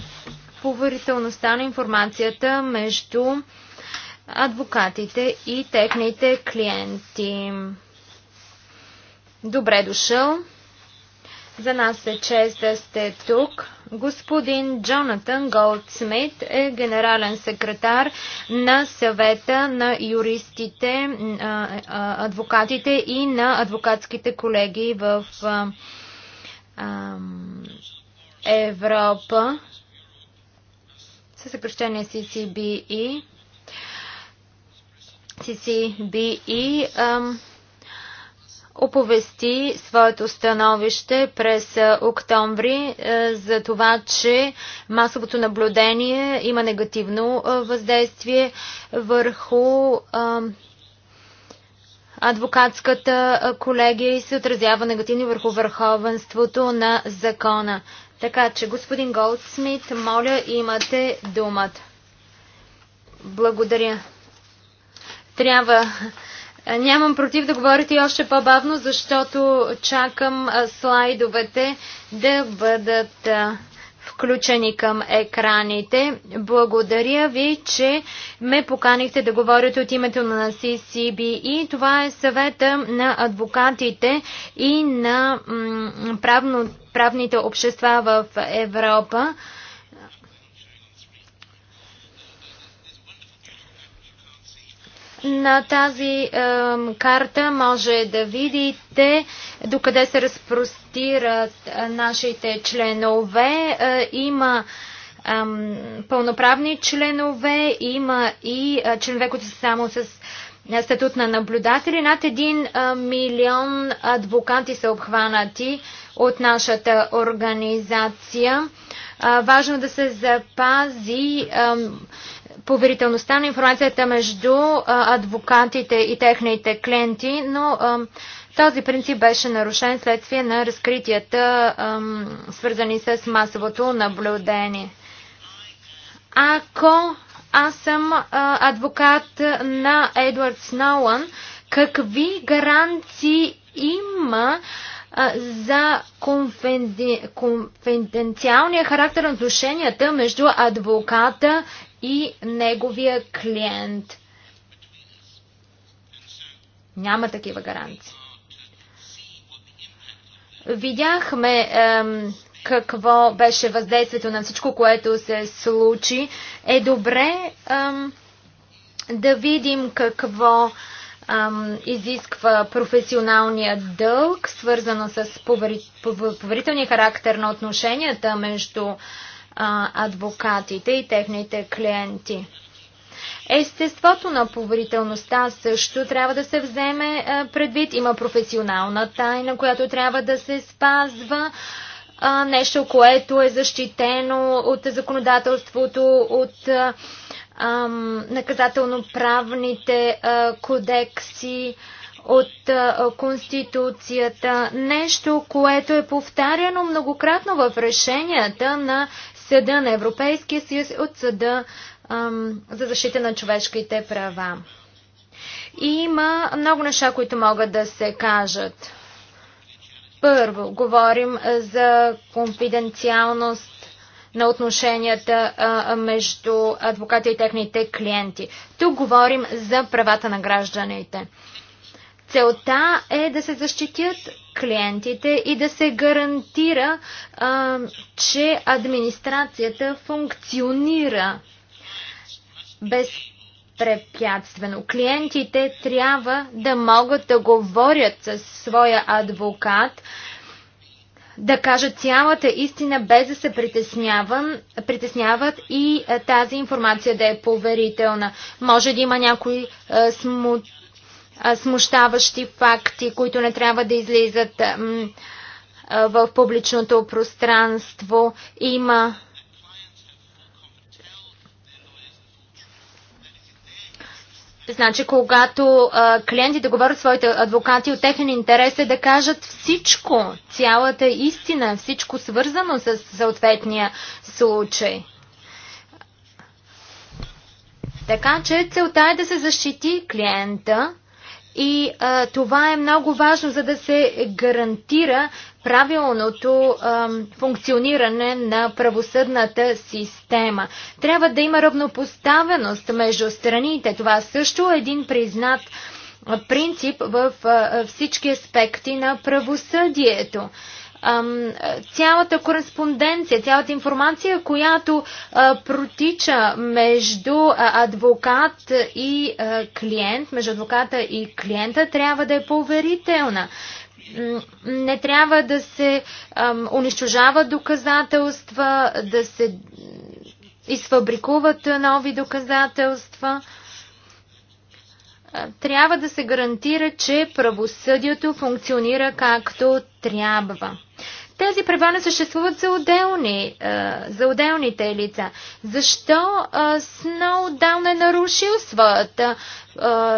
поверителността на информацията между адвокатите и техните клиенти. Добре дошъл! За нас е чест да сте тук. Господин Джонатан Голдсмит е генерален секретар на съвета на юристите, адвокатите и на адвокатските колеги в Европа. Със съкръщение CCBE. CCBE оповести своето становище през октомври за това, че масовото наблюдение има негативно въздействие върху адвокатската колегия и се отразява негативно върху върховенството на закона. Така че, господин Голдсмит, моля, имате думата. Благодаря. Трябва е, нямам против да говорите още по-бавно, защото чакам е, слайдовете да бъдат е, включени към екраните. Благодаря ви, че ме поканихте да говорите от името на и e. Това е съвета на адвокатите и на правно, правните общества в Европа. На тази карта може да видите докъде се разпростират е, нашите членове. Е, има пълноправни членове, има и е, членове, които са само с статут на наблюдатели. Над 1 милион адвокати са обхванати от нашата организация. Важно да се запази поверителността на информацията между адвокатите и техните клиенти, но този принцип беше нарушен следствие на разкритията, свързани с масовото наблюдение. Ако аз съм адвокат на Едвард Сноуън, какви гаранции има за конфиденциалния характер на отношенията между адвоката и неговия клиент. Няма такива гаранции. Видяхме ем, какво беше въздействието на всичко, което се случи. Е добре ем, да видим какво ем, изисква професионалния дълг, свързано с повери... поверителния характер на отношенията между адвокатите и техните клиенти. Естеството на поверителността също трябва да се вземе предвид. Има професионална тайна, която трябва да се спазва. Нещо, което е защитено от законодателството, от наказателно-правните кодекси, от Конституцията. Нещо, което е повтаряно многократно в решенията на Съда на Европейския съюз, от Съда ам, за защита на човешките права. И има много неща, които могат да се кажат. Първо, говорим за конфиденциалност на отношенията а, между адвоката и техните клиенти. Тук говорим за правата на гражданите. Целта е да се защитят клиентите и да се гарантира, а, че администрацията функционира безпрепятствено. Клиентите трябва да могат да говорят с своя адвокат, да кажат цялата истина без да се притесняват и тази информация да е поверителна. Може да има някои смут смущаващи факти, които не трябва да излизат в публичното пространство. Има Значи, когато а, клиентите говорят своите адвокати, от техен интерес е да кажат всичко, цялата истина, всичко свързано с съответния случай. Така че целта е да се защити клиента, и а, това е много важно, за да се гарантира правилното а, функциониране на правосъдната система. Трябва да има равнопоставеност между страните. Това също е един признат принцип в а, всички аспекти на правосъдието цялата кореспонденция, цялата информация, която протича между адвокат и клиент, между адвоката и клиента, трябва да е поверителна не трябва да се унищожават доказателства, да се изфабрикуват нови доказателства трябва да се гарантира, че правосъдието функционира както трябва. Тези права не съществуват за, отделни, за отделните лица. Защо Сноудаун е нарушил своята,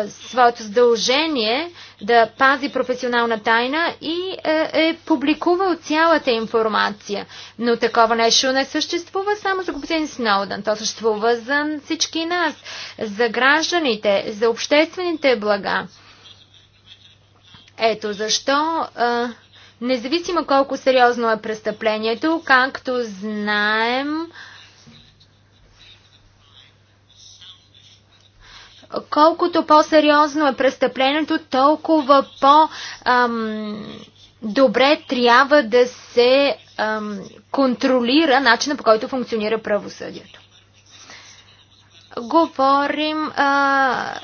своето задължение да пази професионална тайна и е публикувал цялата информация? Но такова нещо не съществува само за господин Сноудън. То съществува за всички нас, за гражданите, за обществените блага. Ето защо а, Независимо колко сериозно е престъплението, както знаем, колкото по-сериозно е престъплението, толкова по-добре трябва да се ам, контролира начина по който функционира правосъдието. Говорим а,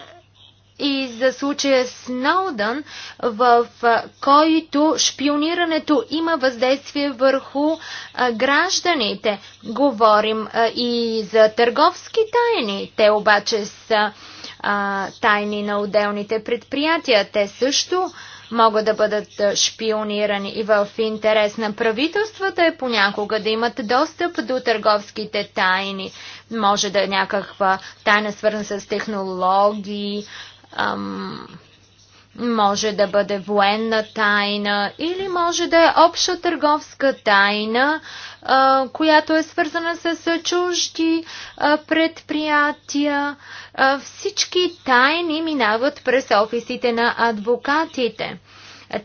и за случая Сноудън, в който шпионирането има въздействие върху гражданите. Говорим и за търговски тайни. Те обаче са тайни на отделните предприятия. Те също могат да бъдат шпионирани и в интерес на правителствата е понякога да имат достъп до търговските тайни. Може да е някаква тайна свързана с технологии, ам, може да бъде военна тайна или може да е обща търговска тайна, която е свързана с чужди предприятия. всички тайни минават през офисите на адвокатите.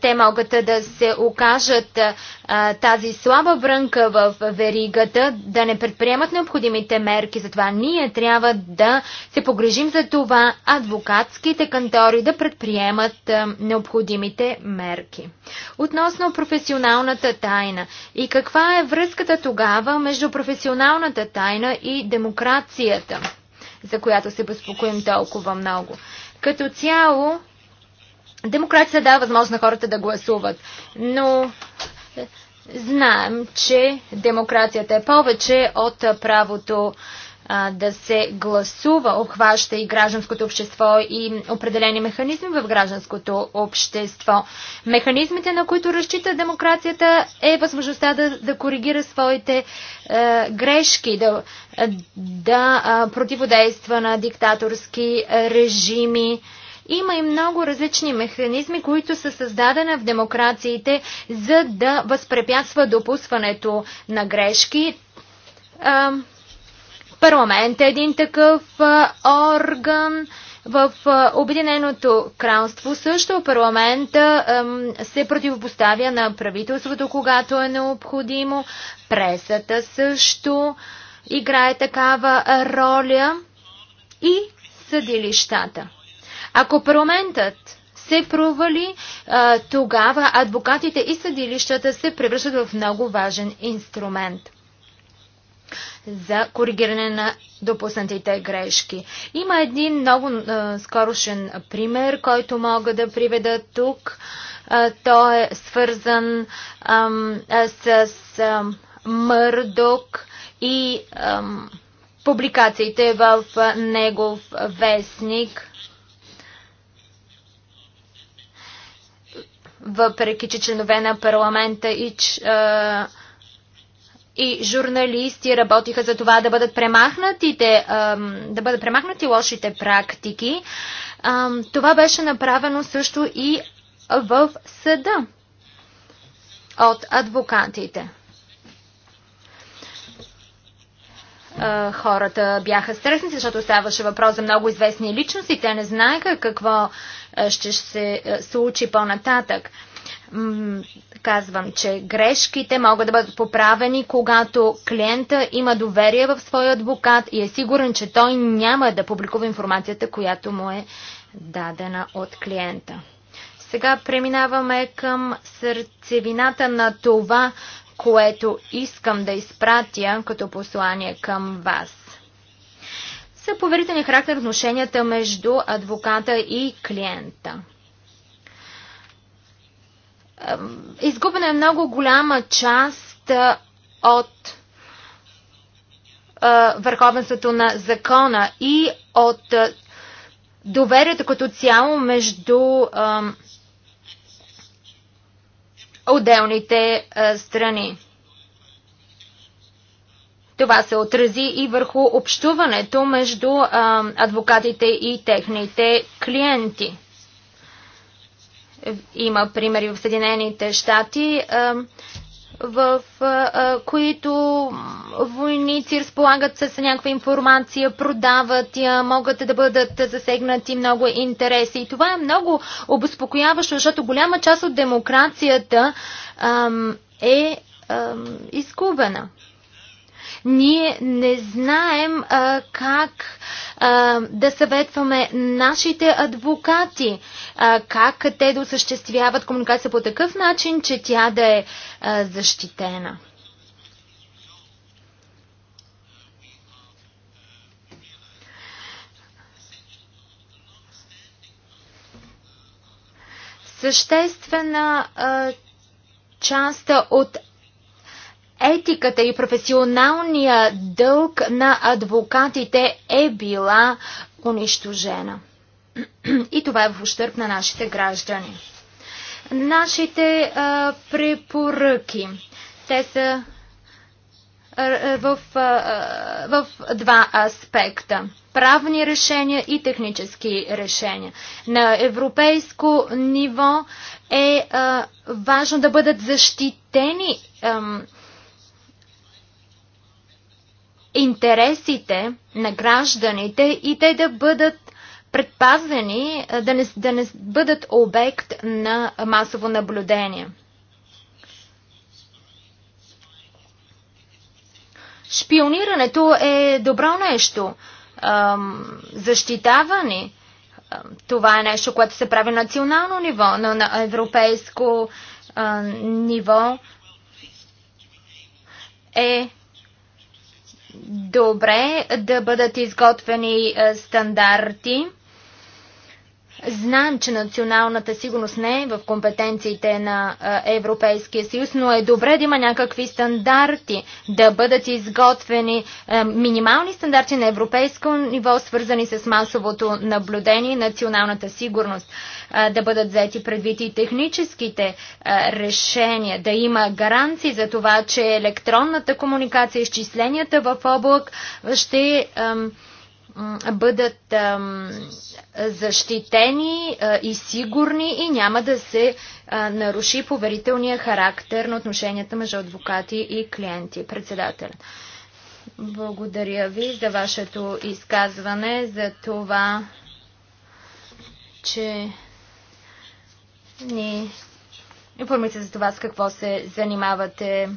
Те могат да се окажат а, тази слаба брънка в веригата, да не предприемат необходимите мерки. Затова ние трябва да се погрежим за това адвокатските кантори да предприемат а, необходимите мерки. Относно професионалната тайна. И каква е връзката тогава между професионалната тайна и демокрацията, за която се безпокоим толкова много? Като цяло, Демокрацията дава възможност на хората да гласуват, но знаем, че демокрацията е повече от правото да се гласува, обхваща и гражданското общество и определени механизми в гражданското общество. Механизмите, на които разчита демокрацията, е възможността да, да коригира своите е, грешки, да, да е, противодейства на диктаторски режими. Е, има и много различни механизми, които са създадени в демокрациите, за да възпрепятства допускането на грешки. Парламент е един такъв орган. В Обединеното кралство също парламента се противопоставя на правителството, когато е необходимо. Пресата също играе такава роля и съдилищата. Ако парламентът се провали, тогава адвокатите и съдилищата се превръщат в много важен инструмент за коригиране на допуснатите грешки. Има един много скорошен пример, който мога да приведа тук. той е свързан с Мърдок и публикациите в негов вестник. въпреки че членове на парламента и, а, и журналисти работиха за това да бъдат премахнатите, а, да бъдат премахнати лошите практики. А, това беше направено също и в съда от адвокатите. хората бяха стреснати, защото ставаше въпрос за много известни личности. Те не знаеха какво ще се случи по-нататък. Казвам, че грешките могат да бъдат поправени, когато клиента има доверие в своя адвокат и е сигурен, че той няма да публикува информацията, която му е дадена от клиента. Сега преминаваме към сърцевината на това, което искам да изпратя като послание към вас. Са поверителни характер отношенията между адвоката и клиента. Изгубена е много голяма част от върховенството на закона и от доверието като цяло между ам, отделните страни. Това се отрази и върху общуването между адвокатите и техните клиенти. Има примери в Съединените щати в а, които войници разполагат с някаква информация, продават я, могат да бъдат засегнати много интереси. И това е много обезпокояващо, защото голяма част от демокрацията ам, е ам, изгубена. Ние не знаем а, как а, да съветваме нашите адвокати, а, как те да осъществяват комуникация по такъв начин, че тя да е а, защитена. съществена а, част от етиката и професионалния дълг на адвокатите е била унищожена. И това е в ущърп на нашите граждани. Нашите а, препоръки. Те са а, в, а, в два аспекта. Правни решения и технически решения. На европейско ниво е а, важно да бъдат защитени. А, интересите на гражданите и те да бъдат предпазени, да не, да не бъдат обект на масово наблюдение. Шпионирането е добро нещо. Защитаване. Това е нещо, което се прави на национално ниво, но на европейско ниво е добре да бъдат изготвени стандарти Знаем, че националната сигурност не е в компетенциите на Европейския съюз, но е добре да има някакви стандарти, да бъдат изготвени минимални стандарти на европейско ниво, свързани с масовото наблюдение и националната сигурност, да бъдат взети предвид и техническите решения, да има гаранции за това, че електронната комуникация, изчисленията в облак ще бъдат защитени и сигурни и няма да се наруши поверителния характер на отношенията между адвокати и клиенти. Председател. Благодаря ви за вашето изказване, за това, че ни информирате за това с какво се занимавате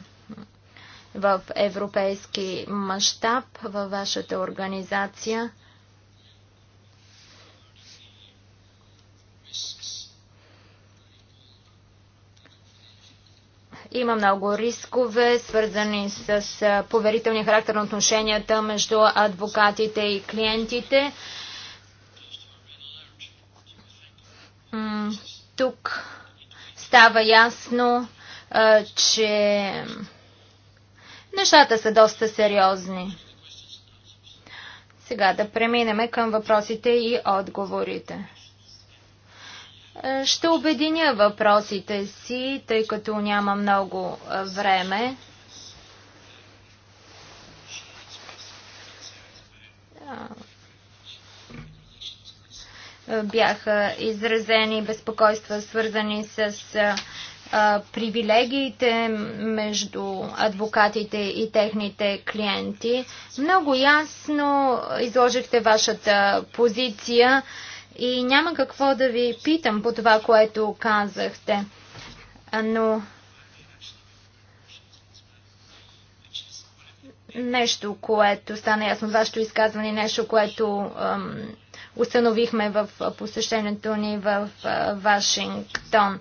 в европейски мащаб във вашата организация? Има много рискове, свързани с поверителния характер на отношенията между адвокатите и клиентите. Тук става ясно, че Нещата са доста сериозни. Сега да преминем към въпросите и отговорите. Е, ще обединя въпросите си, тъй като няма много е, време. Е, бяха изразени безпокойства, свързани с привилегиите между адвокатите и техните клиенти. Много ясно изложихте вашата позиция и няма какво да ви питам по това, което казахте. Но нещо, което стана ясно вашето изказване, нещо, което установихме в посещението ни в Вашингтон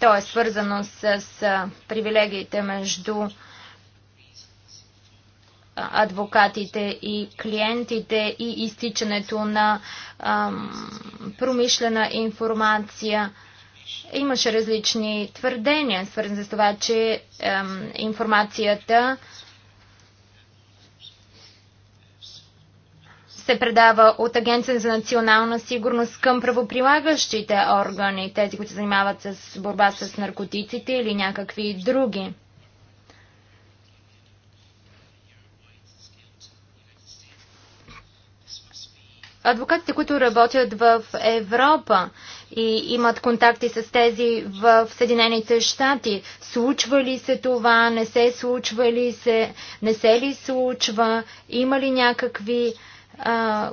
то е свързано с, с привилегиите между адвокатите и клиентите и изтичането на а, промишлена информация. Имаше различни твърдения, свързани с това, че а, информацията се предава от Агенция за национална сигурност към правоприлагащите органи, тези, които се занимават с борба с наркотиците или някакви други. адвокатите, които работят в Европа и имат контакти с тези в Съединените щати. Случва ли се това? Не се случва ли се? Не се ли случва? Има ли някакви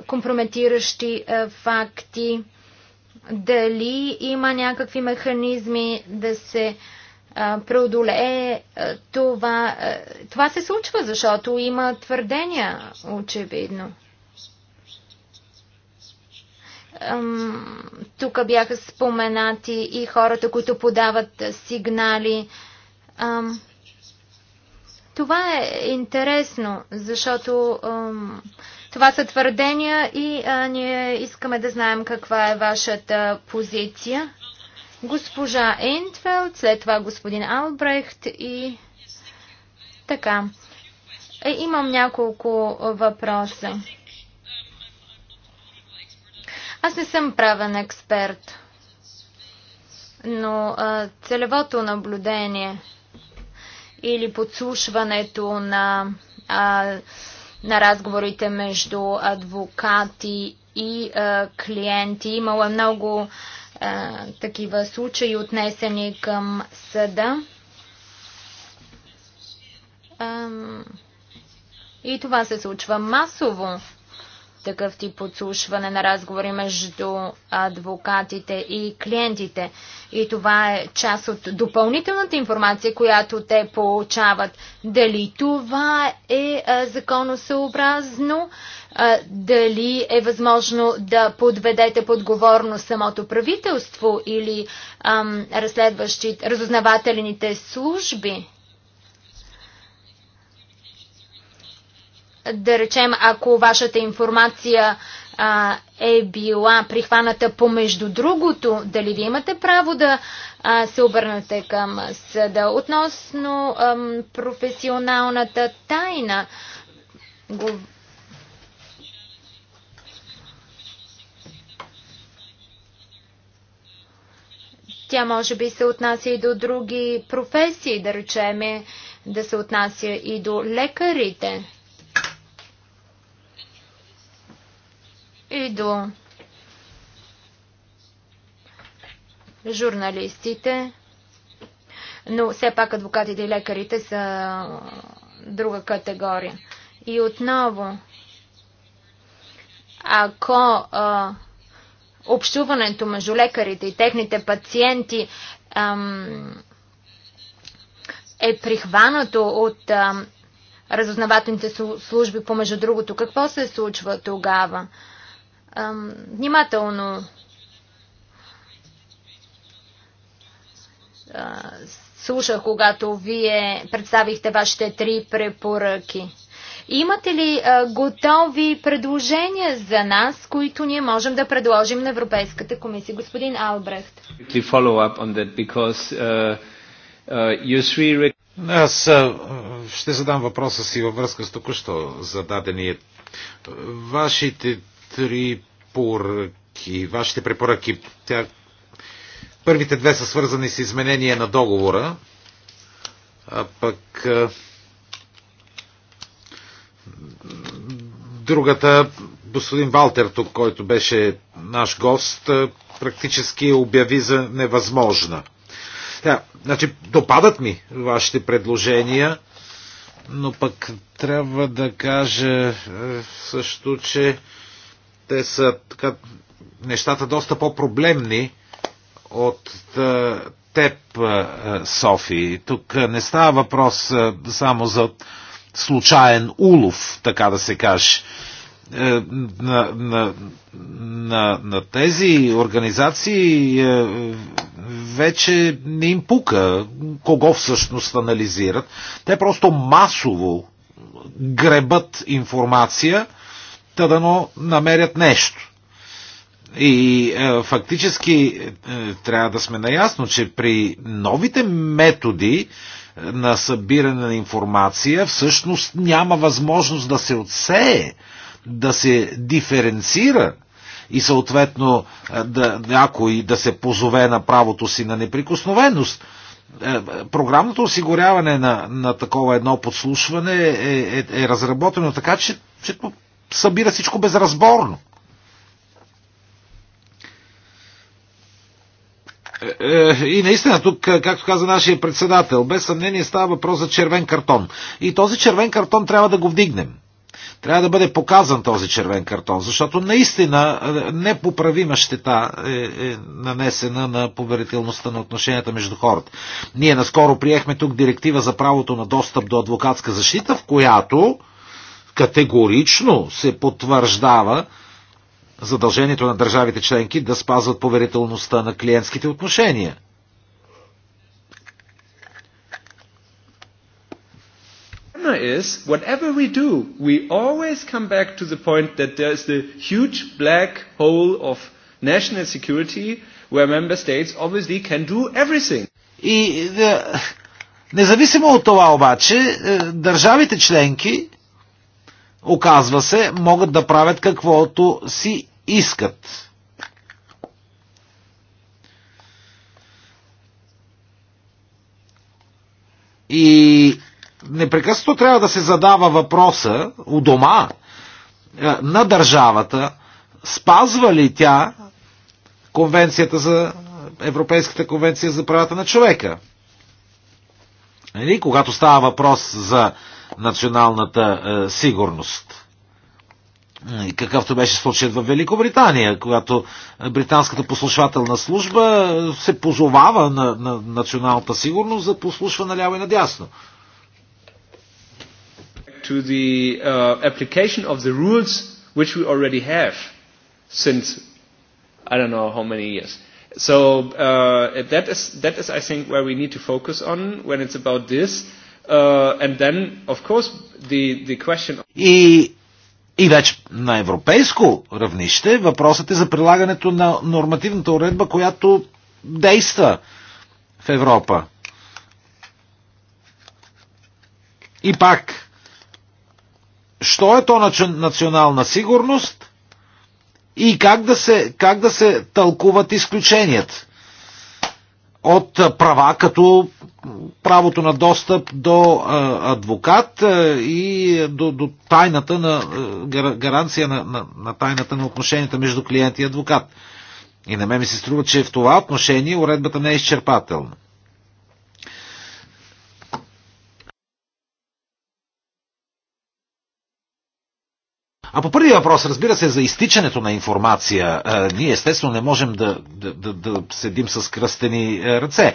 компрометиращи факти, дали има някакви механизми да се преодолее това. Това се случва, защото има твърдения, очевидно. Тук бяха споменати и хората, които подават сигнали. Това е интересно, защото това са твърдения и а, ние искаме да знаем каква е вашата позиция. Госпожа Ентфелд, след това господин Албрехт и така. Е, имам няколко въпроса. Аз не съм правен експерт, но а, целевото наблюдение или подслушването на а, на разговорите между адвокати и клиенти. Имало е много такива случаи, отнесени към съда. И това се случва масово такъв тип подслушване на разговори между адвокатите и клиентите. И това е част от допълнителната информация, която те получават. Дали това е законосъобразно, дали е възможно да подведете подговорно самото правителство или разследващи разузнавателните служби. да речем, ако вашата информация а, е била прихваната помежду другото, дали ви имате право да а, се обърнете към съда относно ам, професионалната тайна? Тя може би се отнася и до други професии, да речеме, да се отнася и до лекарите. и до журналистите, но все пак адвокатите и лекарите са друга категория. И отново, ако а, общуването между лекарите и техните пациенти ам, е прихванато от разузнавателните служби, помежду другото, какво се случва тогава? внимателно слушах, когато вие представихте вашите три препоръки. Имате ли а, готови предложения за нас, които ние можем да предложим на Европейската комисия? Господин Албрехт. Uh, uh, Аз ще задам въпроса си във връзка с току-що зададения. Вашите три препоръки, вашите препоръки, тя... първите две са свързани с изменение на договора, а пък другата, господин Валтер, тук, който беше наш гост, практически обяви за невъзможна. Тя, значи, допадат ми вашите предложения, но пък трябва да кажа също, че те са така, нещата доста по-проблемни от теб, Софи. Тук не става въпрос само за случайен улов, така да се каже. Е, на, на, на, на тези организации е, вече не им пука кого всъщност анализират. Те просто масово гребат информация та дано намерят нещо. И е, фактически е, трябва да сме наясно, че при новите методи е, на събиране на информация всъщност няма възможност да се отсее, да се диференцира и съответно е, да, някой да се позове на правото си на неприкосновеност. Е, програмното осигуряване на, на такова едно подслушване е, е, е разработено така, че, че събира всичко безразборно. Е, е, и наистина тук, е, както каза нашия председател, без съмнение става въпрос за червен картон. И този червен картон трябва да го вдигнем. Трябва да бъде показан този червен картон, защото наистина непоправима щета е нанесена на поверителността на отношенията между хората. Ние наскоро приехме тук директива за правото на достъп до адвокатска защита, в която категорично се потвърждава задължението на държавите членки да спазват поверителността на клиентските отношения. is whatever we do, we always come back to the point that there is the huge black hole of national security where member states obviously can do everything. И да, е, независимо от това обаче, е, държавите членки оказва се, могат да правят каквото си искат. И непрекъснато трябва да се задава въпроса у дома е, на държавата, спазва ли тя конвенцията за Европейската конвенция за правата на човека. Или, нали, когато става въпрос за националната е, сигурност. Е, какъвто беше случаят в Великобритания, когато британската послушвателна служба е, се позовава на, на националната сигурност за послушва наляво и надясно. To the uh, application of the rules which we already have since I don't know how many years. So uh, that is that is I think where we need to focus on when it's about this Uh, и, и вече на европейско равнище въпросът е за прилагането на нормативната уредба, която действа в Европа. И пак, що е то национална сигурност и как да се, как да се тълкуват изключенията? от права като правото на достъп до адвокат и до, до тайната на гаранция на, на, на тайната на отношенията между клиент и адвокат. И на мен ми се струва, че в това отношение уредбата не е изчерпателна. А по първи въпрос, разбира се, за изтичането на информация, ние естествено не можем да, да, да, да седим с кръстени ръце.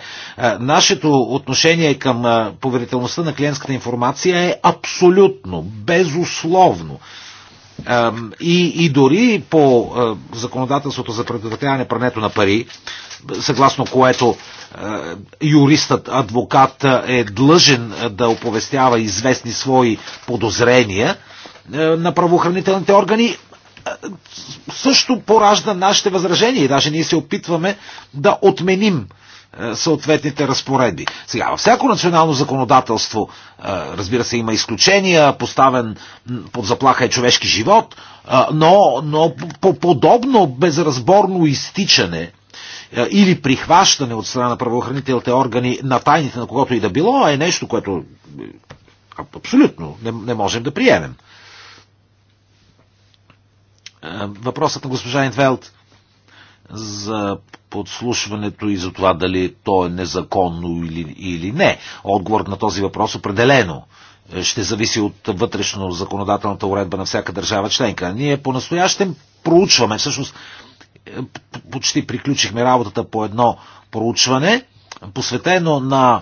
Нашето отношение към поверителността на клиентската информация е абсолютно, безусловно. И, и дори по законодателството за предотвратяване прането на пари, съгласно което юристът, адвокат е длъжен да оповестява известни свои подозрения – е, на правоохранителните органи е, също поражда нашите възражения и даже ние се опитваме да отменим е, съответните разпоредби. Сега, във всяко национално законодателство, разбира се, има изключения, поставен под заплаха е човешки живот, но, но по подобно безразборно изтичане или прихващане от страна на правоохранителните органи на тайните на когото и да било, е нещо, което абсолютно не, не можем да приемем. Е, въпросът на госпожа Инфелд за подслушването и за това дали то е незаконно или, или не. Отговорът на този въпрос определено ще зависи от вътрешно законодателната уредба на всяка държава членка. Ние по-настоящем проучваме, всъщност е, почти приключихме работата по едно проучване, посветено на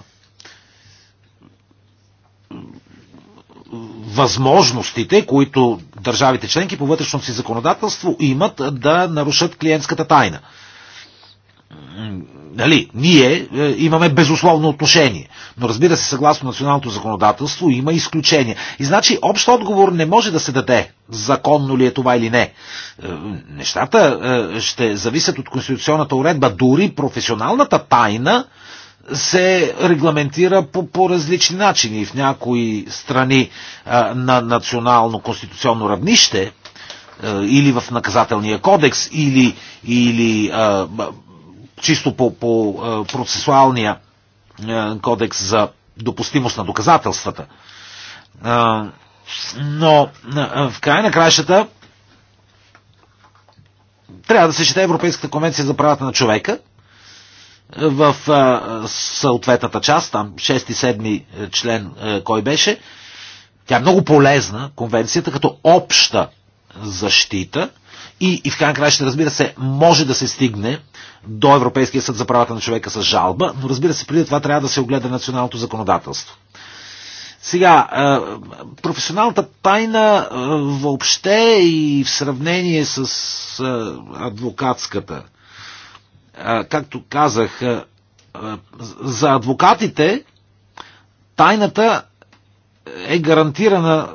възможностите, които държавите членки по вътрешното си законодателство имат да нарушат клиентската тайна. Нали, ние е, имаме безусловно отношение, но разбира се, съгласно националното законодателство има изключения. И значи общ отговор не може да се даде, законно ли е това или не. Е, нещата е, ще зависят от конституционната уредба, дори професионалната тайна се регламентира по, по различни начини. В някои страни а, на национално конституционно равнище а, или в наказателния кодекс, или, или а, чисто по, по а, процесуалния а, кодекс за допустимост на доказателствата. А, но а, в край на краищата трябва да се чете Европейската конвенция за правата на човека – в съответната част, там 6-7 е, член е, кой беше. Тя е много полезна, конвенцията, като обща защита и, и в крайна краща, разбира се, може да се стигне до Европейския съд за правата на човека с жалба, но разбира се, преди това трябва да се огледа националното законодателство. Сега, е, професионалната тайна въобще и в сравнение с адвокатската както казах, за адвокатите тайната е гарантирана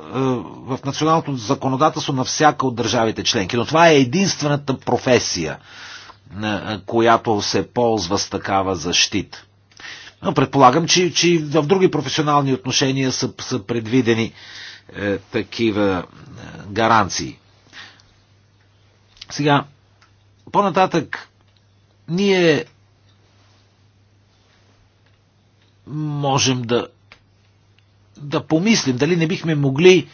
в националното законодателство на всяка от държавите членки. Но това е единствената професия, която се ползва с такава защита. Но предполагам, че, че в други професионални отношения са, са предвидени е, такива е, гаранции. Сега, по-нататък ние можем да, да помислим дали не бихме могли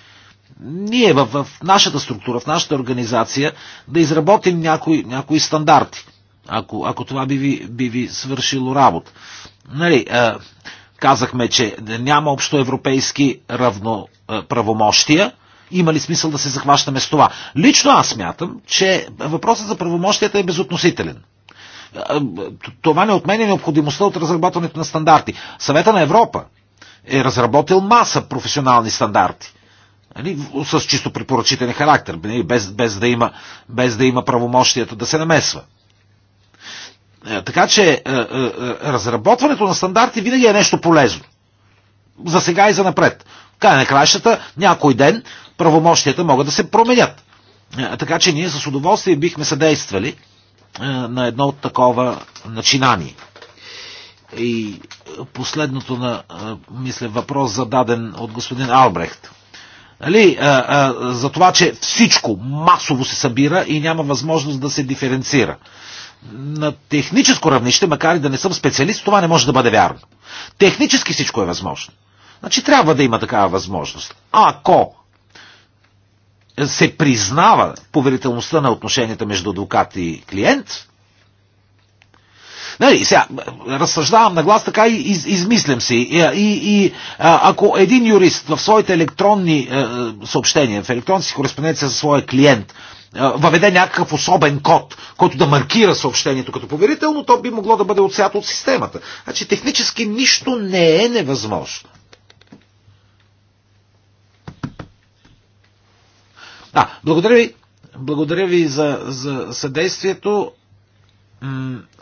ние в, в нашата структура, в нашата организация да изработим някои, някои стандарти, ако, ако това би ви, би ви свършило работа. Нали, а, казахме, че няма общо европейски равно а, правомощия. Има ли смисъл да се захващаме с това? Лично аз смятам, че въпросът за правомощията е безотносителен. Това не отменя необходимостта от разработването на стандарти. Съвета на Европа е разработил маса професионални стандарти. Нали, с чисто препоръчителен характер, нали, без, без, да има, без да има правомощията да се намесва. Е, така че е, е, разработването на стандарти винаги е нещо полезно. За сега и за напред. Край на кращата, някой ден правомощията могат да се променят. Така че ние с удоволствие бихме съдействали е, на едно от такова начинание. И последното на, е, мисля, въпрос зададен от господин Албрехт. Нали, а, е, а, за това, че всичко масово се събира и няма възможност да се диференцира. На техническо равнище, макар и да не съм специалист, това не може да бъде вярно. Технически всичко е възможно. Значи трябва да има такава възможност. Ако се признава поверителността на отношенията между адвокат и клиент. Нали, сега, разсъждавам на глас, така и из, измислям си. И, и, и ако един юрист в своите електронни е, съобщения, в електронни си кореспонденция за своя клиент, е, въведе някакъв особен код, който да маркира съобщението като поверително, то би могло да бъде отсято от системата. Значи технически нищо не е невъзможно. Да, благодаря ви. Благодаря ви за, за съдействието.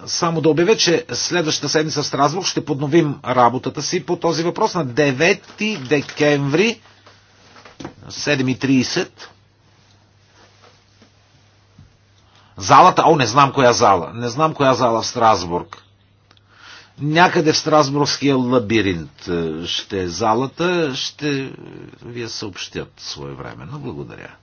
Само да обявя, че следващата седмица в Страсбург ще подновим работата си по този въпрос на 9 декември 7.30. Залата, о, не знам коя зала. Не знам коя зала в Страсбург. Някъде в Страсбургския лабиринт е, ще е залата. Ще вие съобщят своевременно. Благодаря.